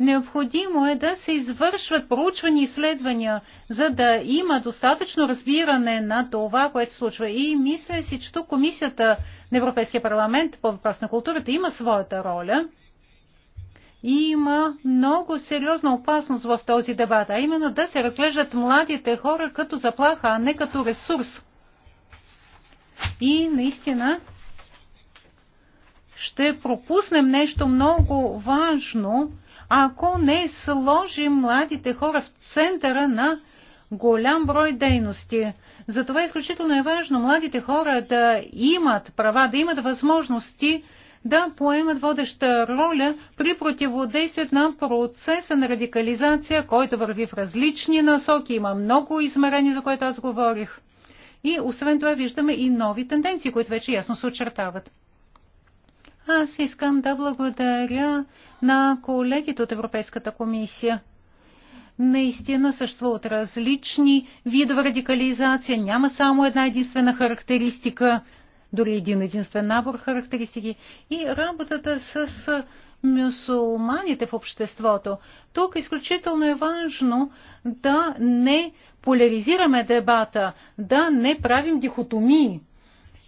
Необходимо е да се извършват проучвания и изследвания, за да има достатъчно разбиране на това, което случва. И мисля си, че тук Комисията на Европейския парламент по въпрос на културата има своята роля – и има много сериозна опасност в този дебат, а именно да се разглеждат младите хора като заплаха, а не като ресурс. И наистина ще пропуснем нещо много важно, ако не сложим младите хора в центъра на голям брой дейности. Затова изключително е важно младите хора да имат права, да имат възможности да поемат водеща роля при противодействието на процеса на радикализация, който върви в различни насоки. Има много измерения, за което аз говорих. И освен това виждаме и нови тенденции, които вече ясно се очертават. Аз искам да благодаря на колегите от Европейската комисия. Наистина съществуват различни видове радикализация. Няма само една единствена характеристика дори един единствен набор характеристики и работата с мюсулманите в обществото. Тук изключително е важно да не поляризираме дебата, да не правим дихотомии.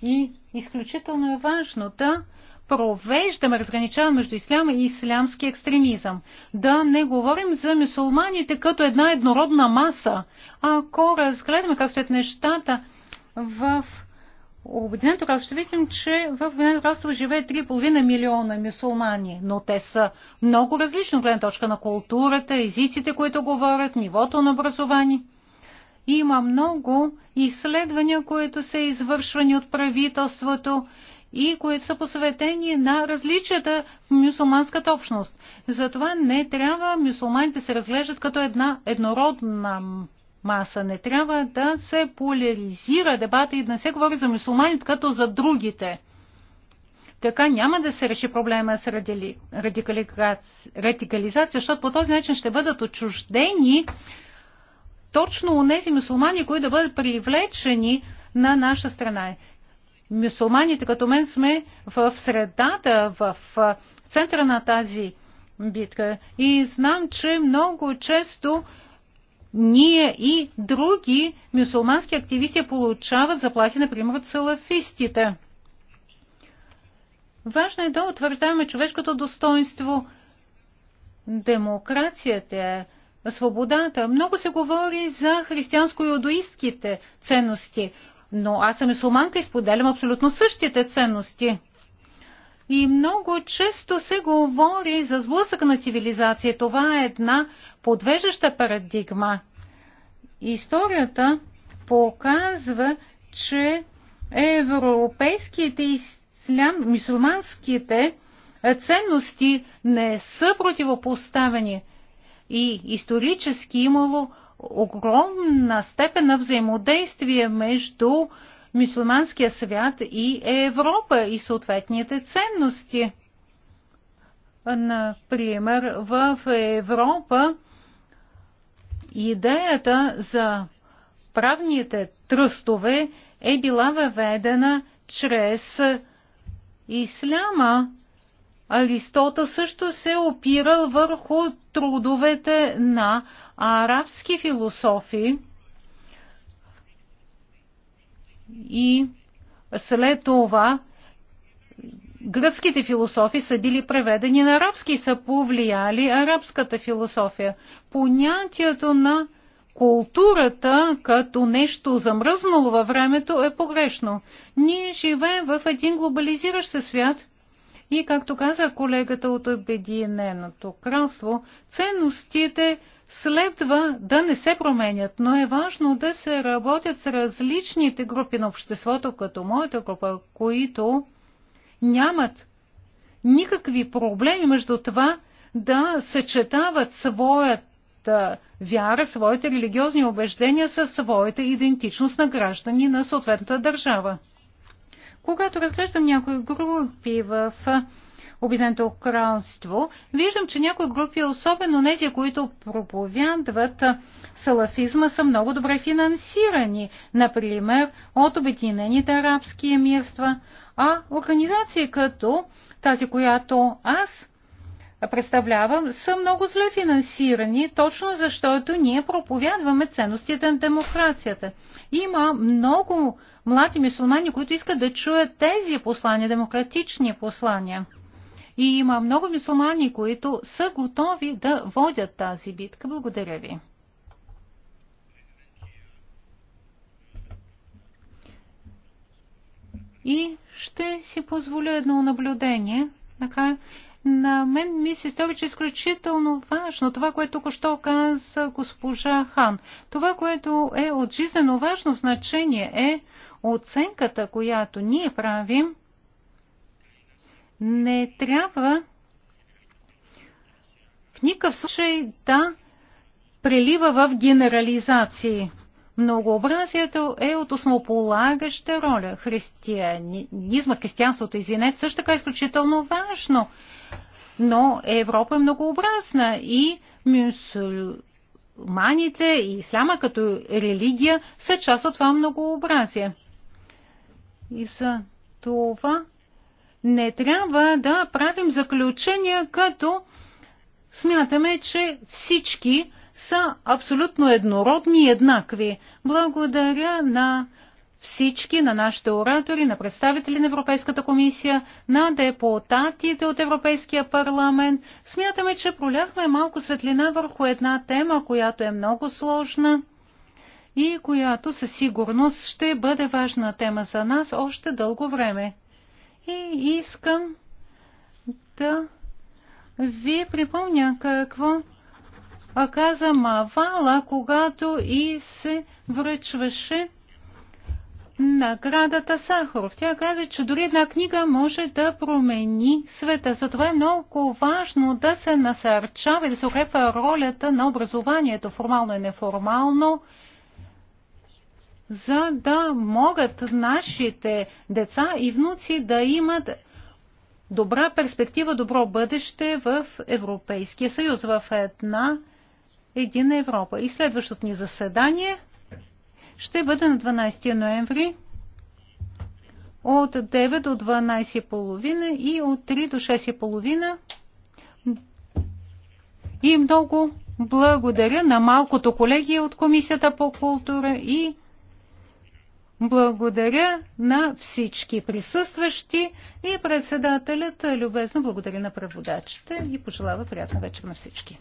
И изключително е важно да провеждаме разграничаване между исляма и ислямски екстремизъм. Да не говорим за мюсулманите като една еднородна маса. Ако разгледаме как стоят нещата в Обединеното кралство ще видим, че в Обединеното кралство живее 3,5 милиона мусулмани, но те са много различни от гледна точка на културата, езиците, които говорят, нивото на образование. Има много изследвания, които са извършвани от правителството и които са посветени на различията в мюсулманската общност. Затова не трябва мюсулманите се разглеждат като една еднородна маса. Не трябва да се поляризира дебата и да не се говори за мусулманите като за другите. Така няма да се реши проблема с радикализация, защото по този начин ще бъдат отчуждени точно у тези мусулмани, които да бъдат привлечени на наша страна. Мюсулманите като мен сме в средата, в центъра на тази битка. И знам, че много често ние и други мюсулмански активисти получават заплахи, например, от салафистите. Важно е да утвърждаваме човешкото достоинство, демокрацията, е свободата. Много се говори за християнско-иудоистките ценности, но аз съм мюсулманка и споделям абсолютно същите ценности. И много често се говори за сблъсък на цивилизация. Това е една подвеждаща парадигма. Историята показва, че европейските ислям, мусулманските ценности не са противопоставени и исторически имало огромна степен на взаимодействие между мусулманския свят и Европа и съответните ценности. Например, в Европа Идеята за правните тръстове е била въведена чрез исляма. Аристота също се опирал върху трудовете на арабски философи и след това гръцките философи са били преведени на арабски и са повлияли арабската философия. Понятието на културата като нещо замръзнало във времето е погрешно. Ние живеем в един глобализиращ се свят и, както каза колегата от Обединеното кралство, ценностите следва да не се променят, но е важно да се работят с различните групи на обществото, като моята група, които нямат никакви проблеми между това да съчетават своята вяра, своите религиозни убеждения със своята идентичност на граждани на съответната държава. Когато разглеждам някои групи в Обединеното кралство, виждам, че някои групи, особено тези, които проповядват салафизма, са много добре финансирани, например, от Обединените арабски емирства, а организации като тази, която аз представлявам, са много зле финансирани, точно защото ние проповядваме ценностите на демокрацията. Има много млади мусулмани, които искат да чуят тези послания, демократични послания. И има много мусулмани, които са готови да водят тази битка. Благодаря ви. И ще си позволя едно наблюдение. Така, на мен ми се стои, че е изключително важно това, което току-що каза госпожа Хан. Това, което е от жизнено важно значение е оценката, която ние правим, не трябва в никакъв случай да прелива в генерализации. Многообразието е от основополагаща роля. Християнизма, християнството, извинете, също така е изключително важно. Но Европа е многообразна и мюсулманите и исляма като религия са част от това многообразие. И за това не трябва да правим заключения, като смятаме, че всички са абсолютно еднородни и еднакви. Благодаря на всички, на нашите оратори, на представители на Европейската комисия, на депутатите от Европейския парламент. Смятаме, че проляхме малко светлина върху една тема, която е много сложна и която със сигурност ще бъде важна тема за нас още дълго време. И искам да ви припомня какво каза Мавала, когато и се връчваше наградата Сахаров. Тя каза, че дори една книга може да промени света. Затова е много важно да се насърчава и да се укрепва ролята на образованието, формално и неформално, за да могат нашите деца и внуци да имат добра перспектива, добро бъдеще в Европейския съюз, в една Едина Европа. И следващото ни заседание ще бъде на 12 ноември от 9 до 12.30 и от 3 до 6.30. И много благодаря на малкото колеги от Комисията по култура и благодаря на всички присъстващи и председателят любезно благодаря на преводачите и пожелава приятна вечер на всички.